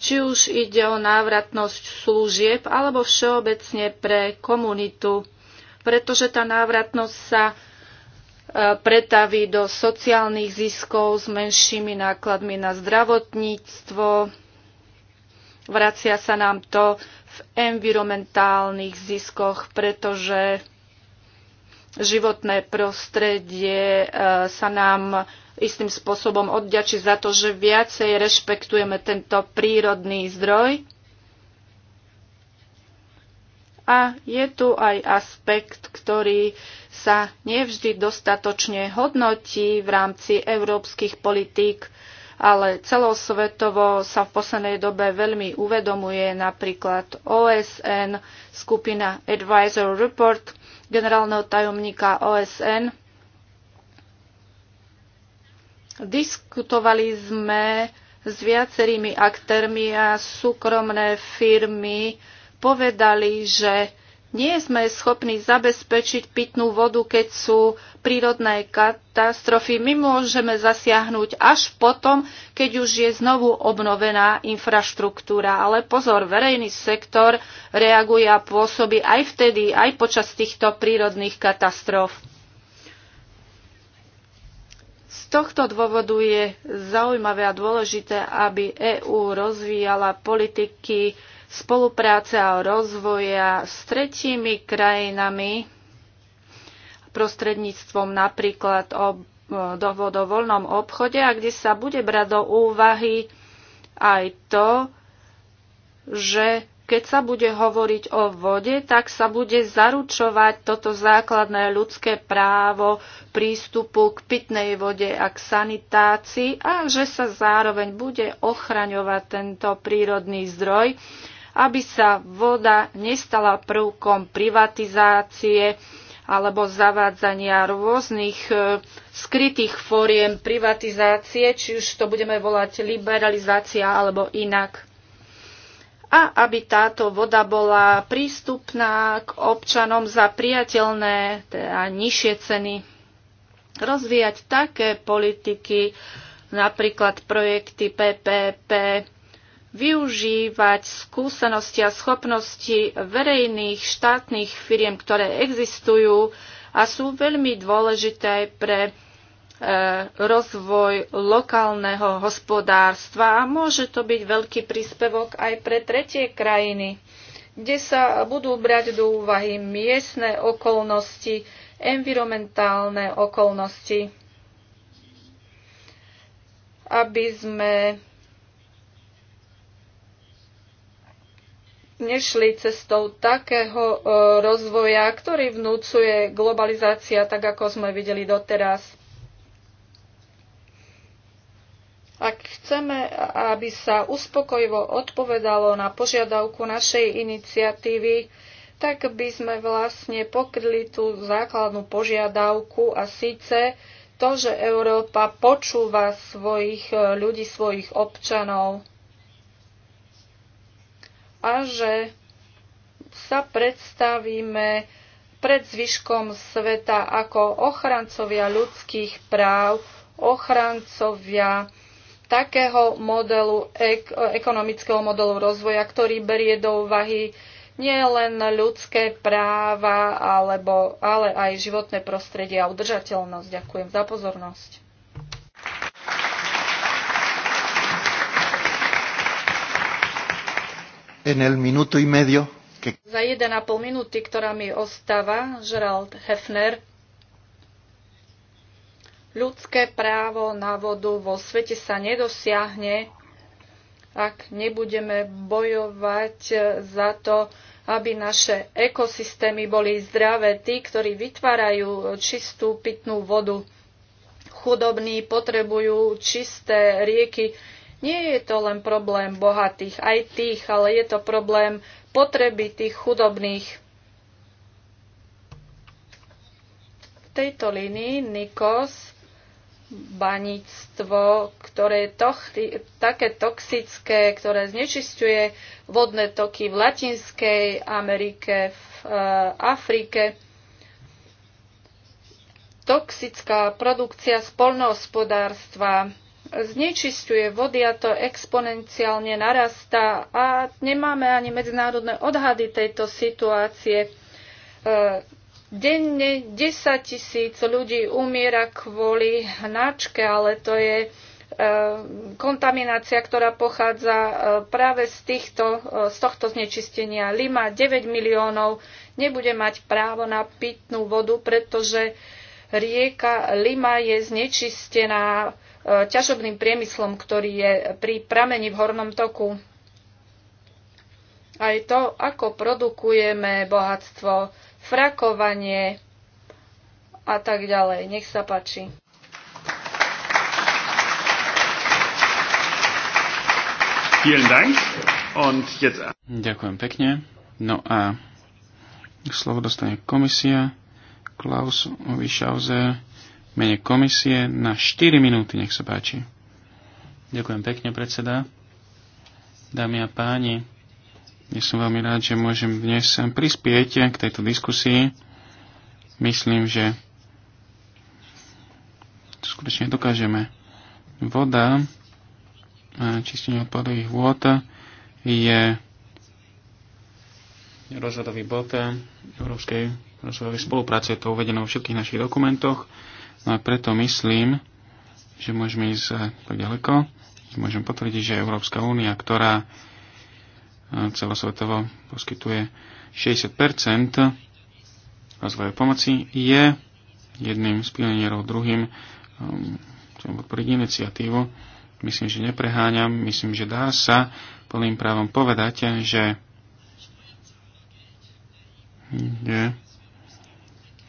či už ide o návratnosť služieb alebo všeobecne pre komunitu, pretože tá návratnosť sa e, pretaví do sociálnych ziskov s menšími nákladmi na zdravotníctvo, vracia sa nám to v environmentálnych ziskoch, pretože životné prostredie e, sa nám istým spôsobom odďači za to, že viacej rešpektujeme tento prírodný zdroj. A je tu aj aspekt, ktorý sa nevždy dostatočne hodnotí v rámci európskych politík, ale celosvetovo sa v poslednej dobe veľmi uvedomuje napríklad OSN, skupina Advisor Report generálneho tajomníka OSN. Diskutovali sme s viacerými aktérmi a súkromné firmy povedali, že nie sme schopní zabezpečiť pitnú vodu, keď sú prírodné katastrofy. My môžeme zasiahnuť až potom, keď už je znovu obnovená infraštruktúra. Ale pozor, verejný sektor reaguje a pôsobí aj vtedy, aj počas týchto prírodných katastrof. Z tohto dôvodu je zaujímavé a dôležité, aby EÚ rozvíjala politiky spolupráce a rozvoja s tretími krajinami prostredníctvom napríklad o dohod o voľnom obchode a kde sa bude brať do úvahy aj to, že keď sa bude hovoriť o vode, tak sa bude zaručovať toto základné ľudské právo prístupu k pitnej vode a k sanitácii a že sa zároveň bude ochraňovať tento prírodný zdroj aby sa voda nestala prvkom privatizácie alebo zavádzania rôznych e, skrytých fóriem privatizácie, či už to budeme volať liberalizácia alebo inak a aby táto voda bola prístupná k občanom za priateľné a teda nižšie ceny. Rozvíjať také politiky, napríklad projekty PPP, využívať skúsenosti a schopnosti verejných štátnych firiem, ktoré existujú a sú veľmi dôležité pre e, rozvoj lokálneho hospodárstva a môže to byť veľký príspevok aj pre tretie krajiny, kde sa budú brať do úvahy miestne okolnosti, environmentálne okolnosti, aby sme nešli cestou takého e, rozvoja, ktorý vnúcuje globalizácia, tak ako sme videli doteraz. Ak chceme, aby sa uspokojivo odpovedalo na požiadavku našej iniciatívy, tak by sme vlastne pokryli tú základnú požiadavku a síce to, že Európa počúva svojich e, ľudí, svojich občanov a že sa predstavíme pred zvyškom sveta ako ochrancovia ľudských práv, ochrancovia takého modelu, ek, ekonomického modelu rozvoja, ktorý berie do úvahy nie len ľudské práva, alebo, ale aj životné prostredie a udržateľnosť. Ďakujem za pozornosť. en el minuto y medio que... Za pol minúty, ktorá mi ostáva, Gerald Hefner. Ľudské právo na vodu vo svete sa nedosiahne, ak nebudeme bojovať za to, aby naše ekosystémy boli zdravé. Tí, ktorí vytvárajú čistú pitnú vodu, chudobní potrebujú čisté rieky, nie je to len problém bohatých, aj tých, ale je to problém potreby tých chudobných. V tejto línii Nikos baníctvo, ktoré je tochty, také toxické, ktoré znečisťuje vodné toky v Latinskej Amerike, v e, Afrike. Toxická produkcia spolnohospodárstva znečisťuje vody a to exponenciálne narastá a nemáme ani medzinárodné odhady tejto situácie. E, denne 10 tisíc ľudí umiera kvôli hnačke, ale to je e, kontaminácia, ktorá pochádza e, práve z, týchto, z tohto znečistenia. Lima 9 miliónov nebude mať právo na pitnú vodu, pretože rieka Lima je znečistená ťažobným priemyslom, ktorý je pri pramení v hornom toku. Aj to, ako produkujeme bohatstvo, frakovanie a tak ďalej. Nech sa páči. Ďakujem pekne. No a slovo dostane komisia. Klaus Wieschauser mene komisie na 4 minúty, nech sa páči. Ďakujem pekne, predseda. Dámy a páni, ja som veľmi rád, že môžem dnes sem prispieť k tejto diskusii. Myslím, že to skutočne dokážeme. Voda, a čistenie odpadových vôd je rozhodový bod Európskej rozhodovej spolupráce. Je to uvedené vo všetkých našich dokumentoch No a preto myslím, že môžeme ísť eh, tak ďaleko. Môžem potvrdiť, že Európska únia, ktorá eh, celosvetovo poskytuje 60 rozvojovej pomoci, je jedným z pionierov, druhým eh, chcem podporiť iniciatívu. Myslím, že nepreháňam, myslím, že dá sa plným právom povedať, že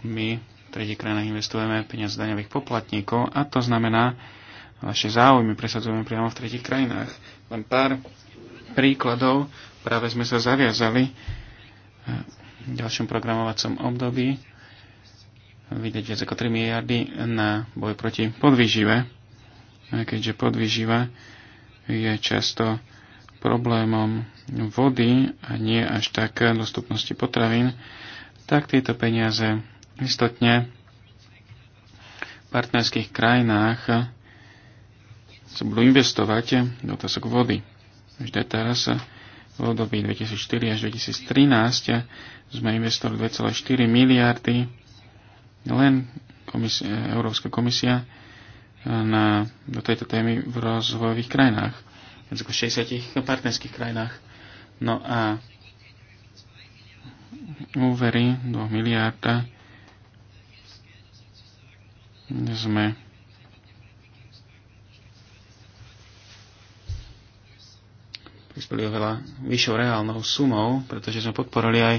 my tretich krajinách investujeme peniaze daňových poplatníkov a to znamená, vaše záujmy presadzujeme priamo v tretich krajinách. Len pár príkladov. Práve sme sa zaviazali eh, v ďalšom programovacom období vydať viac ako 3 miliardy na boj proti podvýžive, keďže podvýživa je často problémom vody a nie až tak dostupnosti potravín, tak tieto peniaze Istotne v partnerských krajinách sa budú investovať do otázok vody. Vždy teraz v období 2004 až 2013 sme investovali 2,4 miliardy len komisie, Európska komisia eh, na, do tejto témy v rozvojových krajinách, viac ako 60 partnerských krajinách. No a úvery 2 miliarda sme prispeli oveľa vyššou reálnou sumou, pretože sme podporili aj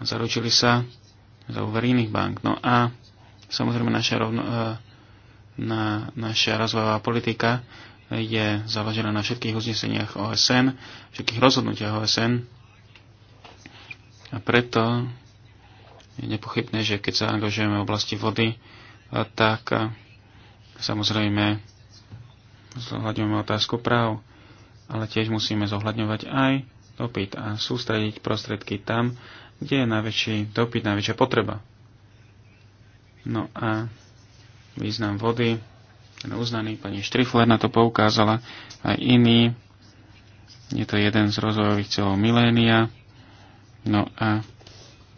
a zaručili sa za úver iných bank. No a samozrejme naša, rovno, e, na, naša rozvojová politika je založená na všetkých uzneseniach OSN, všetkých rozhodnutiach OSN. A preto je nepochybné, že keď sa angažujeme v oblasti vody, tak samozrejme zohľadňujeme otázku práv, ale tiež musíme zohľadňovať aj dopyt a sústrediť prostriedky tam, kde je najväčší dopyt, najväčšia potreba. No a význam vody, ten uznaný, pani Štrifler na to poukázala, aj iný, je to jeden z rozvojových celov milénia, no a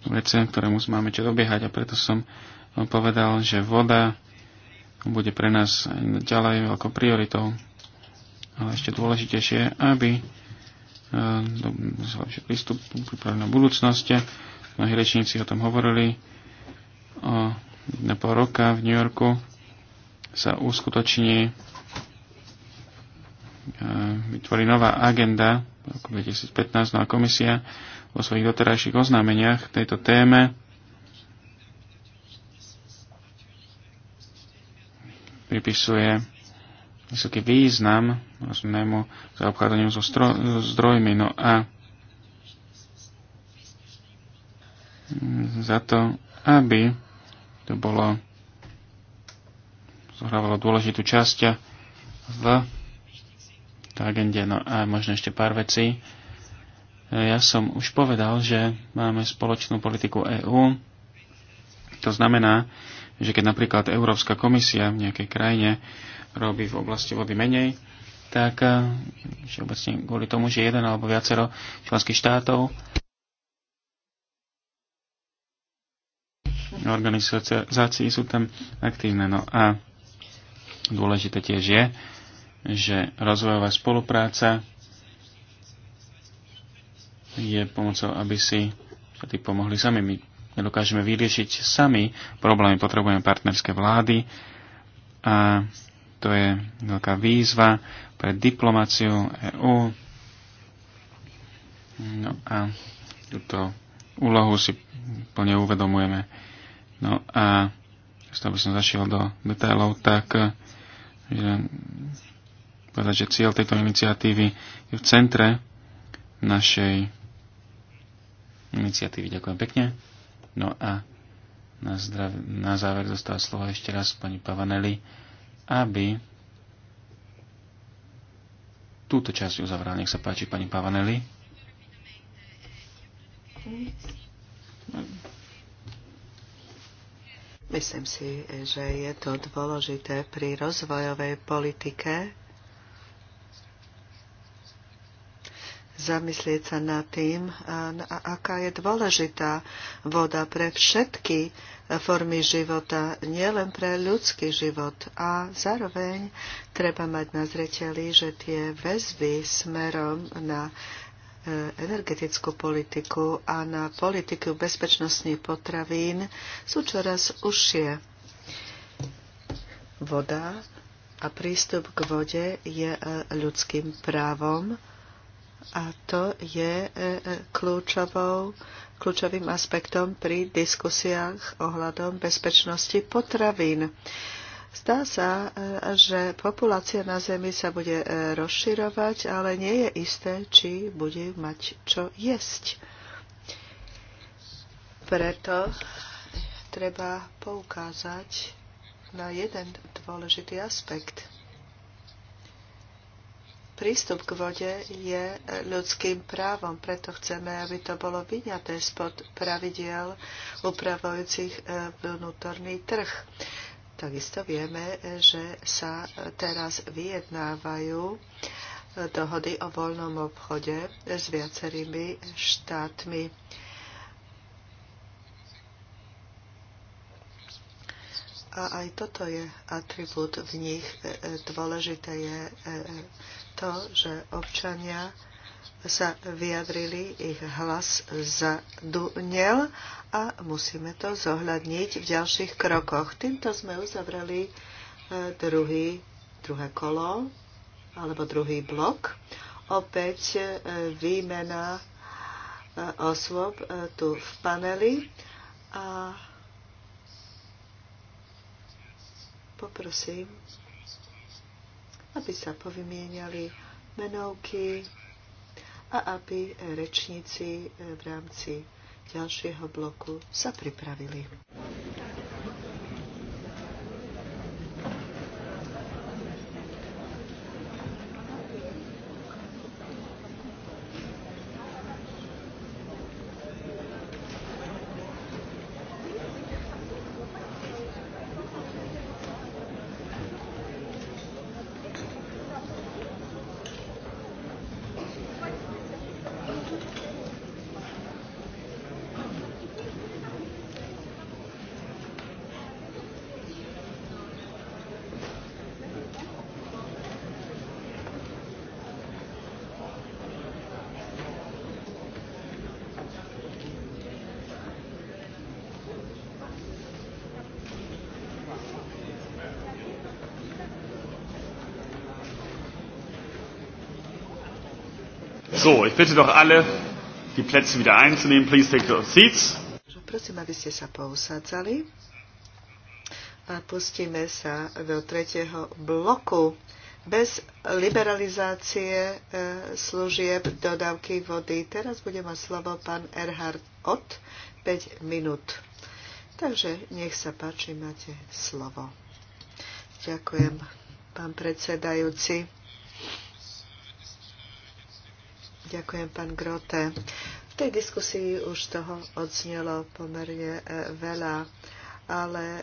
vece, ktorému máme čo dobiehať a preto som povedal, že voda bude pre nás ďalej veľkou prioritou. Ale ešte dôležitejšie, aby e, zlepšil prístup pripravený na budúcnosť. Mnohí rečníci o tom hovorili. O na pol roka v New Yorku sa uskutoční e, vytvorí nová agenda v roku 2015, nová komisia vo svojich doterajších oznámeniach tejto téme pripisuje vysoký význam rozumnému zaobchádzaniu so, so zdrojmi. No a za to, aby to bolo zohrávalo dôležitú časť v agende. No a možno ešte pár vecí. Ja som už povedal, že máme spoločnú politiku EÚ. To znamená, že keď napríklad Európska komisia v nejakej krajine robí v oblasti vody menej, tak eh, obecne kvôli tomu, že jeden alebo viacero členských štátov organizácií sú tam aktívne. No a dôležité tiež je, že rozvojová spolupráca je pomocou, aby si tí pomohli sami. My nedokážeme vyriešiť sami problémy, potrebujeme partnerské vlády a to je veľká výzva pre diplomáciu EÚ. No a túto úlohu si plne uvedomujeme. No a z toho by som zašiel do detailov, tak že, povedať, že cieľ tejto iniciatívy je v centre našej iniciatívy. Ďakujem pekne. No a na, zdrav- na záver dostal slovo ešte raz pani Pavanelli, aby túto časť uzavrela. Nech sa páči, pani Pavanelli. Myslím si, že je to dôležité pri rozvojovej politike zamyslieť sa nad tým, no aká je dôležitá voda pre všetky e, formy života, nielen pre ľudský život. A zároveň treba mať na zreteli, že tie väzby smerom na e, energetickú politiku a na politiku bezpečnosti potravín sú čoraz užšie. Voda a prístup k vode je e, ľudským právom a to je e, e, kľúčovou, kľúčovým aspektom pri diskusiách ohľadom bezpečnosti potravín. Zdá sa, e, že populácia na Zemi sa bude rozširovať, ale nie je isté, či bude mať čo jesť. Preto treba poukázať na jeden dôležitý aspekt – prístup k vode je ľudským právom, preto chceme, aby to bolo vyňaté spod pravidiel upravujúcich e, vnútorný trh. Takisto vieme, e, že sa teraz vyjednávajú e, dohody o voľnom obchode s viacerými štátmi. A aj toto je atribút v nich. Dôležité je to, že občania sa vyjadrili, ich hlas zadunel a musíme to zohľadniť v ďalších krokoch. Týmto sme uzavreli e, druhý, druhé kolo alebo druhý blok. Opäť e, výmena e, osôb tu v paneli a poprosím aby sa povymieniali menovky a aby rečníci v rámci ďalšieho bloku sa pripravili. So, ich bitte doch alle, die Plätze wieder einzunehmen. Please take your seats. Prosím, aby ste sa pousadzali. A pustíme sa do tretieho bloku. Bez liberalizácie e, služieb dodávky vody. Teraz bude mať slovo pán Erhard Ott, 5 minút. Takže nech sa páči, máte slovo. Ďakujem, pán predsedajúci. Ďakujem, pán Grote. V tej diskusii už toho odznelo pomerne e, veľa ale e,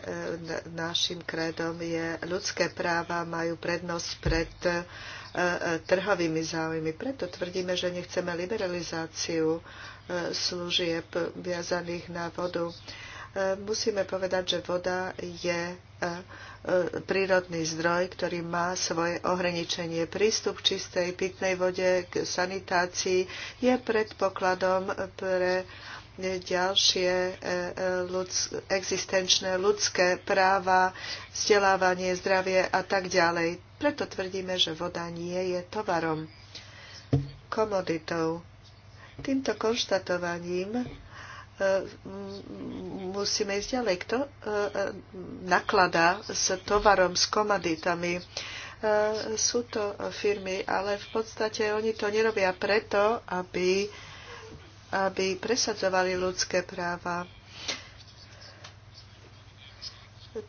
našim kredom je ľudské práva majú prednosť pred e, trhovými záujmy. Preto tvrdíme, že nechceme liberalizáciu služieb viazaných na vodu musíme povedať, že voda je e, e, prírodný zdroj, ktorý má svoje ohraničenie. Prístup k čistej pitnej vode, k sanitácii je predpokladom pre ďalšie e, existenčné ľudské práva, vzdelávanie, zdravie a tak ďalej. Preto tvrdíme, že voda nie je tovarom, komoditou. Týmto konštatovaním musíme ísť ďalej. Kto e, e, nakladá s tovarom, s komoditami? E, sú to firmy, ale v podstate oni to nerobia preto, aby, aby presadzovali ľudské práva.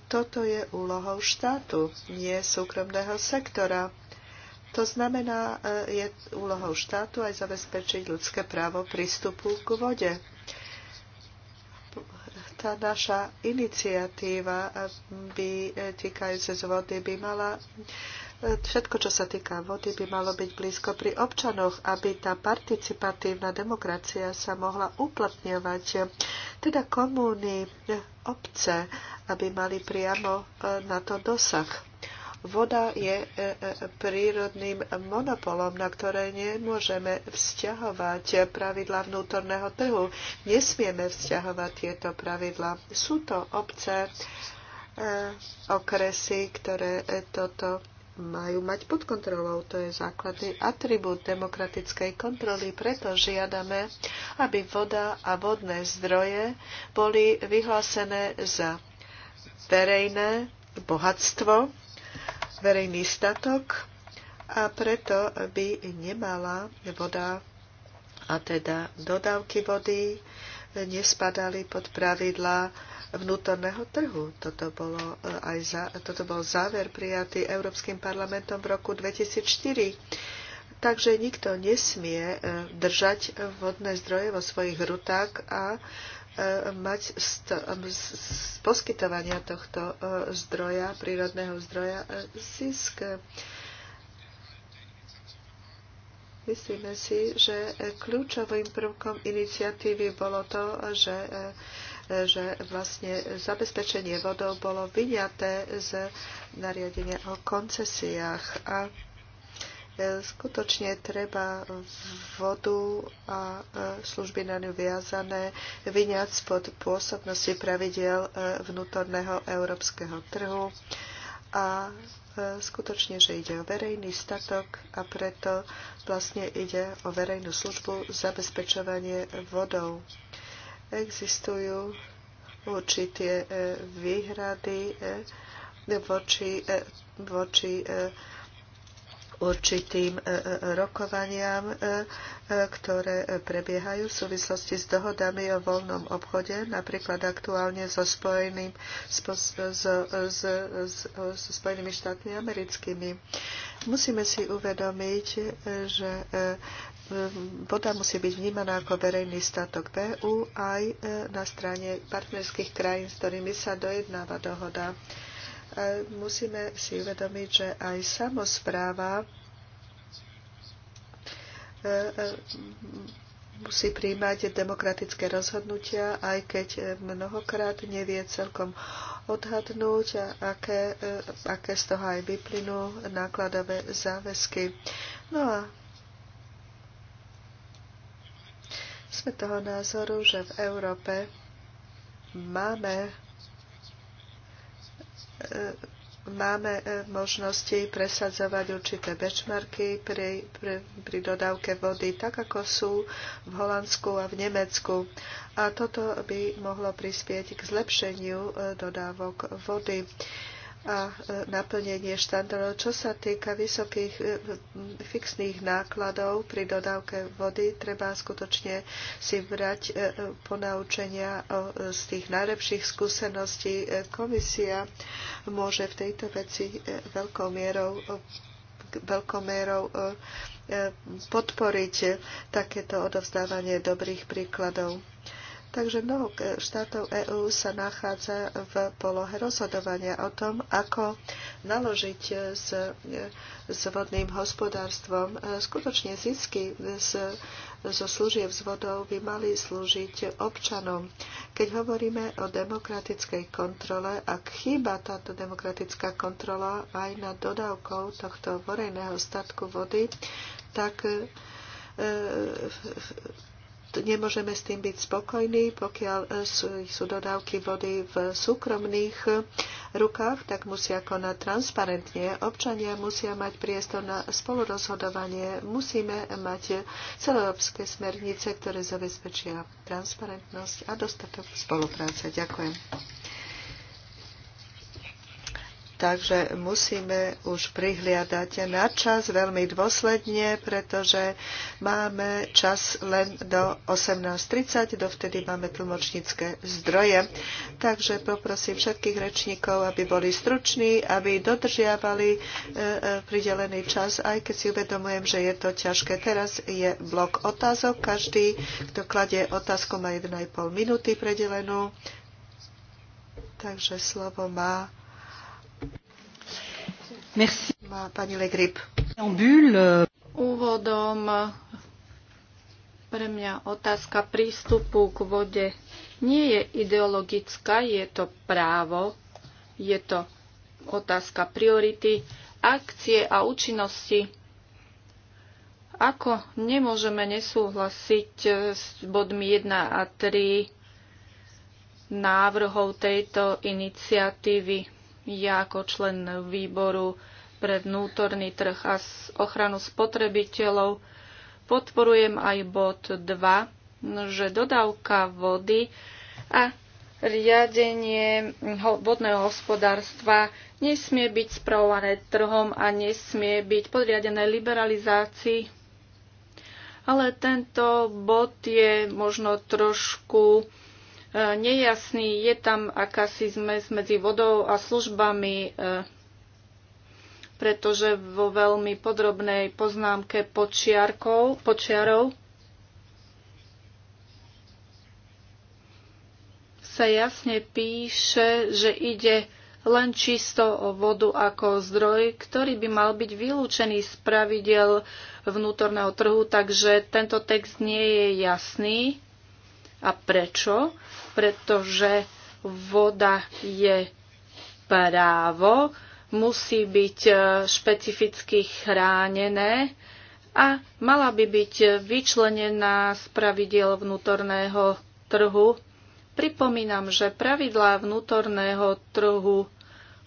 Toto je úlohou štátu, nie súkromného sektora. To znamená, je úlohou štátu aj zabezpečiť ľudské právo prístupu k vode tá naša iniciatíva eh, by, eh, týkajúce z vody by mala eh, všetko, čo sa týka vody, by malo byť blízko pri občanoch, aby tá participatívna demokracia sa mohla uplatňovať. Teda komúny, obce, aby mali priamo na to dosah Voda je e, e, prírodným monopolom, na ktoré nemôžeme vzťahovať pravidla vnútorného trhu. Nesmieme vzťahovať tieto pravidla. Sú to obce, e, okresy, ktoré toto majú mať pod kontrolou. To je základný atribút demokratickej kontroly. Preto žiadame, aby voda a vodné zdroje boli vyhlásené za verejné bohatstvo verejný statok a preto by nemala voda a teda dodávky vody nespadali pod pravidlá vnútorného trhu. Toto, bolo eh, aj za, toto bol záver prijatý Európskym parlamentom v roku 2004. Takže nikto nesmie eh, držať vodné zdroje vo svojich rutách a E, mať z e, poskytovania tohto e, zdroja, prírodného zdroja, zisk. Myslíme si, že kľúčovým prvkom iniciatívy bolo to, že, že vlastne zabezpečenie vodou bolo vyňaté z nariadenia o koncesiách a skutočne treba vodu a e, služby na ňu viazané vyňať spod pôsobnosti pravidel e, vnútorného európskeho trhu a e, skutočne, že ide o verejný statok a preto vlastne ide o verejnú službu zabezpečovanie vodou. Existujú určité výhrady voči, voči určitým e, e, rokovaniam, e, ktoré prebiehajú v súvislosti s dohodami o voľnom obchode, napríklad aktuálne so, spojeným, so, so, so, so Spojenými štátmi americkými. Musíme si uvedomiť, že voda musí byť vnímaná ako verejný statok BU aj na strane partnerských krajín, s ktorými sa dojednáva dohoda musíme si uvedomiť, že aj samozpráva e, e, musí príjmať demokratické rozhodnutia, aj keď mnohokrát nevie celkom odhadnúť, aké, e, aké z toho aj vyplynú nákladové záväzky. No a sme toho názoru, že v Európe máme E, máme e, možnosti presadzovať určité benchmarky pri, pri, pri dodávke vody, tak ako sú v Holandsku a v Nemecku. A toto by mohlo prispieť k zlepšeniu e, dodávok vody a e, naplnenie štandardov. Čo sa týka vysokých e, fixných nákladov pri dodávke vody, treba skutočne si brať e, ponaučenia z tých najlepších skúseností. Komisia môže v tejto veci veľkou mierou veľkou mierou podporiť takéto odovzdávanie dobrých príkladov. Takže mnoho e, štátov EÚ sa nachádza v polohe rozhodovania o tom, ako naložiť s, e, s vodným hospodárstvom. E, skutočne zisky z, zo služieb s vodou by mali slúžiť občanom. Keď hovoríme o demokratickej kontrole, ak chýba táto demokratická kontrola aj na dodávkou tohto verejného statku vody, tak e, e, nemôžeme s tým byť spokojní, pokiaľ sú, sú dodávky vody v súkromných rukách, tak musia konať transparentne. Občania musia mať priestor na spolurozhodovanie. Musíme mať celoeurópske smernice, ktoré zabezpečia transparentnosť a dostatok spolupráce. Ďakujem. Takže musíme už prihliadať na čas veľmi dôsledne, pretože máme čas len do 18.30, dovtedy máme tlmočnícke zdroje. Takže poprosím všetkých rečníkov, aby boli struční, aby dodržiavali e, e, pridelený čas, aj keď si uvedomujem, že je to ťažké. Teraz je blok otázok. Každý, kto kladie otázku, má 1,5 minúty predelenú. Takže slovo má Merci. Ma, pani Legrip. Úvodom pre mňa otázka prístupu k vode nie je ideologická, je to právo, je to otázka priority, akcie a účinnosti. Ako nemôžeme nesúhlasiť s bodmi 1 a 3 návrhov tejto iniciatívy? Ja ako člen výboru pre vnútorný trh a ochranu spotrebiteľov podporujem aj bod 2, že dodávka vody a riadenie vodného hospodárstva nesmie byť spravované trhom a nesmie byť podriadené liberalizácii. Ale tento bod je možno trošku E, nejasný. Je tam akási zmes medzi vodou a službami, e, pretože vo veľmi podrobnej poznámke počiarov sa jasne píše, že ide len čisto o vodu ako zdroj, ktorý by mal byť vylúčený z pravidel vnútorného trhu, takže tento text nie je jasný. A prečo? pretože voda je právo, musí byť e, špecificky chránené a mala by byť vyčlenená z pravidiel vnútorného trhu. Pripomínam, že pravidlá vnútorného trhu,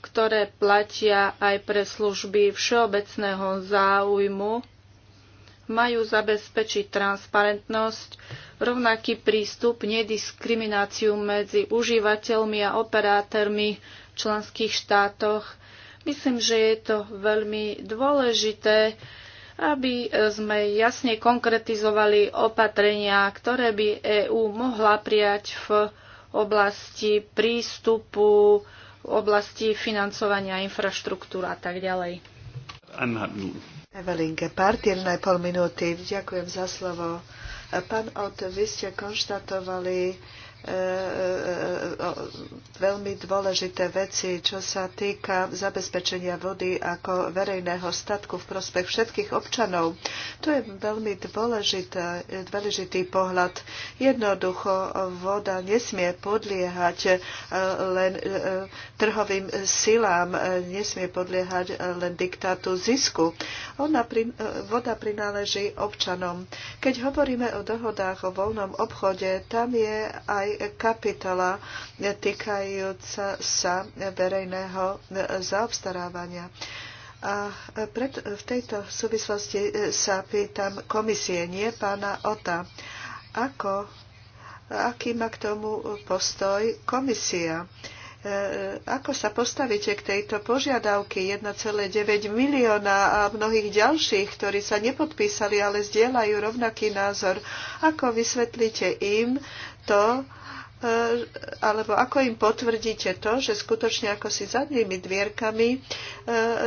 ktoré platia aj pre služby všeobecného záujmu, majú zabezpečiť transparentnosť, rovnaký prístup, nediskrimináciu medzi užívateľmi a operátormi v členských štátoch. Myslím, že je to veľmi dôležité, aby sme jasne konkretizovali opatrenia, ktoré by EÚ mohla prijať v oblasti prístupu, v oblasti financovania infraštruktúr a tak ďalej. Evelyn Gepard, najpol minúty. Ďakujem za slovo. Pán Ot, vy ste konštatovali, E, e, e, veľmi dôležité veci, čo sa týka zabezpečenia vody ako verejného statku v prospech všetkých občanov. To je veľmi dôležitý, dôležitý pohľad. Jednoducho voda nesmie podliehať len trhovým silám, nesmie podliehať len diktátu zisku. Ona, voda prináleží občanom. Keď hovoríme o dohodách o voľnom obchode, tam je aj aj kapitola týkajúca sa verejného zaobstarávania. A pred, v tejto súvislosti sa pýtam komisie, nie pána Ota. Ako, aký má k tomu postoj komisia? E, ako sa postavíte k tejto požiadavky 1,9 milióna a mnohých ďalších, ktorí sa nepodpísali, ale zdieľajú rovnaký názor? Ako vysvetlíte im to, E, alebo ako im potvrdíte to, že skutočne ako si zadnými dvierkami e,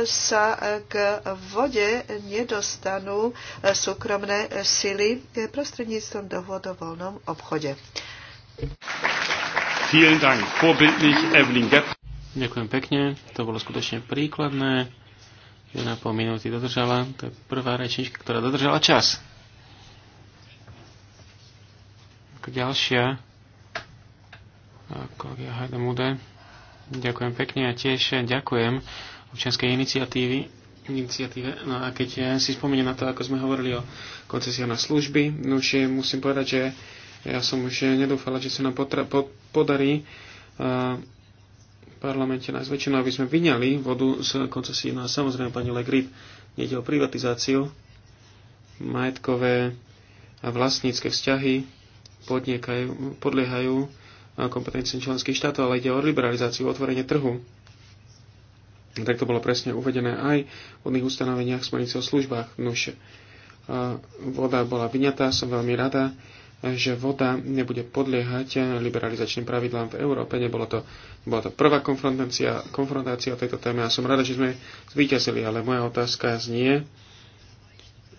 sa k vode nedostanú e, súkromné sily prostredníctvom dohôd o voľnom obchode. Ďakujem pekne, to bolo skutočne príkladné. Jedna pol minúty dodržala, to je prvá rečnička, ktorá dodržala čas. ďalšia Kolegia Hajda Mude. Ďakujem pekne a tiež ďakujem občianskej iniciatívy, iniciatíve. No a keď ja si spomeniem na to, ako sme hovorili o koncesiách na služby, no už musím povedať, že ja som už nedúfala, že sa nám potra- po- podarí uh, v parlamente nás väčšinou, aby sme vyňali vodu z koncesí. No a samozrejme, pani Legrit, nejde o privatizáciu, majetkové a vlastnícke vzťahy podliehajú kompetencie členských štátov, ale ide o liberalizáciu, o otvorenie trhu. Tak to bolo presne uvedené aj v odných ustanoveniach smernice o službách. Nuž, voda bola vyňatá, som veľmi rada, že voda nebude podliehať liberalizačným pravidlám v Európe. Nebolo to, bola to prvá konfrontácia, konfrontácia o tejto téme a som rada, že sme zvíťazili, ale moja otázka znie,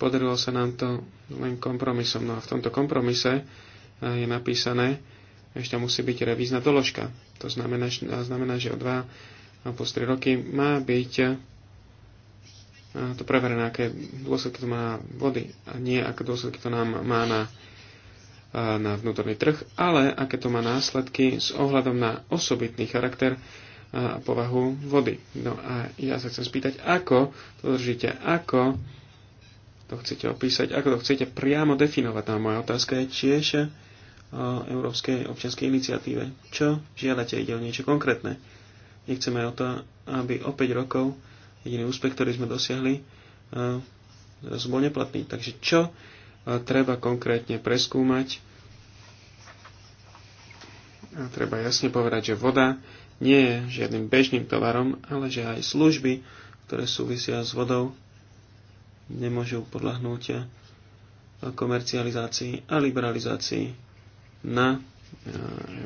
podarilo sa nám to len kompromisom. No a v tomto kompromise je napísané, ešte tam musí byť revízna doložka. To znamená, znamená že o dva po 3 roky má byť to preverené, aké dôsledky to má na vody a nie aké dôsledky to nám má na, na vnútorný trh, ale aké to má následky s ohľadom na osobitný charakter a povahu vody. No a ja sa chcem spýtať, ako to držíte, ako to chcete opísať, ako to chcete priamo definovať. No a moja otázka je tiež, Európskej občianskej iniciatíve. Čo žiadate? Ide o niečo konkrétne. Nechceme o to, aby o 5 rokov jediný úspech, ktorý sme dosiahli, zrazu bol neplatný. Takže čo treba konkrétne preskúmať? A treba jasne povedať, že voda nie je žiadnym bežným tovarom, ale že aj služby, ktoré súvisia s vodou, nemôžu podľahnúť komercializácii a liberalizácii na e,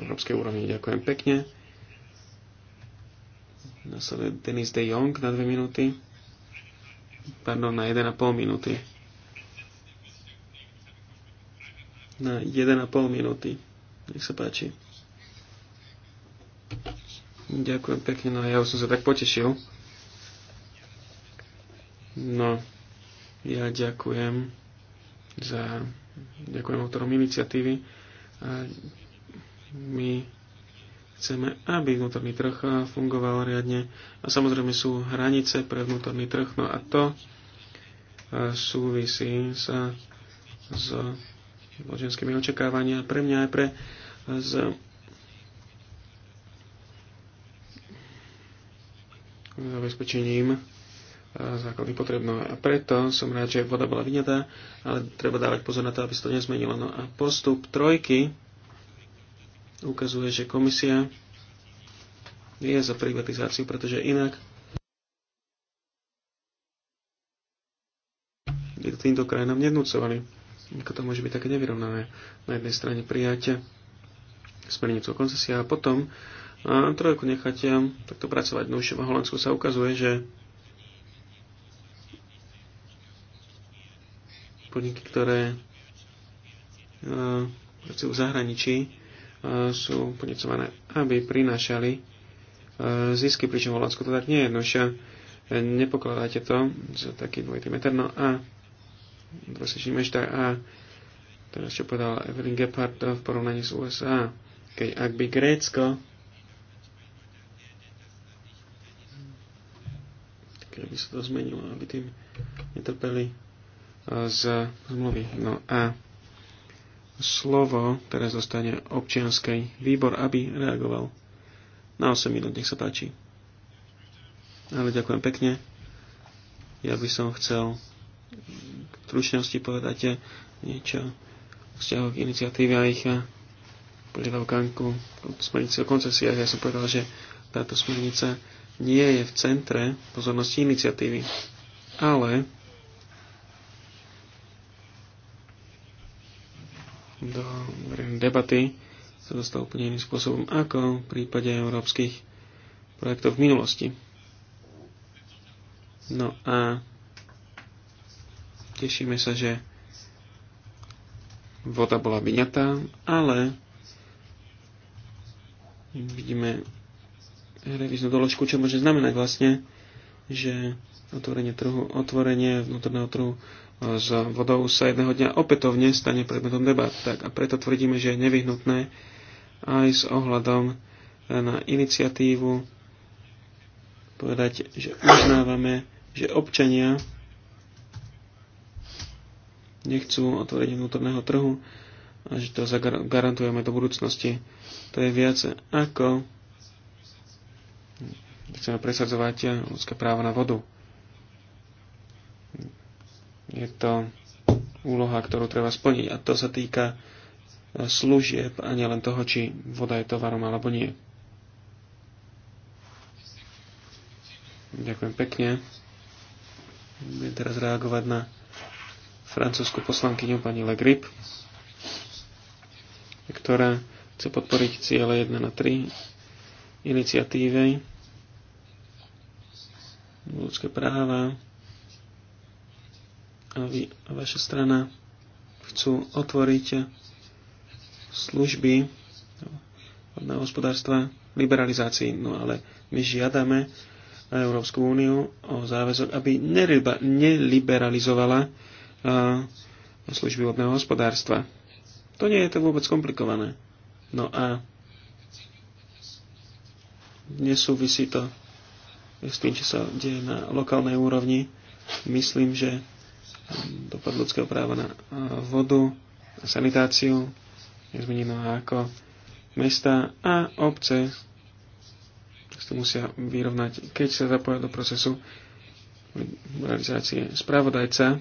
európskej úrovni. Ďakujem pekne. Nasleduje Denis de Jong na 2 minúty. Pardon, na 1,5 minúty. Na 1,5 minúty. Nech sa páči. Ďakujem pekne, no ja už som sa tak potešil. No, ja ďakujem za ďakujem autorom iniciatívy my chceme, aby vnútorný trh fungoval riadne. A samozrejme sú hranice pre vnútorný trh, no a to e, súvisí sa s boženskými očakávania pre mňa aj pre z zabezpečením základných potrebno. a preto som rád, že voda bola vyňatá, ale treba dávať pozor na to, aby sa to nezmenilo. No a postup trojky ukazuje, že komisia je za privatizáciu, pretože inak by to týmto krajinám nednúcovali. Ako to môže byť také nevyrovnané. Na jednej strane prijatia smernicu o koncesia a potom a trojku nechať takto pracovať. No už v Holandsku sa ukazuje, že podniky, ktoré e, v zahraničí e, sú podnecované, aby prinášali e, zisky, pričom Holandsku to tak nie je. Nož nepokladáte to za taký dvojitý meter. No a prosím, ešte a teraz čo povedal Evelyn Gephardt v porovnaní s USA. Keď ak by Grécko keby sa to zmenilo, aby tým netrpeli z zmluvy. No a slovo teraz zostane občianskej výbor, aby reagoval. Na 8 minút, nech sa páči. Ale ďakujem pekne. Ja by som chcel k tručnosti povedať niečo vzťahu k iniciatíve a ich požiadavkánku smernice o koncesiách. Ja som povedal, že táto smernica nie je v centre pozornosti iniciatívy, ale do debaty sa dostal úplne iným spôsobom ako v prípade európskych projektov v minulosti. No a tešíme sa, že voda bola vyňatá, ale vidíme revíznu doložku, čo môže znamenať vlastne, že otvorenie trhu, otvorenie vnútorného trhu s vodou sa jedného dňa opätovne stane predmetom debat. Tak a preto tvrdíme, že je nevyhnutné aj s ohľadom na iniciatívu povedať, že uznávame, že občania nechcú otvoriť vnútorného trhu a že to garantujeme do budúcnosti. To je viac ako chceme presadzovať ľudské právo na vodu. Je to úloha, ktorú treba splniť a to sa týka e, služieb a nielen toho, či voda je tovarom alebo nie. Ďakujem pekne. Budem teraz reagovať na francúzsku poslankyňu pani Le Grip, ktorá chce podporiť ciele 1 na 3 iniciatíve ľudské práva, a vy a vaša strana chcú otvoriť služby vodného hospodárstva liberalizácii. No ale my žiadame Európsku úniu o záväzok, aby neliberalizovala služby vodného hospodárstva. To nie je to vôbec komplikované. No a nesúvisí to s tým, čo sa deje na lokálnej úrovni. Myslím, že dopad ľudského práva na e, vodu na sanitáciu je ako mesta a obce to musia vyrovnať, keď sa zapoja do procesu realizácie správodajca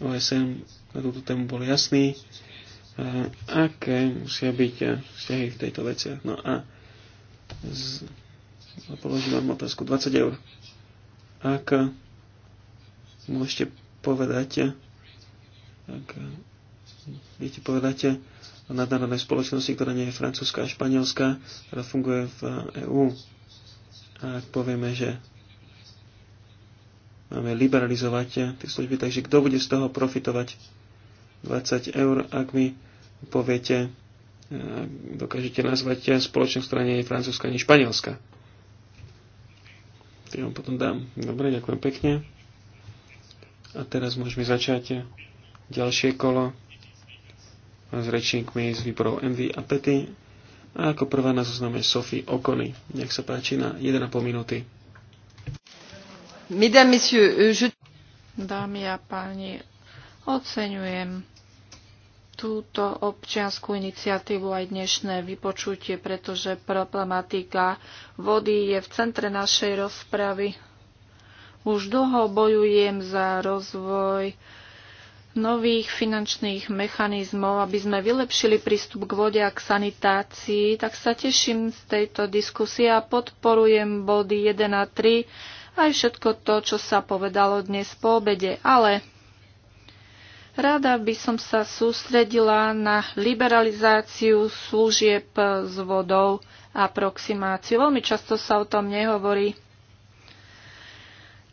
OSM na túto tému bol jasný, e, aké musia byť vzťahy v tejto veciach. No a z, položím vám otázku 20 eur. Ak môžete povedať, ak viete povedať o nadnárodnej spoločnosti, ktorá nie je francúzska a španielská, ktorá funguje v EÚ. A ak povieme, že máme liberalizovať tie služby, takže kto bude z toho profitovať 20 eur, ak mi poviete, e, dokážete nazvať spoločnosť, ktorá nie je francúzska ani španielska. Ja vám potom dám. Dobre, ďakujem pekne. A teraz môžeme začať ďalšie kolo s rečníkmi z výborov MV a Pety. A ako prvá na zozname Sophie Okony. Nech sa páči na 1,5 minúty. Euh, Dámy a páni, oceňujem túto občianskú iniciatívu aj dnešné vypočutie, pretože problematika vody je v centre našej rozpravy už dlho bojujem za rozvoj nových finančných mechanizmov, aby sme vylepšili prístup k vode a k sanitácii, tak sa teším z tejto diskusie a podporujem body 1 a 3 aj všetko to, čo sa povedalo dnes po obede. Ale rada by som sa sústredila na liberalizáciu služieb s vodou a aproximáciu. Veľmi často sa o tom nehovorí.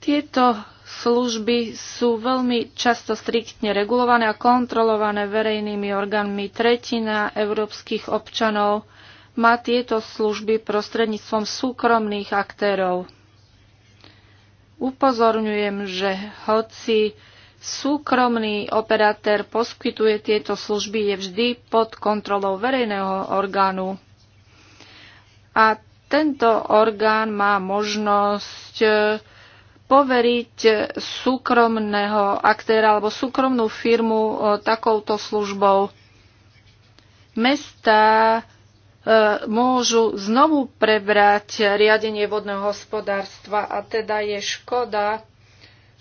Tieto služby sú veľmi často striktne regulované a kontrolované verejnými orgánmi. Tretina európskych občanov má tieto služby prostredníctvom súkromných aktérov. Upozorňujem, že hoci súkromný operátor poskytuje tieto služby, je vždy pod kontrolou verejného orgánu. A tento orgán má možnosť eh, poveriť súkromného aktéra alebo súkromnú firmu e, takouto službou. Mesta e, môžu znovu prebrať riadenie vodného hospodárstva a teda je škoda,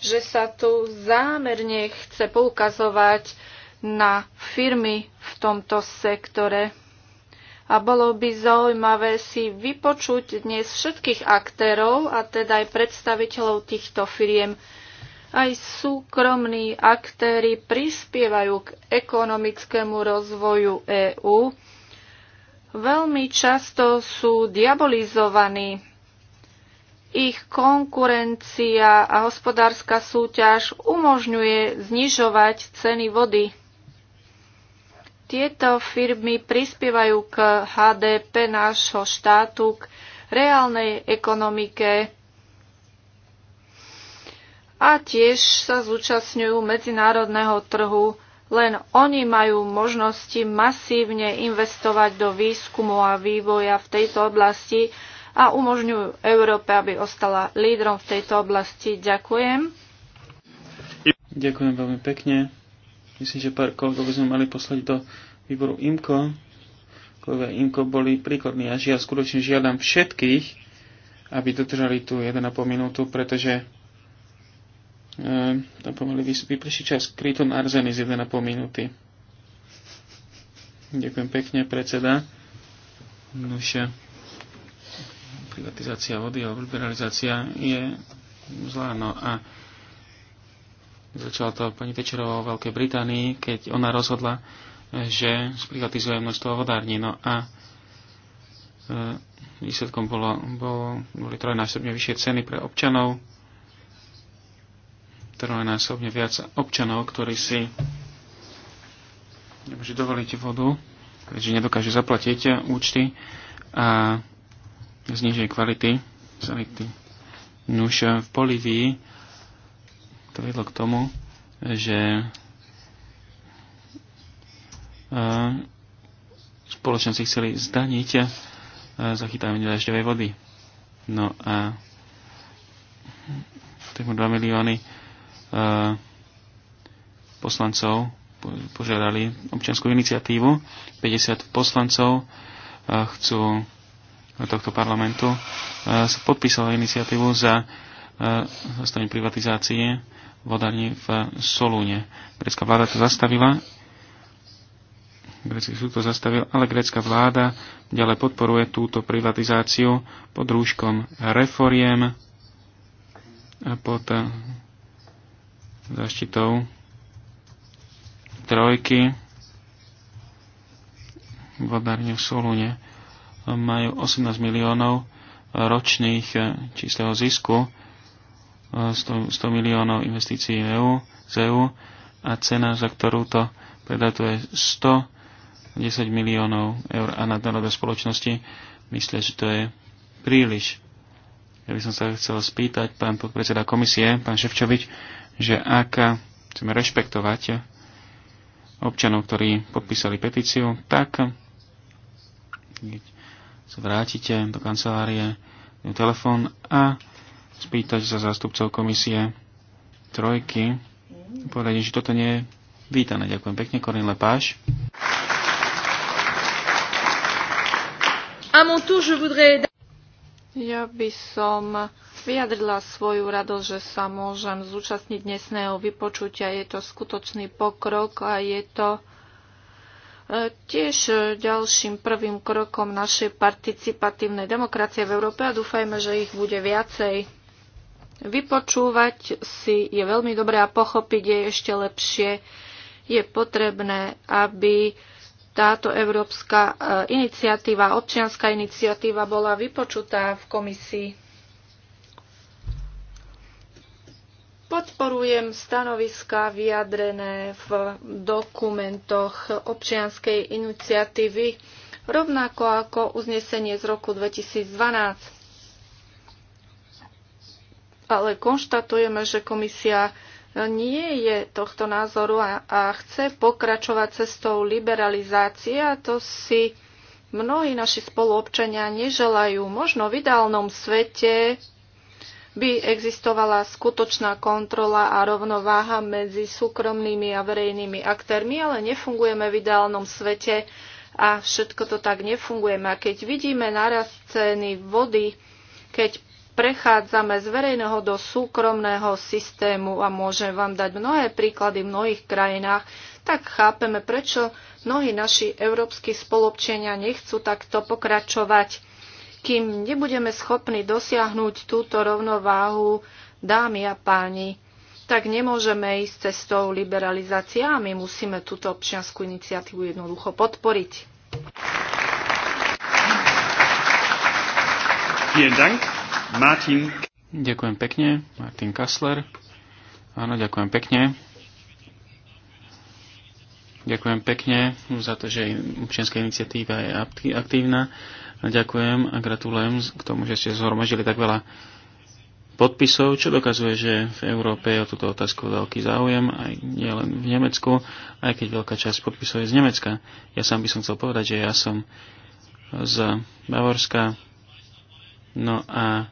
že sa tu zámerne chce poukazovať na firmy v tomto sektore a bolo by zaujímavé si vypočuť dnes všetkých aktérov a teda aj predstaviteľov týchto firiem. Aj súkromní aktéry prispievajú k ekonomickému rozvoju EÚ. Veľmi často sú diabolizovaní. Ich konkurencia a hospodárska súťaž umožňuje znižovať ceny vody. Tieto firmy prispievajú k HDP nášho štátu, k reálnej ekonomike a tiež sa zúčastňujú medzinárodného trhu. Len oni majú možnosti masívne investovať do výskumu a vývoja v tejto oblasti a umožňujú Európe, aby ostala lídrom v tejto oblasti. Ďakujem. Ďakujem veľmi pekne. Myslím, že pár kolegov sme mali poslať do výboru IMKO. Kolegovia IMKO boli príkladní a ja skutočne žiadam všetkých, aby dodržali tú 1,5 minútu, pretože e, tam pomaly vyprší čas. Kryton Arzeny z 1,5 minúty. Ďakujem pekne, predseda. Nože, privatizácia vody alebo liberalizácia je zlá. No a Začala to pani Tečerová o Veľkej Británii, keď ona rozhodla, že sprivatizuje množstvo vodární. No a e, výsledkom bolo, bolo, boli trojnásobne vyššie ceny pre občanov, trojnásobne viac občanov, ktorí si nemôžu dovoliť vodu, keďže nedokážu zaplatiť účty a znižuje kvality sanity. Nuž v Polivii to vedlo k tomu, že e, spoločnosti chceli zdaniť e, zachytávanie dažďovej vody. No a tak 2 milióny e, poslancov požiadali občianskú iniciatívu. 50 poslancov chcú tohto parlamentu sa podpísalo iniciatívu za zastavenie privatizácie vodarní v Solúne. Grécka vláda to zastavila, grécky súd to zastavil, ale grécka vláda ďalej podporuje túto privatizáciu pod rúškom reforiem a pod zaštitou trojky vodárne v solúne majú 18 miliónov ročných eh, čistého zisku 100, 100 miliónov investícií EU, z EU a cena, za ktorú to predá, to je 110 miliónov eur a nadnárodné spoločnosti myslia, že to je príliš. Ja by som sa chcel spýtať, pán podpredseda komisie, pán Ševčovič, že ak chceme rešpektovať občanov, ktorí podpísali petíciu, tak keď sa vrátite do kancelárie, telefón a spýtať sa zástupcov komisie trojky, povedať, že toto nie je vítané. Ďakujem pekne, Korin Lepáš. Ja by som vyjadrila svoju radosť, že sa môžem zúčastniť dnesného vypočutia. Je to skutočný pokrok a je to e, tiež e, ďalším prvým krokom našej participatívnej demokracie v Európe a dúfajme, že ich bude viacej. Vypočúvať si je veľmi dobré a pochopiť je ešte lepšie. Je potrebné, aby táto európska e, iniciatíva, občianská iniciatíva bola vypočutá v komisii. Podporujem stanoviska vyjadrené v dokumentoch občianskej iniciatívy, rovnako ako uznesenie z roku 2012 ale konštatujeme, že komisia nie je tohto názoru a, a chce pokračovať cestou liberalizácie a to si mnohí naši spoluobčania neželajú. Možno v ideálnom svete by existovala skutočná kontrola a rovnováha medzi súkromnými a verejnými aktérmi, ale nefungujeme v ideálnom svete a všetko to tak nefungujeme. A keď vidíme narast ceny vody, keď prechádzame z verejného do súkromného systému a môžem vám dať mnohé príklady v mnohých krajinách, tak chápeme, prečo mnohí naši európsky spolobčenia nechcú takto pokračovať. Kým nebudeme schopní dosiahnuť túto rovnováhu, dámy a páni, tak nemôžeme ísť cestou liberalizácia a my musíme túto občianskú iniciatívu jednoducho podporiť. Vielen Dank. Martin. Ďakujem pekne, Martin Kassler. Áno, ďakujem pekne. Ďakujem pekne za to, že občianská iniciatíva je aktívna. Ďakujem a gratulujem k tomu, že ste zhromažili tak veľa podpisov, čo dokazuje, že v Európe je o túto otázku veľký záujem, aj len v Nemecku, aj keď veľká časť podpisov je z Nemecka. Ja sám by som chcel povedať, že ja som z Bavorska, no a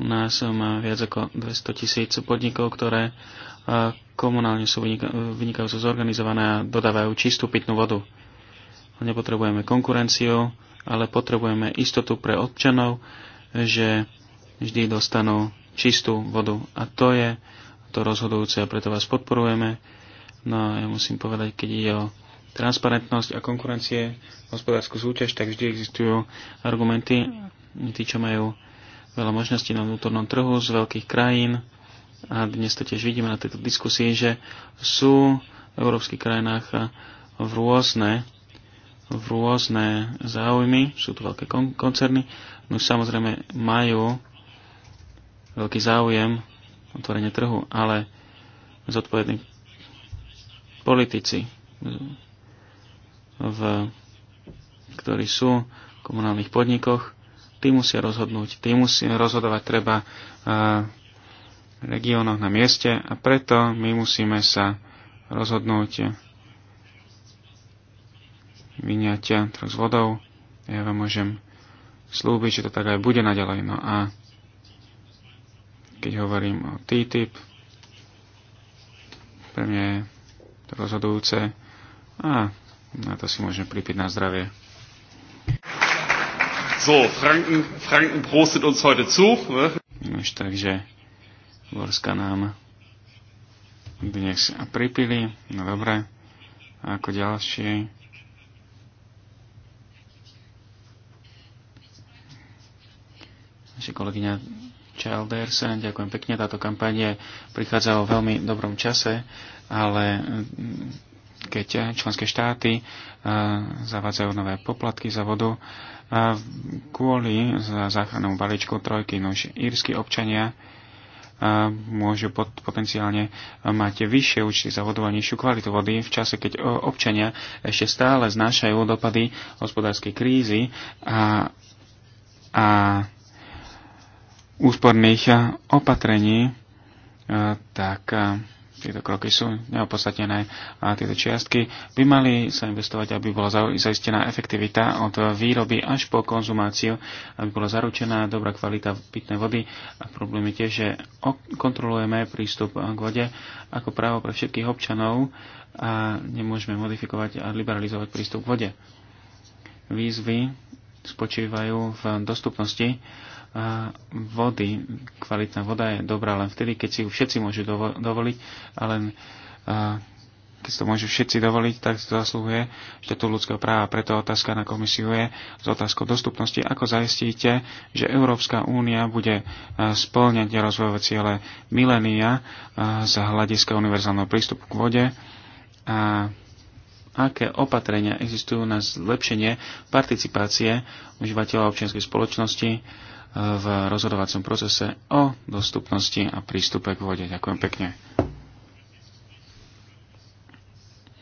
u nás má viac ako 200 tisíc podnikov, ktoré e, komunálne sú vynikajúco zorganizované a dodávajú čistú pitnú vodu. Nepotrebujeme konkurenciu, ale potrebujeme istotu pre občanov, že vždy dostanú čistú vodu. A to je to rozhodujúce a preto vás podporujeme. No a ja musím povedať, keď ide o transparentnosť a konkurencie, hospodárskú súťaž, tak vždy existujú argumenty, tí, čo majú veľa možností na vnútornom trhu z veľkých krajín a dnes to tiež vidíme na tejto diskusii, že sú v európskych krajinách v rôzne, v rôzne záujmy, sú tu veľké kon- koncerny, no samozrejme majú veľký záujem otvorenie trhu, ale zodpovední politici, v, ktorí sú v komunálnych podnikoch, Tí musia rozhodnúť, tí musia rozhodovať treba v eh, regiónoch na mieste a preto my musíme sa rozhodnúť vyňať trh s vodou. Ja vám môžem slúbiť, že to tak aj bude naďalej. No a keď hovorím o TTIP, pre mňa je to rozhodujúce a na to si môžem pripiť na zdravie. So, Franken, Franken prostet uns heute zu. Ne? Už takže Borska nám dnes pripili. No dobre. A ako ďalšie? Naša kolegyňa Childersen, ďakujem pekne, táto kampaň prichádza o veľmi dobrom čase, ale mm, keď členské štáty e, zavádzajú nové poplatky za vodu e, kvôli záchrannému balíčku trojky. Nož írsky občania e, môžu pot, potenciálne mať vyššie účty za vodu a nižšiu kvalitu vody v čase, keď občania ešte stále znášajú dopady hospodárskej krízy a, a úsporných opatrení, tak tieto kroky sú neopodstatnené a tieto čiastky by mali sa investovať, aby bola zaistená efektivita od výroby až po konzumáciu, aby bola zaručená dobrá kvalita pitnej vody a problém je tiež, že kontrolujeme prístup k vode ako právo pre všetkých občanov a nemôžeme modifikovať a liberalizovať prístup k vode. Výzvy spočívajú v dostupnosti vody. Kvalitná voda je dobrá len vtedy, keď si ju všetci môžu dovoliť, ale keď to môžu všetci dovoliť, tak to zaslúhuje štetu ľudského práva. Preto otázka na komisiu je s otázkou dostupnosti, ako zaistíte, že Európska únia bude spĺňať rozvojové ciele milénia z hľadiska univerzálneho prístupu k vode a aké opatrenia existujú na zlepšenie participácie užívateľov občianskej spoločnosti v rozhodovacom procese o dostupnosti a prístupe k vode. Ďakujem pekne.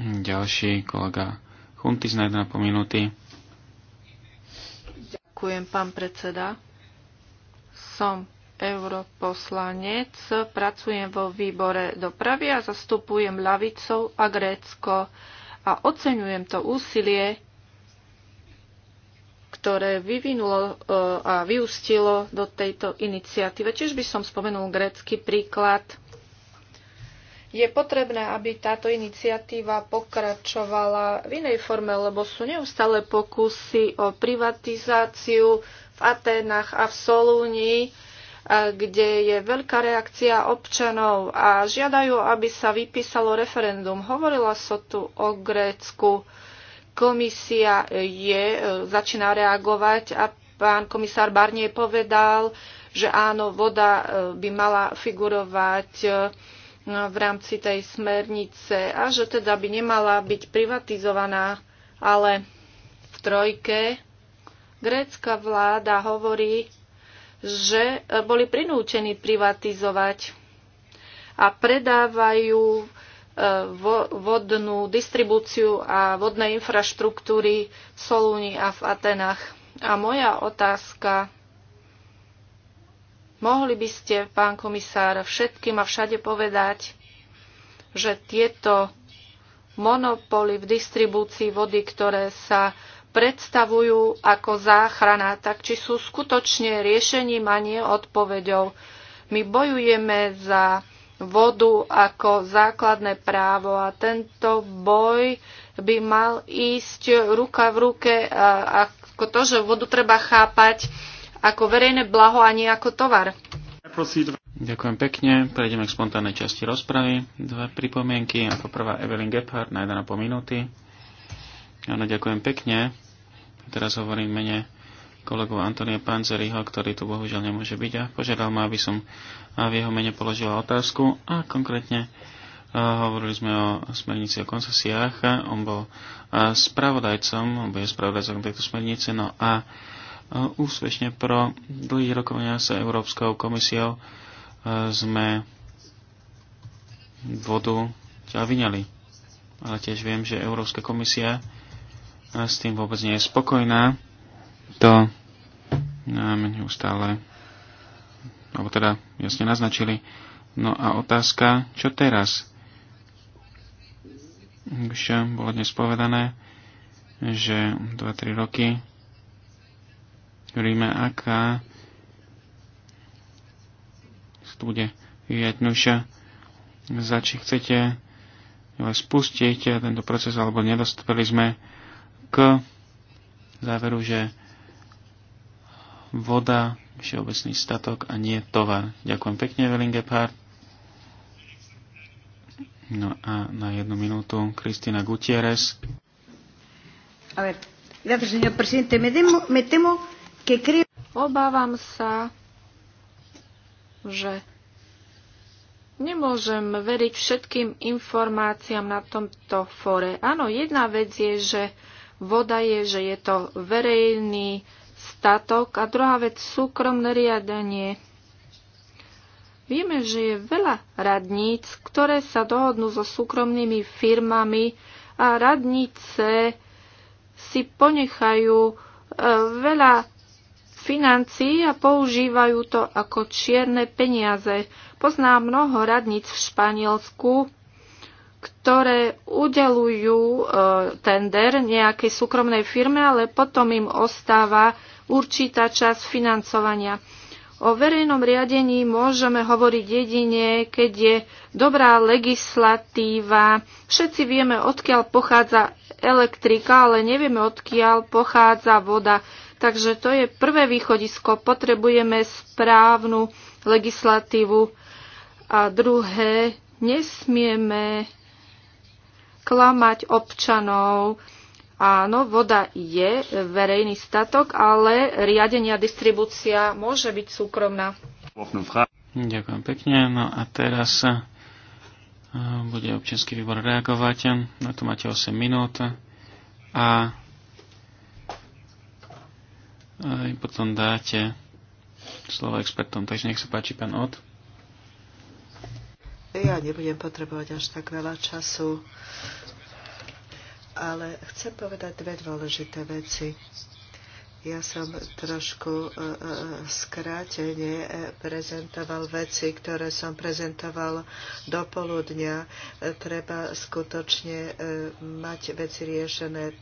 Ďalší kolega Chuntis na 1,5 minúty. Ďakujem, pán predseda. Som europoslanec, pracujem vo výbore dopravy a zastupujem ľavicou a Grécko a oceňujem to úsilie, ktoré vyvinulo e, a vyústilo do tejto iniciatíve. Čiže by som spomenul grécky príklad. Je potrebné, aby táto iniciatíva pokračovala v inej forme, lebo sú neustále pokusy o privatizáciu v Atenách a v Solúni, e, kde je veľká reakcia občanov a žiadajú, aby sa vypísalo referendum. Hovorila sa so tu o Grécku. Komisia je, e, začína reagovať a pán komisár Barnier povedal, že áno, voda e, by mala figurovať e, v rámci tej smernice a že teda by nemala byť privatizovaná, ale v trojke grécka vláda hovorí, že boli prinútení privatizovať a predávajú vodnú distribúciu a vodné infraštruktúry v Solúni a v Atenách. A moja otázka, mohli by ste, pán komisár, všetkým a všade povedať, že tieto monopoly v distribúcii vody, ktoré sa predstavujú ako záchrana, tak či sú skutočne riešením a nie odpoveďou. My bojujeme za vodu ako základné právo a tento boj by mal ísť ruka v ruke ako to, že vodu treba chápať ako verejné blaho a nie ako tovar. Ďakujem pekne. Prejdeme k spontánnej časti rozpravy. Dve pripomienky. Ako prvá Evelyn Gebhardt na 1,5 minúty. Áno, ďakujem pekne. Teraz hovorím mene kolegu Antonia Panzeriho, ktorý tu bohužiaľ nemôže byť a požiadal ma, aby som v jeho mene položila otázku a konkrétne e, hovorili sme o smernici o koncesiách. On bol e, spravodajcom, on je spravodajcom tejto smernice, no a e, úspešne pro dlhý rokovania sa Európskou komisiou sme vodu ťa vyňali. Ale tiež viem, že Európska komisia s tým vôbec nie je spokojná to nám no, neustále, alebo teda jasne naznačili. No a otázka, čo teraz? Už bolo dnes povedané, že 2-3 roky Ríme, aká tu bude vyvíjať nuša, no za či chcete spustiť tento proces, alebo nedostali sme k záveru, že voda, všeobecný statok a nie tovar. Ďakujem pekne, Velinge Gephardt. No a na jednu minútu Kristina Gutierrez. A ver, gracias, señor presidente. Me, demo, me temo que creo... Obávam sa, že nemôžem veriť všetkým informáciám na tomto fore. Áno, jedna vec je, že voda je, že je to verejný statok a druhá vec súkromné riadenie. Vieme, že je veľa radníc, ktoré sa dohodnú so súkromnými firmami a radnice si ponechajú e, veľa financií a používajú to ako čierne peniaze. Poznám mnoho radníc v Španielsku, ktoré udelujú e, tender nejakej súkromnej firme, ale potom im ostáva určitá časť financovania. O verejnom riadení môžeme hovoriť jedine, keď je dobrá legislatíva. Všetci vieme, odkiaľ pochádza elektrika, ale nevieme, odkiaľ pochádza voda. Takže to je prvé východisko. Potrebujeme správnu legislatívu. A druhé, nesmieme Klamať občanov. Áno, voda je verejný statok, ale riadenia distribúcia môže byť súkromná. Ďakujem pekne. No a teraz eh, bude občianský výbor reagovať. Na no, to máte 8 minút. A eh, potom dáte slovo expertom. Takže nech sa páči, pán Od minúty, ja nebudem potrebovať až tak veľa času, ale chcem povedať dve dôležité veci. Ja som trošku e, e, skrátene e, prezentoval veci, ktoré som prezentoval do poludnia. Treba skutočne mať veci riešené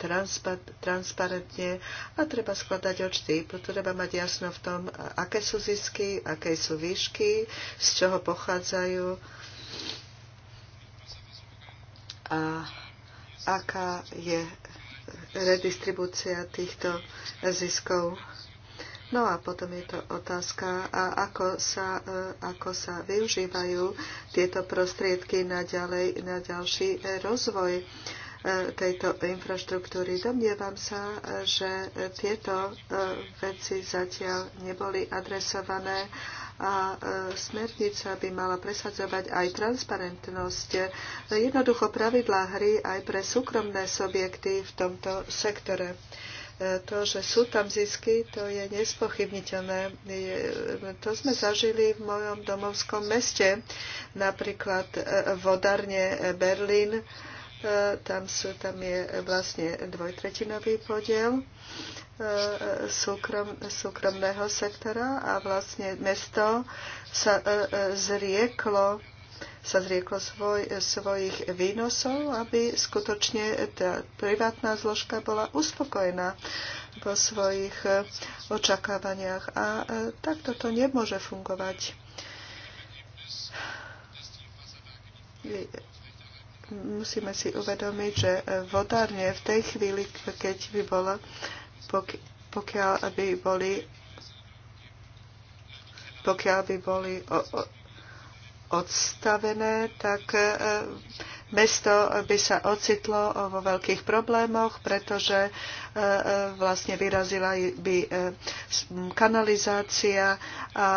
transparentne a treba skladať očty. Treba mať jasno v tom, aké sú zisky, aké sú výšky, z čoho pochádzajú a aká je redistribúcia týchto ziskov? No a potom je to otázka, a ako, sa, e, ako sa využívajú tieto prostriedky na, ďalej, na ďalší rozvoj e, tejto infraštruktúry. Domnievam sa, že tieto e, veci zatiaľ neboli adresované a e, smernica by mala presadzovať aj transparentnosť, jednoducho pravidlá hry aj pre súkromné subjekty v tomto sektore e, to, že sú tam zisky, to je nespochybniteľné. E, to sme zažili v mojom domovskom meste, napríklad vodárne Berlín, E, tam, sú, tam je vlastne dvojtretinový podiel e, súkrom, súkromného sektora a vlastne mesto sa e, zrieklo sa zrieklo svoj, svojich výnosov, aby skutočne tá privátna zložka bola uspokojená vo svojich očakávaniach. A takto to nemôže fungovať musíme si uvedomiť, že e, vodárne v tej chvíli, keď by bola, pokiaľ by boli pokiaľ by boli odstavené, tak e, mesto by sa ocitlo vo veľkých problémoch, pretože e, e, vlastne vyrazila by e, kanalizácia a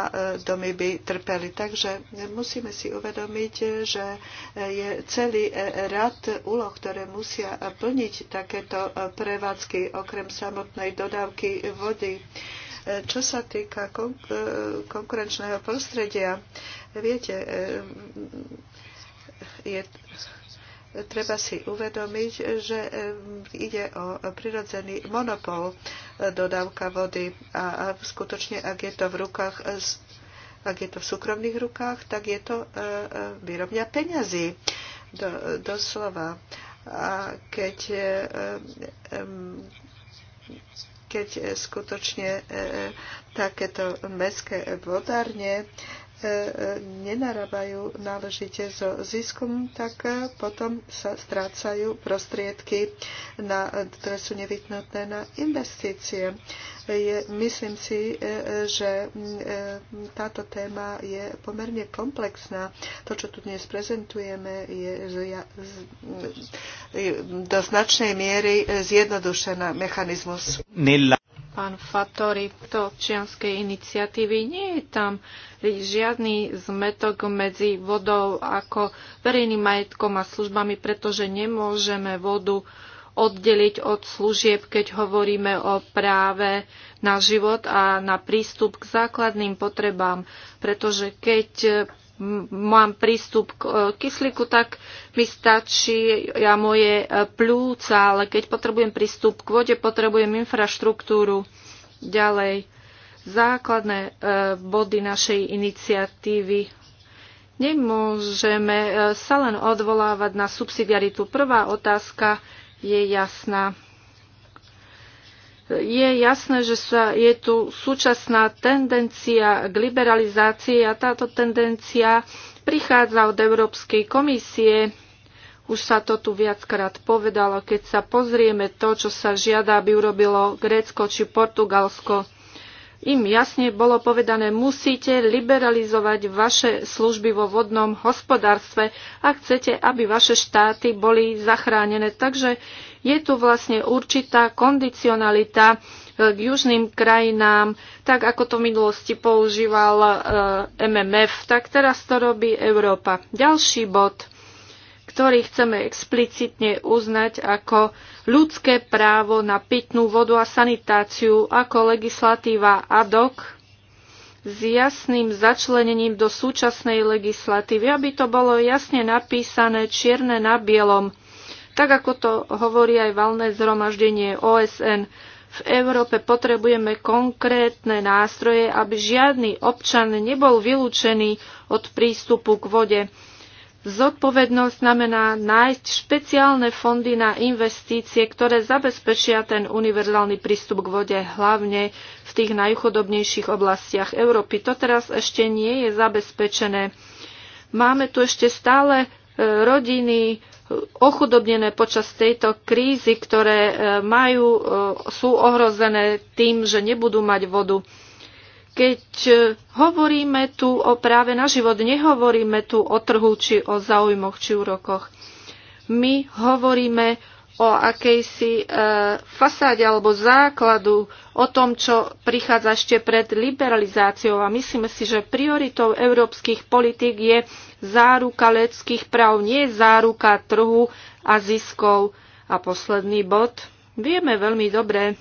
domy by trpeli. Takže musíme si uvedomiť, že je celý rad úloh, ktoré musia plniť takéto prevádzky, okrem samotnej dodávky vody. Čo sa týka konkurenčného prostredia, viete, je, treba si uvedomiť, že ide o prirodzený monopol e, dodávka vody a skutočne, ak je to v rukách e, ak je to v súkromných rukách, tak je to e, výrobňa peňazí. Do, doslova. A keď, keď skutočne takéto mestské vodárne E, nenarábajú náležite so ziskom, tak potom sa strácajú prostriedky, na, ktoré sú nevyhnutné na investície. Je, myslím si, e, že e, táto téma je pomerne komplexná. To, čo tu dnes prezentujeme, je, do značnej miery zjednodušená mechanizmus. Nella pán Fatori to občianskej iniciatívy. Nie je tam žiadny zmetok medzi vodou ako verejným majetkom a službami, pretože nemôžeme vodu oddeliť od služieb, keď hovoríme o práve na život a na prístup k základným potrebám, pretože keď mám prístup k e, kyslíku, tak mi stačí ja moje e, plúca, ale keď potrebujem prístup k vode, potrebujem infraštruktúru ďalej. Základné e, body našej iniciatívy. Nemôžeme sa len odvolávať na subsidiaritu. Prvá otázka je jasná je jasné, že sa, je tu súčasná tendencia k liberalizácii a táto tendencia prichádza od Európskej komisie. Už sa to tu viackrát povedalo, keď sa pozrieme to, čo sa žiada, aby urobilo Grécko či Portugalsko. Im jasne bolo povedané, musíte liberalizovať vaše služby vo vodnom hospodárstve a chcete, aby vaše štáty boli zachránené. Takže je tu vlastne určitá kondicionalita e, k južným krajinám, tak ako to v minulosti používal e, MMF, tak teraz to robí Európa. Ďalší bod, ktorý chceme explicitne uznať ako ľudské právo na pitnú vodu a sanitáciu ako legislatíva ad hoc s jasným začlenením do súčasnej legislatívy, aby to bolo jasne napísané čierne na bielom tak ako to hovorí aj valné zhromaždenie OSN, v Európe potrebujeme konkrétne nástroje, aby žiadny občan nebol vylúčený od prístupu k vode. Zodpovednosť znamená nájsť špeciálne fondy na investície, ktoré zabezpečia ten univerzálny prístup k vode, hlavne v tých najchudobnejších oblastiach Európy. To teraz ešte nie je zabezpečené. Máme tu ešte stále e, rodiny, ochudobnené počas tejto krízy, ktoré e, majú, e, sú ohrozené tým, že nebudú mať vodu. Keď e, hovoríme tu o práve na život, nehovoríme tu o trhu, či o záujmoch, či úrokoch. My hovoríme o akejsi e, fasáde alebo základu, o tom, čo prichádza ešte pred liberalizáciou. A myslíme si, že prioritou európskych politik je záruka ľudských práv, nie záruka trhu a ziskov. A posledný bod. Vieme veľmi dobre,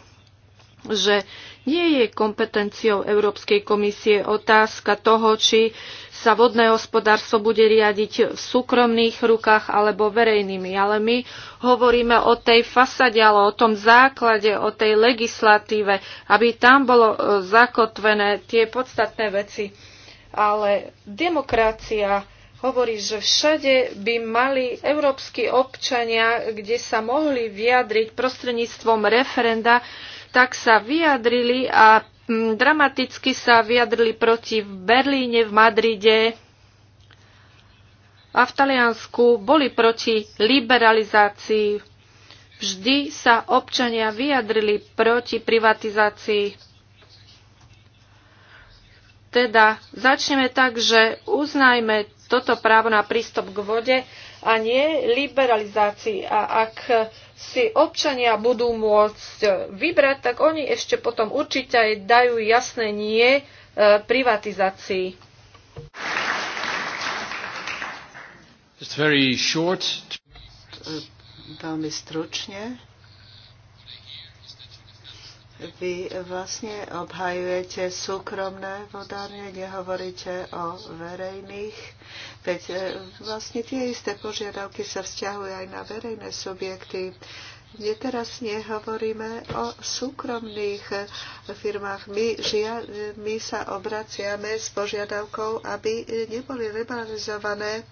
že nie je kompetenciou Európskej komisie otázka toho, či sa vodné hospodárstvo bude riadiť v súkromných rukách alebo verejnými. Ale my hovoríme o tej fasade, ale o tom základe, o tej legislatíve, aby tam bolo e, zakotvené tie podstatné veci. Ale demokracia hovorí, že všade by mali európsky občania, kde sa mohli vyjadriť prostredníctvom referenda, tak sa vyjadrili a mm, dramaticky sa vyjadrili proti v Berlíne, v Madride a v Taliansku. Boli proti liberalizácii. Vždy sa občania vyjadrili proti privatizácii. Teda začneme tak, že uznajme toto právo na prístup k vode a nie liberalizácii. A ak si občania budú môcť vybrať, tak oni ešte potom určite aj dajú jasné nie e, privatizácii. Just very short. Veľmi stručne. Vy vlastne obhajujete súkromné vodárne, nehovoríte o verejných Veď e, vlastne tie isté požiadavky sa vzťahujú aj na verejné subjekty. My teraz nehovoríme o súkromných e, firmách. My, žia, my sa obraciame s požiadavkou, aby neboli liberalizované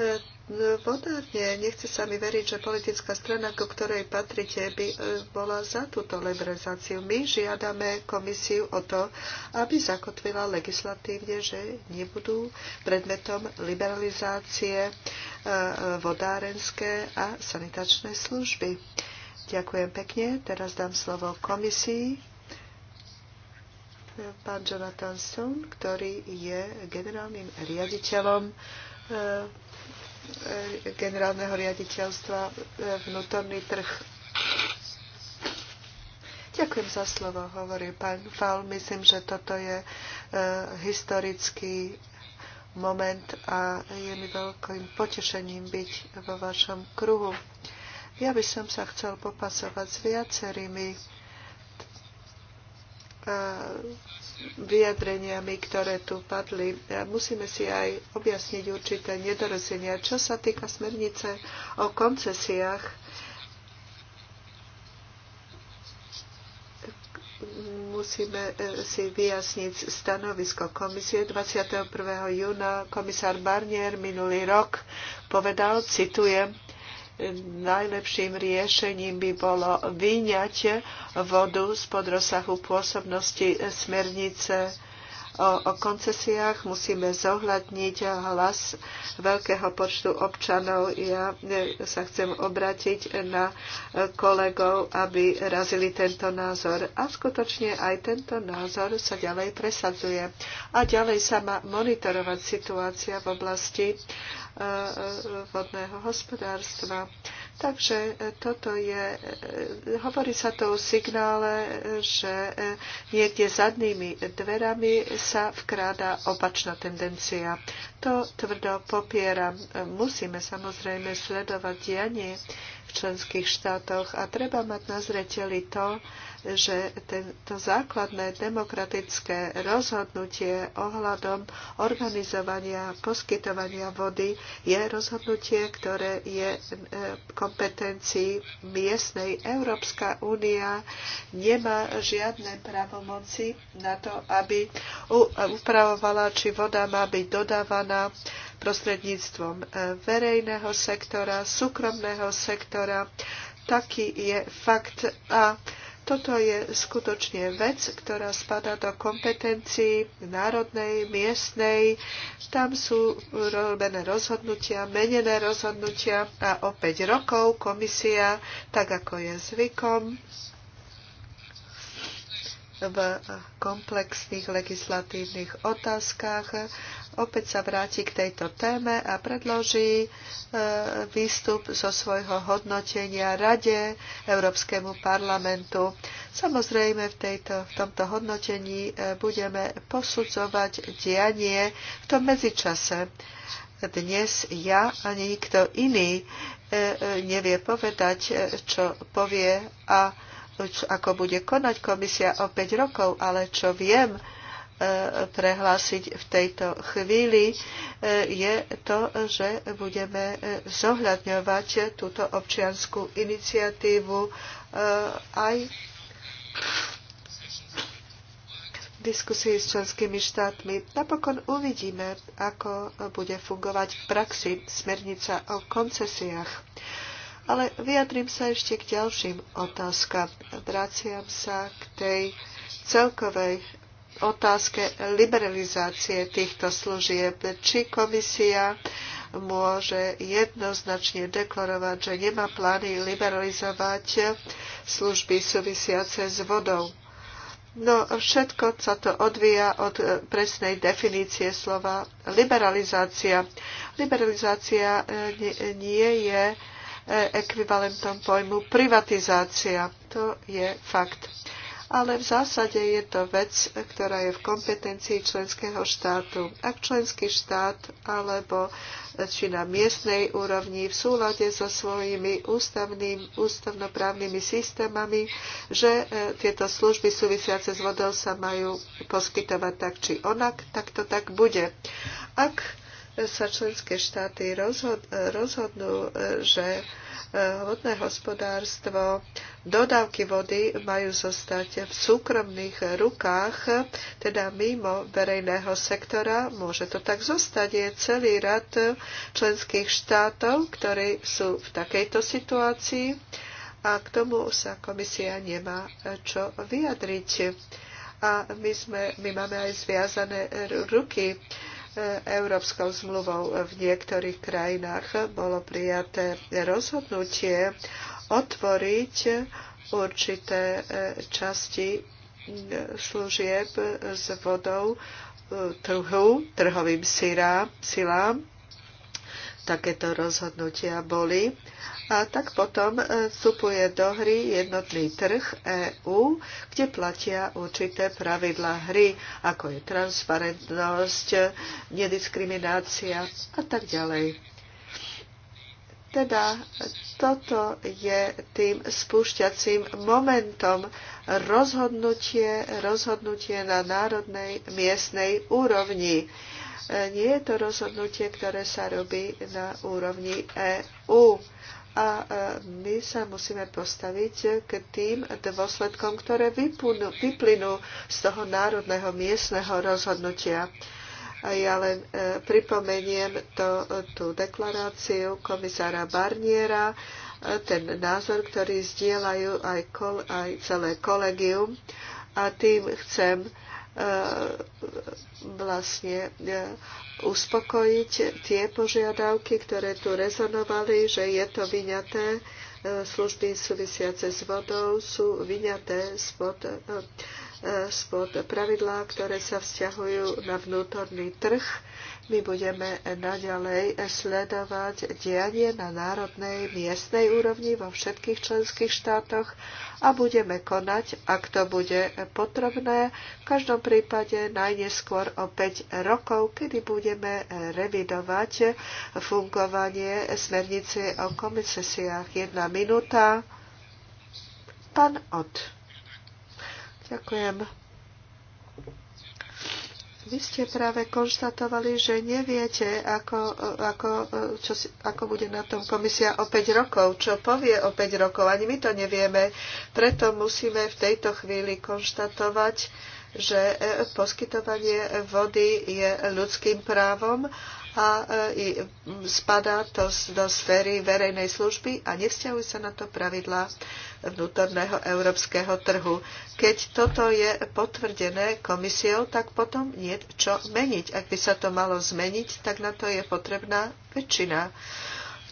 e, Vodárne, nechce sa mi veriť, že politická strana, ku ktorej patrite, by e, bola za túto liberalizáciu. My žiadame komisiu o to, aby zakotvila legislatívne, že nebudú predmetom liberalizácie e, e, vodárenské a sanitačné služby. Ďakujem pekne. Teraz dám slovo komisii pán Jonathan Stone, ktorý je generálnym riaditeľom E, generálneho riaditeľstva e, vnútorný trh. Ďakujem za slovo, hovorí pán Fal. Myslím, že toto je e, historický moment a je mi veľkým potešením byť vo vašom kruhu. Ja by som sa chcel popasovať s viacerými vyjadreniami, ktoré tu padli. Musíme si aj objasniť určité nedorozenia. Čo sa týka smernice o koncesiách, musíme e, si vyjasniť stanovisko komisie. 21. júna komisár Barnier minulý rok povedal, citujem, najlepším riešením by bolo vyňať vodu spod rozsahu pôsobnosti smernice o, o koncesiách, musíme zohľadniť hlas veľkého počtu občanov. Ja e, sa chcem obrátiť na kolegov, aby razili tento názor. A skutočne aj tento názor sa ďalej presadzuje. A ďalej sa má monitorovať situácia v oblasti e, e, vodného hospodárstva. Takže e, toto je, e, hovorí sa to o signále, že e, niekde zadnými dverami sa vkráda opačná tendencia. To tvrdo popieram. Musíme samozrejme sledovať dianie v členských štátoch a treba mať na zreteli to, že to základné demokratické rozhodnutie ohľadom organizovania, poskytovania vody je rozhodnutie, ktoré je e, kompetencii miestnej. Európska únia nemá žiadne pravomoci na to, aby upravovala, či voda má byť dodávaná prostredníctvom e, verejného sektora, súkromného sektora. Taký je fakt a toto je skutočne vec, ktorá spada do kompetencií národnej, miestnej. Tam sú robené rozhodnutia, menené rozhodnutia a o 5 rokov komisia, tak ako je zvykom, v komplexných legislatívnych otázkach. Opäť sa vráti k tejto téme a predloží e, výstup zo svojho hodnotenia Rade Európskemu parlamentu. Samozrejme, v, tejto, v tomto hodnotení e, budeme posudzovať dianie v tom medzičase. Dnes ja ani nikto iný e, nevie povedať, čo povie a ako bude konať komisia o 5 rokov, ale čo viem, e, prehlásiť v tejto chvíli, e, je to, že budeme e, zohľadňovať túto občianskú iniciatívu aj v diskusii s členskými štátmi. Napokon uvidíme, ako bude fungovať v praxi smernica o koncesiách. Ale vyjadrím sa ešte k ďalším otázkam. Vraciam sa k tej celkovej otázke liberalizácie týchto služieb. Či komisia môže jednoznačne deklarovať, že nemá plány liberalizovať služby súvisiace s vodou. No, všetko sa to odvíja od presnej definície slova liberalizácia. Liberalizácia nie je E, ekvivalentom pojmu privatizácia. To je fakt. Ale v zásade je to vec, ktorá je v kompetencii členského štátu. Ak členský štát alebo e, či na miestnej úrovni v súlade so svojimi ústavným, ústavnoprávnymi systémami, že e, tieto služby súvisiace s vodou sa majú poskytovať tak či onak, tak to tak bude. Ak sa členské štáty rozhod- rozhodnú, e, že e, vodné hospodárstvo, dodávky vody majú zostať v súkromných rukách, teda mimo verejného sektora. Môže to tak zostať. Je celý rad členských štátov, ktorí sú v takejto situácii a k tomu sa komisia nemá e, čo vyjadriť a my, sme, my máme aj zviazané ruky. Európskou zmluvou v niektorých krajinách bolo prijaté rozhodnutie otvoriť určité e, časti e, služieb s vodou e, trhu, trhovým silám, silám takéto rozhodnutia boli. A tak potom e, vstupuje do hry jednotný trh EÚ, kde platia určité pravidlá hry, ako je transparentnosť, nediskriminácia a tak ďalej. Teda toto je tým spúšťacím momentom rozhodnutie, rozhodnutie na národnej miestnej úrovni E, nie je to rozhodnutie, ktoré sa robí na úrovni EÚ. A e, my sa musíme postaviť k tým dôsledkom, ktoré vyplynú, vyplynú z toho národného miestneho rozhodnutia. Ja len e, pripomeniem to, tú deklaráciu komisára Barniera, ten názor, ktorý zdieľajú aj, kol, aj celé kolegium. A tým chcem E, vlastne e, uspokojiť tie požiadavky, ktoré tu rezonovali, že je to vyňaté, e, služby súvisiace s vodou sú vyňaté spod, spod pravidlá, ktoré sa vzťahujú na vnútorný trh my budeme naďalej sledovať dianie na národnej miestnej úrovni vo všetkých členských štátoch a budeme konať, ak to bude potrebné, v každom prípade najneskôr o 5 rokov, kedy budeme revidovať fungovanie smernice o komisesiách. Jedna minúta. Pán Ot. Ďakujem vy ste práve konštatovali, že neviete, ako, ako, čo, ako bude na tom komisia o 5 rokov, čo povie o 5 rokov. Ani my to nevieme. Preto musíme v tejto chvíli konštatovať, že e, poskytovanie vody je ľudským právom a e, spadá to do sféry verejnej služby a nevzťahujú sa na to pravidlá vnútorného európskeho trhu. Keď toto je potvrdené komisiou, tak potom nie čo meniť. Ak by sa to malo zmeniť, tak na to je potrebná väčšina.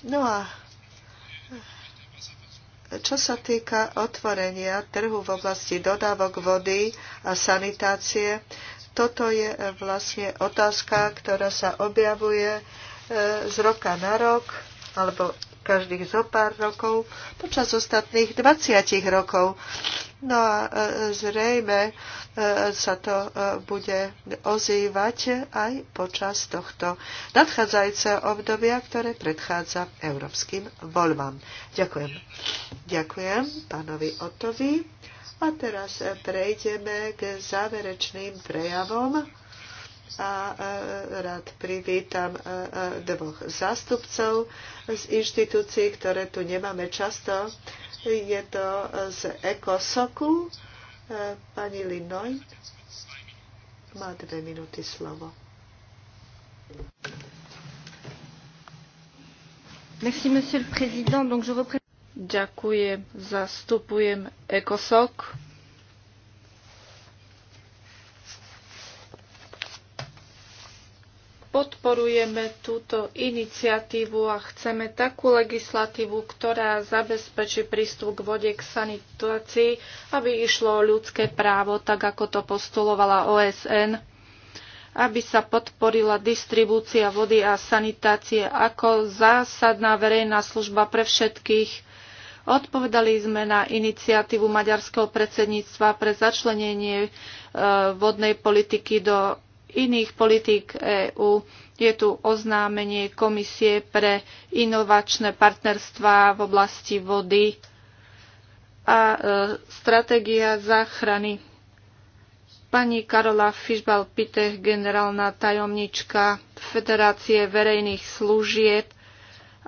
No a čo sa týka otvorenia trhu v oblasti dodávok vody a sanitácie, toto je e, vlastne otázka, ktorá sa objavuje e, z roka na rok alebo každých zo pár rokov počas ostatných 20 rokov. No a e, zrejme sa to bude ozývať aj počas tohto nadchádzajúceho obdobia, ktoré predchádza európskym voľbám. Ďakujem. Ďakujem pánovi Otovi. A teraz prejdeme k záverečným prejavom a e, rád privítam e, e, dvoch zástupcov z inštitúcií, ktoré tu nemáme často. Je to z Ekosoku, pani Linoj. Má dve minúty slovo. Merci, monsieur le président. Donc, je représente... Ďakujem, zastupujem EKOSOK. Podporujeme túto iniciatívu a chceme takú legislatívu, ktorá zabezpečí prístup k vode k sanitácii, aby išlo o ľudské právo, tak ako to postulovala OSN, aby sa podporila distribúcia vody a sanitácie ako zásadná verejná služba pre všetkých Odpovedali sme na iniciatívu maďarského predsedníctva pre začlenenie e, vodnej politiky do iných politík EÚ. Je tu oznámenie Komisie pre inovačné partnerstvá v oblasti vody a e, stratégia záchrany. Pani Karola Fischbal-Pitech, generálna tajomnička Federácie verejných služieb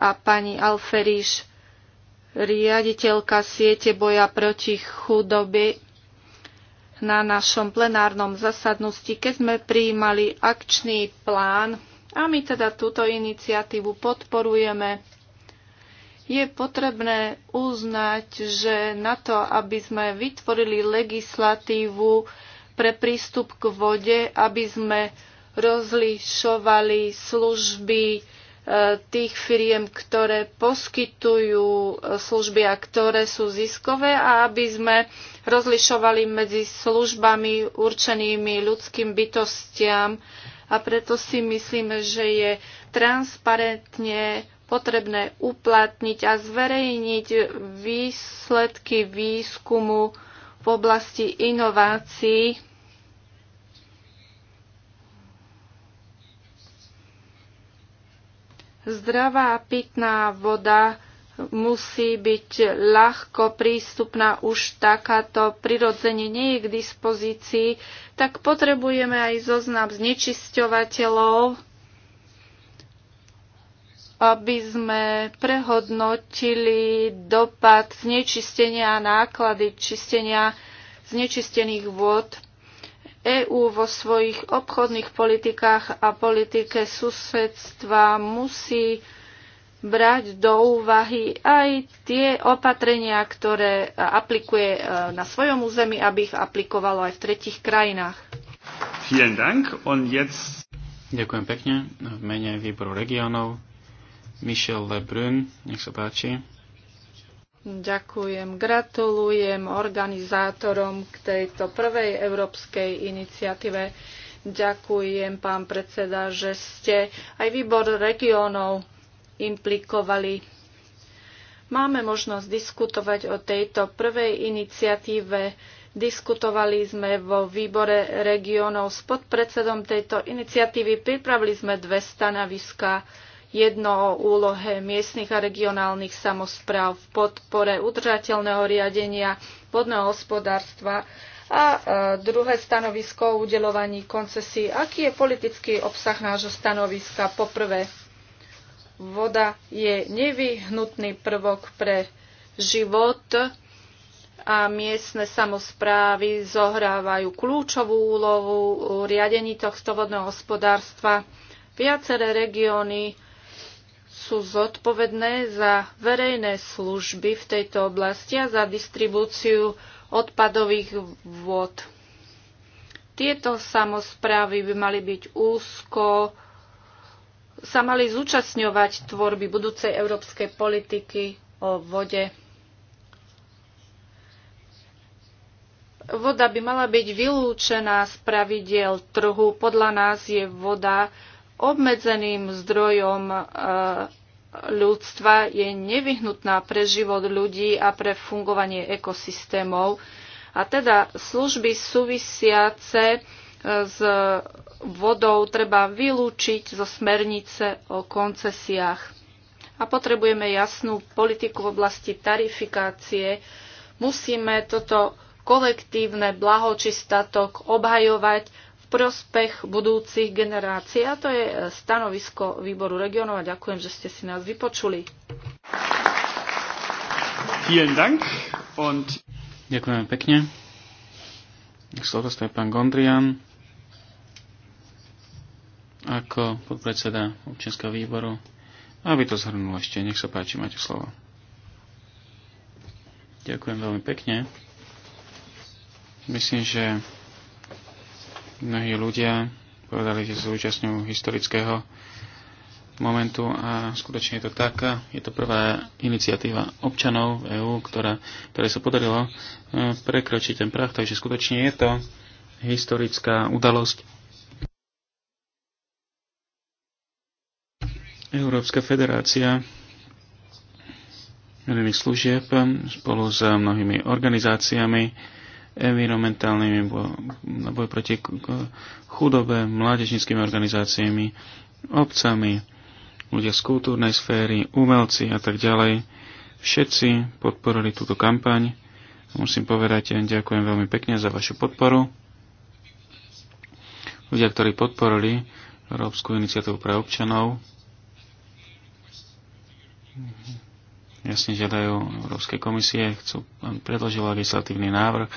a pani Alferíš, riaditeľka siete boja proti chudobe na našom plenárnom zasadnosti, keď sme prijímali akčný plán a my teda túto iniciatívu podporujeme. Je potrebné uznať, že na to, aby sme vytvorili legislatívu pre prístup k vode, aby sme rozlišovali služby, tých firiem, ktoré poskytujú e, služby a ktoré sú ziskové a aby sme rozlišovali medzi službami určenými ľudským bytostiam a preto si myslíme, že je transparentne potrebné uplatniť a zverejniť výsledky výskumu v oblasti inovácií Zdravá pitná voda musí byť ľahko prístupná už takáto prirodzene nie je k dispozícii, tak potrebujeme aj zoznam znečisťovateľov, aby sme prehodnotili dopad znečistenia a náklady čistenia znečistených vôd EÚ vo svojich obchodných politikách a politike susedstva musí brať do úvahy aj tie opatrenia, ktoré aplikuje e, na svojom území, aby ich aplikovalo aj v tretich krajinách. Ďakujem pekne. V mene výboru regionov Michel Lebrun, nech sa páči. Ďakujem, gratulujem organizátorom k tejto prvej európskej iniciatíve. Ďakujem, pán predseda, že ste aj výbor regiónov implikovali. Máme možnosť diskutovať o tejto prvej iniciatíve. Diskutovali sme vo výbore regiónov s podpredsedom tejto iniciatívy. Pripravili sme dve stanoviská jedno o úlohe miestnych a regionálnych samozpráv v podpore udržateľného riadenia vodného hospodárstva a druhé stanovisko o udelovaní koncesí. Aký je politický obsah nášho stanoviska? Poprvé, voda je nevyhnutný prvok pre život a miestne samozprávy zohrávajú kľúčovú úlohu v riadení tohto vodného hospodárstva. Viaceré regióny sú zodpovedné za verejné služby v tejto oblasti a za distribúciu odpadových vôd. Tieto samozprávy by mali byť úzko, sa mali zúčastňovať tvorby budúcej európskej politiky o vode. Voda by mala byť vylúčená z pravidiel trhu. Podľa nás je voda obmedzeným zdrojom e, ľudstva je nevyhnutná pre život ľudí a pre fungovanie ekosystémov. A teda služby súvisiace e, s vodou treba vylúčiť zo smernice o koncesiách. A potrebujeme jasnú politiku v oblasti tarifikácie. Musíme toto kolektívne blaho či statok obhajovať prospech budúcich generácií. A to je e, stanovisko výboru regionov a ďakujem, že ste si nás vypočuli. Ďakujem pekne. Slovo stojí pán Gondrian ako podpredseda občianského výboru, aby to zhrnul ešte. Nech sa páči, máte slovo. Ďakujem veľmi pekne. Myslím, že Mnohí ľudia povedali, že sa zúčastňujú historického momentu a skutočne je to tak. Je to prvá iniciatíva občanov v EÚ, ktorá, ktoré sa podarilo e, prekročiť ten prach, takže skutočne je to historická udalosť. Európska federácia verejných služieb spolu s mnohými organizáciami environmentálnymi, boj proti chudobe, mládežnickými organizáciami, obcami, ľudia z kultúrnej sféry, umelci a tak ďalej. Všetci podporili túto kampaň. Musím povedať, ďakujem veľmi pekne za vašu podporu. Ľudia, ktorí podporili Európsku iniciatívu pre občanov, jasne žiadajú Európskej komisie, chcú predložiť legislatívny návrh,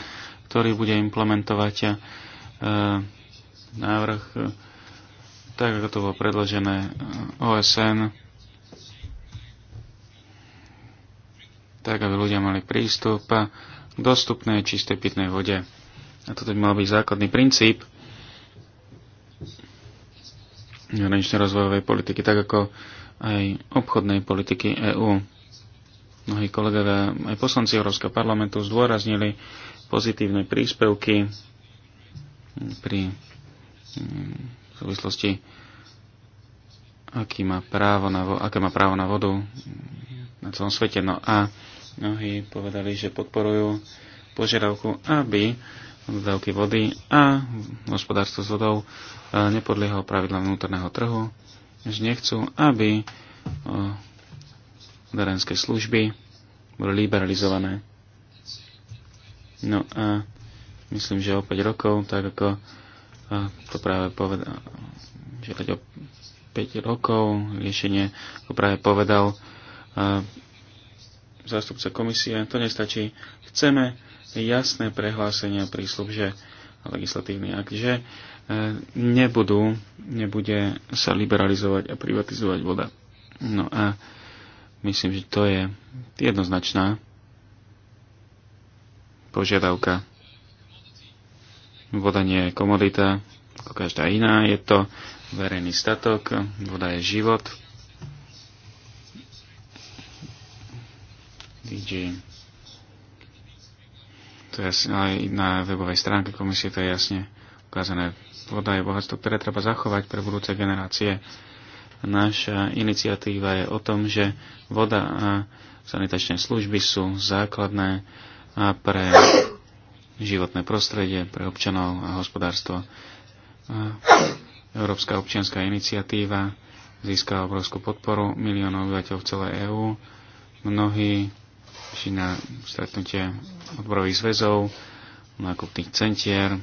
ktorý bude implementovať e, návrh e, tak, ako to bolo predložené e, OSN, tak, aby ľudia mali prístup k dostupnej čistej pitnej vode. A toto by mal byť základný princíp zahraničnej rozvojovej politiky, tak ako aj obchodnej politiky EÚ mnohí kolegovia, aj poslanci Európskeho parlamentu zdôraznili pozitívne príspevky pri mm, v súvislosti aký má právo na, aké má právo na vodu na celom svete. No a mnohí povedali, že podporujú požiadavku, aby dodávky vody a hospodárstvo s vodou eh, nepodliehalo pravidla vnútorného trhu, že nechcú, aby eh, daránske služby boli liberalizované. No a myslím, že o 5 rokov, tak ako to práve povedal, že o 5 rokov riešenie, ako práve povedal zástupca komisie, to nestačí. Chceme jasné prehlásenia prísľub, že legislatívny akt, že e, nebudú, nebude sa liberalizovať a privatizovať voda. No a Myslím, že to je jednoznačná požiadavka. Voda nie je komodita, ako každá iná. Je to verejný statok, voda je život. Vidí. To je jasne, aj na webovej stránke komisie to je jasne ukázané. Voda je bohatstvo, ktoré treba zachovať pre budúce generácie. Naša iniciatíva je o tom, že voda a sanitačné služby sú základné pre životné prostredie, pre občanov a hospodárstvo. Európska občianská iniciatíva získala obrovskú podporu miliónov obyvateľov v celej EÚ. Mnohí či na stretnutie odborových zväzov, nákupných centier,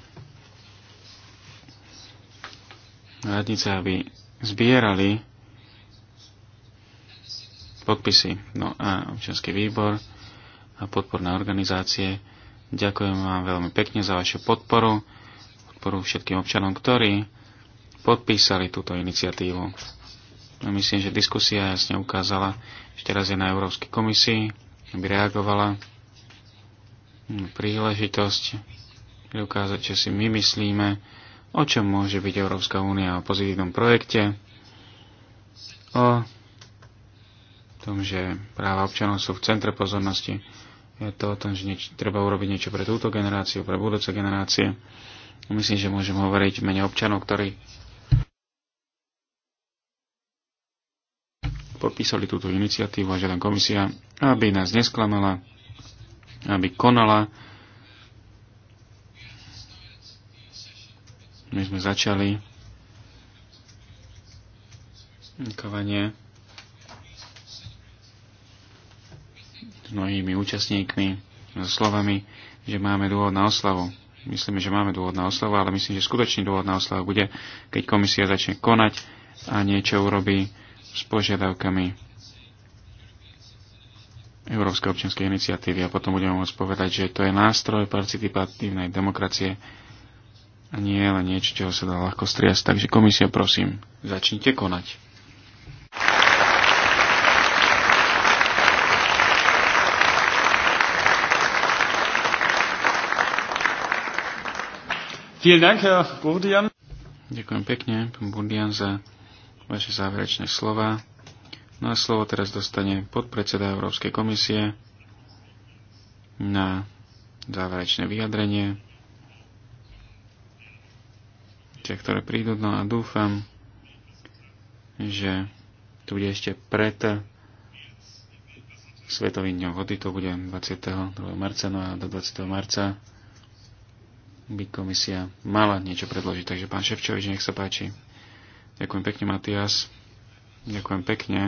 radnice, aby zbierali podpisy. No a občianský výbor a podporné organizácie. Ďakujem vám veľmi pekne za vašu podporu, podporu všetkým občanom, ktorí podpísali túto iniciatívu. No myslím, že diskusia jasne ukázala, že teraz je na Európskej komisii, aby reagovala no, príležitosť ukázať, čo si my myslíme, o čom môže byť Európska únia o pozitívnom projekte, o tom, že práva občanov sú v centre pozornosti. Je to o tom, že nieč- treba urobiť niečo pre túto generáciu, pre budúce generácie. Myslím, že môžem hovoriť mene občanov, ktorí podpísali túto iniciatívu a žiadam komisia, aby nás nesklamala, aby konala. My sme začali kovanie mnohými účastníkmi so slovami, že máme dôvod na oslavu. Myslíme, že máme dôvod na oslavu, ale myslím, že skutočný dôvod na oslavu bude, keď komisia začne konať a niečo urobí s požiadavkami Európskej občianskej iniciatívy a potom budeme môcť povedať, že to je nástroj participatívnej demokracie a nie len niečo, čo sa dá ľahko striasť. Takže komisia, prosím, začnite konať. Ďakujem pekne, pán Burdian, za vaše záverečné slova. No a slovo teraz dostane podpredseda Európskej komisie na záverečné vyjadrenie. Tie, ktoré prídu, no a dúfam, že tu bude ešte pred Svetovým dňom vody, to bude 22. marca, no a do 20. marca by komisia mala niečo predložiť. Takže pán Ševčovič, nech sa páči. Ďakujem pekne, Matias. Ďakujem pekne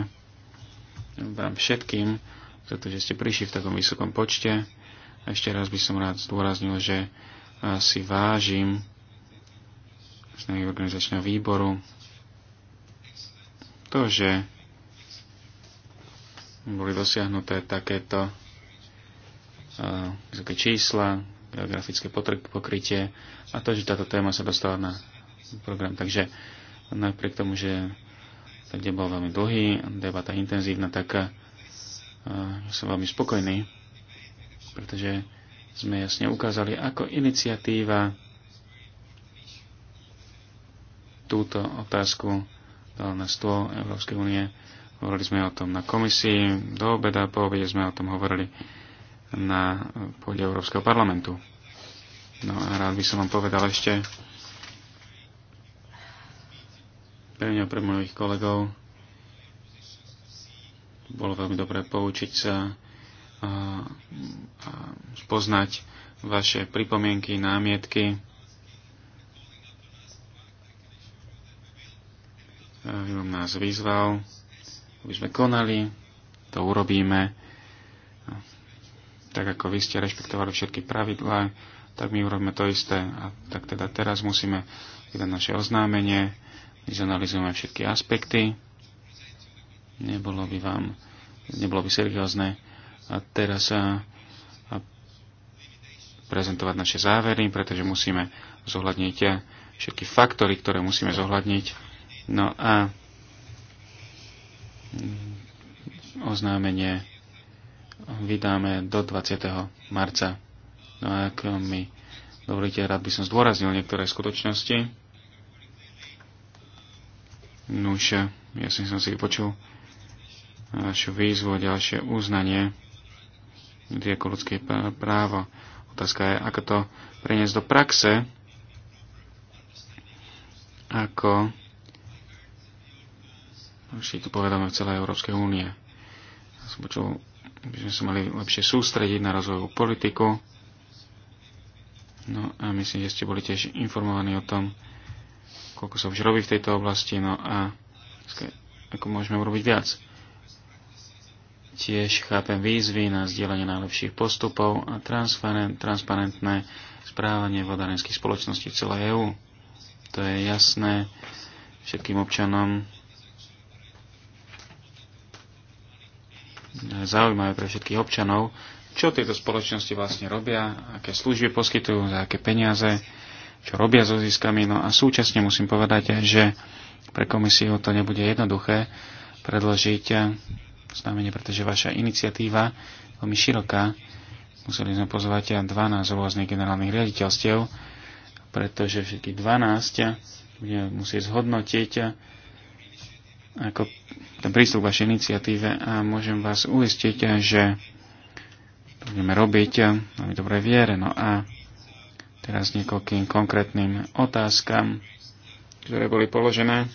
vám všetkým za to, že ste prišli v takom vysokom počte. A ešte raz by som rád zdôraznil, že si vážim z organizačného výboru to, že boli dosiahnuté takéto eh, vysoké čísla, geografické pokrytie a to, že táto téma sa dostala na program. Takže napriek tomu, že ten deň bol veľmi dlhý, debata intenzívna, tak ja eh, som veľmi spokojný, pretože sme jasne ukázali, ako iniciatíva túto otázku dala na stôl Európskej únie. Hovorili sme o tom na komisii, do obeda, po obede sme o tom hovorili na pôde Európskeho parlamentu. No a rád by som vám povedal ešte pre mňa, pre mojich kolegov bolo veľmi dobré poučiť sa a, a spoznať vaše pripomienky, námietky. Vy vám nás vyzval, aby sme konali, to urobíme tak ako vy ste rešpektovali všetky pravidlá, tak my urobíme to isté. A tak teda teraz musíme vydať naše oznámenie, zanalizujeme všetky aspekty. Nebolo by vám, nebolo by seriózne a teraz a, a prezentovať naše závery, pretože musíme zohľadniť všetky faktory, ktoré musíme zohľadniť. No a mm, oznámenie vydáme do 20. marca. No a ak mi dovolíte, rád by som zdôraznil niektoré skutočnosti. Nuž, ja si som si počul našu výzvu a ďalšie uznanie ako ľudské právo. Otázka je, ako to preniesť do praxe, ako už to povedame v celej Európskej únie. Ja som počul by sme sa mali lepšie sústrediť na rozvojovú politiku. No a myslím, že ste boli tiež informovaní o tom, koľko sa už robí v tejto oblasti, no a ako môžeme urobiť viac. Tiež chápem výzvy na zdieľanie najlepších postupov a transparent, transparentné správanie vodárenských spoločností v celej EÚ. To je jasné všetkým občanom zaujímavé pre všetkých občanov, čo tieto spoločnosti vlastne robia, aké služby poskytujú, za aké peniaze, čo robia so ziskami. No a súčasne musím povedať, že pre komisiu to nebude jednoduché predložiť znamenie, pretože vaša iniciatíva je veľmi široká. Museli sme pozvať 12 rôznych generálnych riaditeľstiev, pretože všetky 12 budeme musieť zhodnotiť ako ten prístup k vašej iniciatíve a môžem vás uistiť, že to budeme robiť veľmi dobrej viere. No a teraz niekoľkým konkrétnym otázkam, ktoré boli položené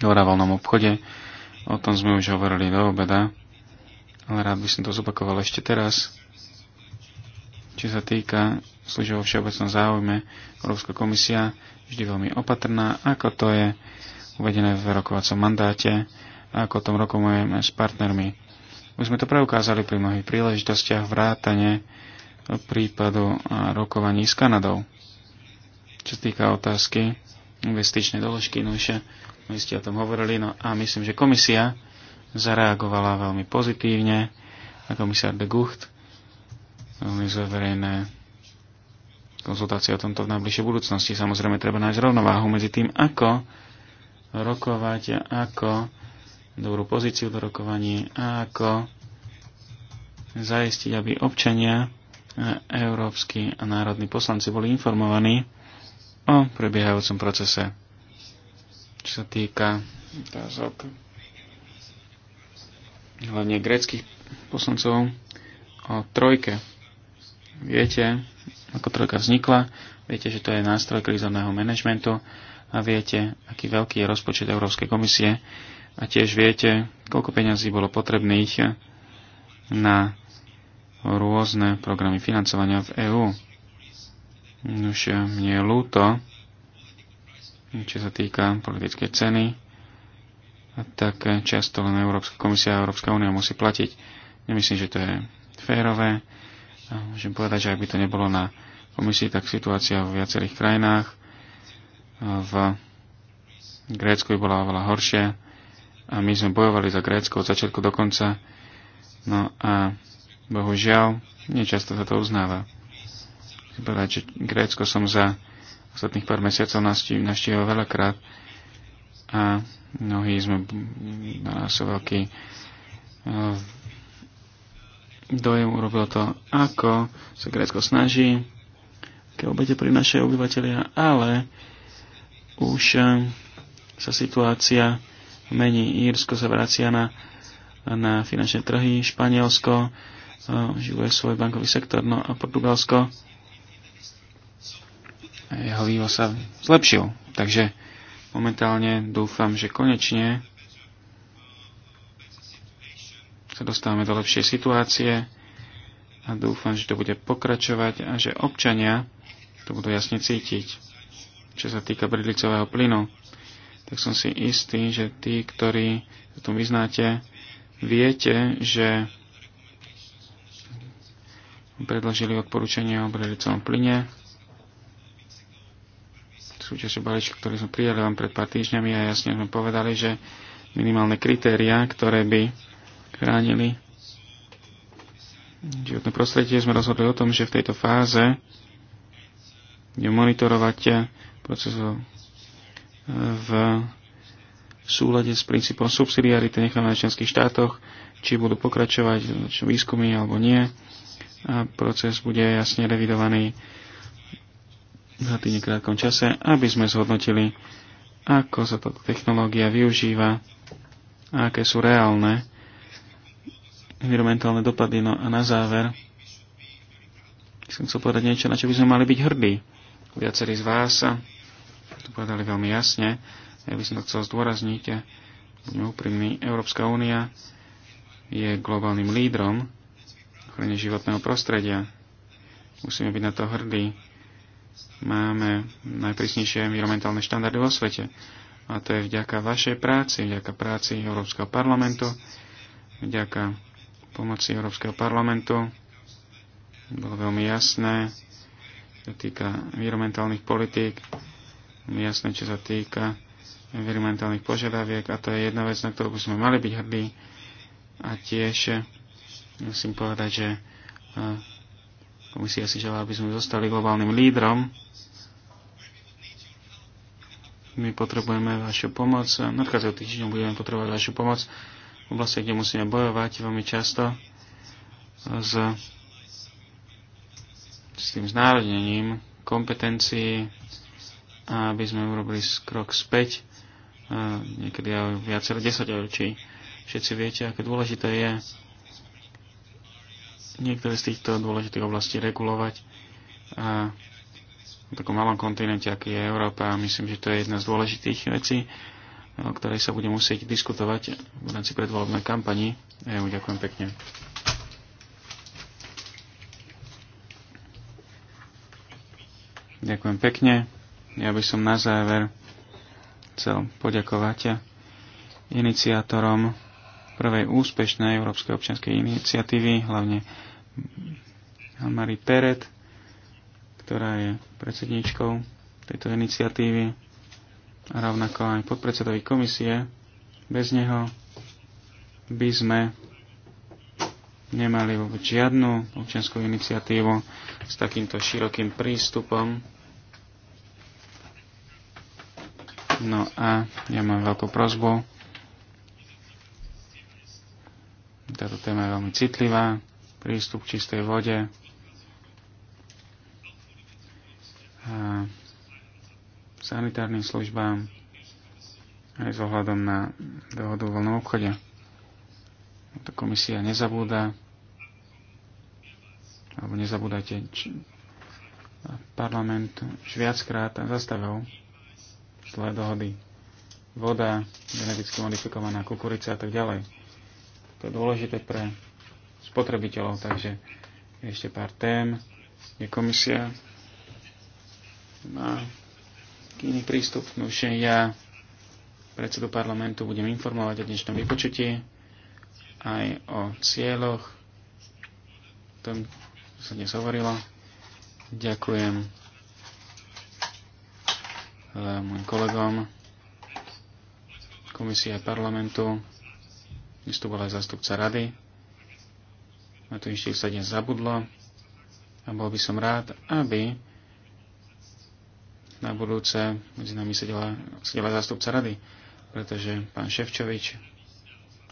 v voľnom obchode. O tom sme už hovorili do obeda, ale rád by som to zopakoval ešte teraz. Čo sa týka služieb vo všeobecnom záujme, Európska komisia vždy veľmi opatrná, ako to je uvedené v rokovacom mandáte a ako o tom rokujeme s partnermi. Už sme to preukázali pri mnohých príležitostiach vrátane prípadu rokovaní s Kanadou. Čo sa týka otázky investičnej doložky, no ešte my ste o tom hovorili, no a myslím, že komisia zareagovala veľmi pozitívne a komisár de Gucht veľmi zverejné konzultácie o tomto v najbližšej budúcnosti. Samozrejme, treba nájsť rovnováhu medzi tým, ako rokovať, ako dobrú pozíciu do rokovaní a ako zaistiť, aby občania, e, európsky a národní poslanci boli informovaní o prebiehajúcom procese. Čo sa týka otázok hlavne greckých poslancov o trojke. Viete, ako trojka vznikla, viete, že to je nástroj krizového manažmentu, a viete, aký veľký je rozpočet Európskej komisie a tiež viete, koľko peňazí bolo potrebných na rôzne programy financovania v EÚ. Už mne je ľúto, čo sa týka politickej ceny, tak často len Európska komisia a Európska únia musí platiť. Nemyslím, že to je férové. môžem povedať, že ak by to nebolo na komisii, tak situácia v viacerých krajinách v Grécku by bola oveľa horšie a my sme bojovali za Grécko od začiatku do konca. No a bohužiaľ, nečasto sa to uznáva. povedať, že Grécko som za ostatných pár mesiacov navštívil veľakrát a mnohí sme na nás veľký e, dojem urobilo to, ako sa Grécko snaží, aké obete prinašajú obyvateľia, ale už e, sa situácia mení. Írsko sa vracia na, na finančné trhy, Španielsko e, živuje svoj bankový sektor, no a Portugalsko jeho vývoz sa zlepšil. Takže momentálne dúfam, že konečne sa dostávame do lepšej situácie a dúfam, že to bude pokračovať a že občania to budú jasne cítiť čo sa týka bridlicového plynu, tak som si istý, že tí, ktorí sa tom vyznáte, viete, že predložili odporúčania o bridlicovom plyne. Súťaže balíčka, ktorý sme prijali vám pred pár týždňami a jasne sme povedali, že minimálne kritériá, ktoré by chránili životné prostredie, sme rozhodli o tom, že v tejto fáze budeme monitorovať procesu e, v súlade s princípom subsidiarity necháme na členských štátoch, či budú pokračovať výskumy alebo nie. A proces bude jasne revidovaný v tým krátkom čase, aby sme zhodnotili, ako sa táto technológia využíva a aké sú reálne environmentálne dopady. No a na záver som chcel povedať niečo, na čo by sme mali byť hrdí. Viacerí z vás sa to povedali veľmi jasne. Ja by som to chcel zdôrazniť. Buďme úprimní. Európska únia je globálnym lídrom ochrane životného prostredia. Musíme byť na to hrdí. Máme najprísnejšie environmentálne štandardy vo svete. A to je vďaka vašej práci, vďaka práci Európskeho parlamentu, vďaka pomoci Európskeho parlamentu. Bolo veľmi jasné, čo týka environmentálnych politík, jasné, čo sa týka environmentálnych požiadaviek a to je jedna vec, na ktorú by sme mali byť hrdí. A tiež musím povedať, že komisia si želá, aby sme zostali globálnym lídrom. My potrebujeme vašu pomoc. Nadchádzajúcich týždňov budeme potrebovať vašu pomoc v oblasti, kde musíme bojovať veľmi často s, s tým znárodnením kompetencií a aby sme urobili krok späť, niekedy aj viacero desaťročí. Všetci viete, aké dôležité je niektoré z týchto dôležitých oblastí regulovať a v takom malom kontinente, aký je Európa, myslím, že to je jedna z dôležitých vecí, o ktorej sa bude musieť diskutovať v rámci predvolebnej kampani. mu e ďakujem pekne. Ďakujem pekne. Ja by som na záver chcel poďakovať iniciátorom prvej úspešnej Európskej občianskej iniciatívy, hlavne marie Peret, ktorá je predsedníčkou tejto iniciatívy a rovnako aj podpredsedovi komisie. Bez neho by sme nemali vôbec žiadnu občianskú iniciatívu s takýmto širokým prístupom No a ja mám veľkú prozbu. Táto téma je veľmi citlivá. Prístup k čistej vode. A sanitárnym službám aj s ohľadom na dohodu o voľnom obchode. To komisia nezabúda, alebo nezabúdajte, parlament už viackrát zastavil zlé dohody, voda, geneticky modifikovaná kukurica a tak ďalej. To je dôležité pre spotrebiteľov, takže ešte pár tém, je komisia, má iný prístup, no už ja predsedu parlamentu budem informovať o dnešnom vypočutí aj o cieľoch, o tom sa dnes hovorilo. Ďakujem E, môjim kolegom komisie parlamentu, vystupoval aj zastupca rady. Na tu ešte sa dnes zabudlo a bol by som rád, aby na budúce medzi nami sedela, sedela zastupca rady, pretože pán Ševčovič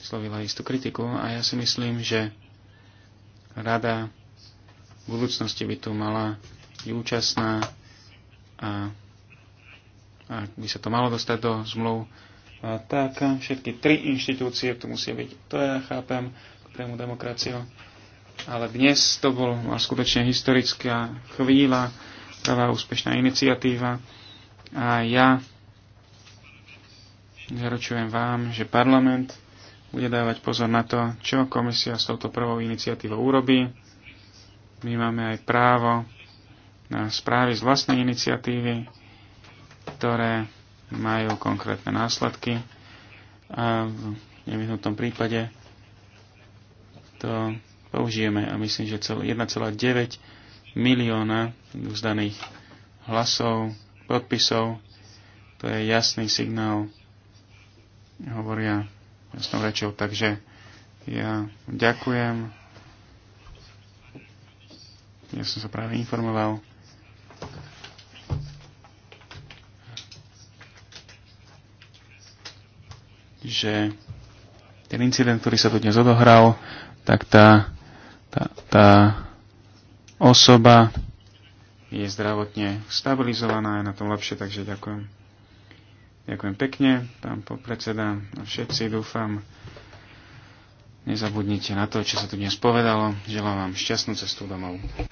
slovila istú kritiku a ja si myslím, že rada v budúcnosti by tu mala byť účastná a ak by sa to malo dostať do zmluv, tak všetky tri inštitúcie tu musia byť. To ja chápem, priamu demokraciu. Ale dnes to bol skutočne historická chvíľa, práva úspešná iniciatíva. A ja zaručujem vám, že parlament bude dávať pozor na to, čo komisia s touto prvou iniciatívou urobí. My máme aj právo na správy z vlastnej iniciatívy ktoré majú konkrétne následky a v nevyhnutom prípade to použijeme a myslím, že 1,9 milióna vzdaných hlasov, podpisov, to je jasný signál, hovoria jasnou rečou, takže ja ďakujem. Ja som sa práve informoval že ten incident, ktorý sa tu dnes odohral, tak tá, tá, tá osoba je zdravotne stabilizovaná, je na tom lepšie, takže ďakujem. Ďakujem pekne, pán podpredseda a všetci, dúfam. Nezabudnite na to, čo sa tu dnes povedalo. Želám vám šťastnú cestu domov.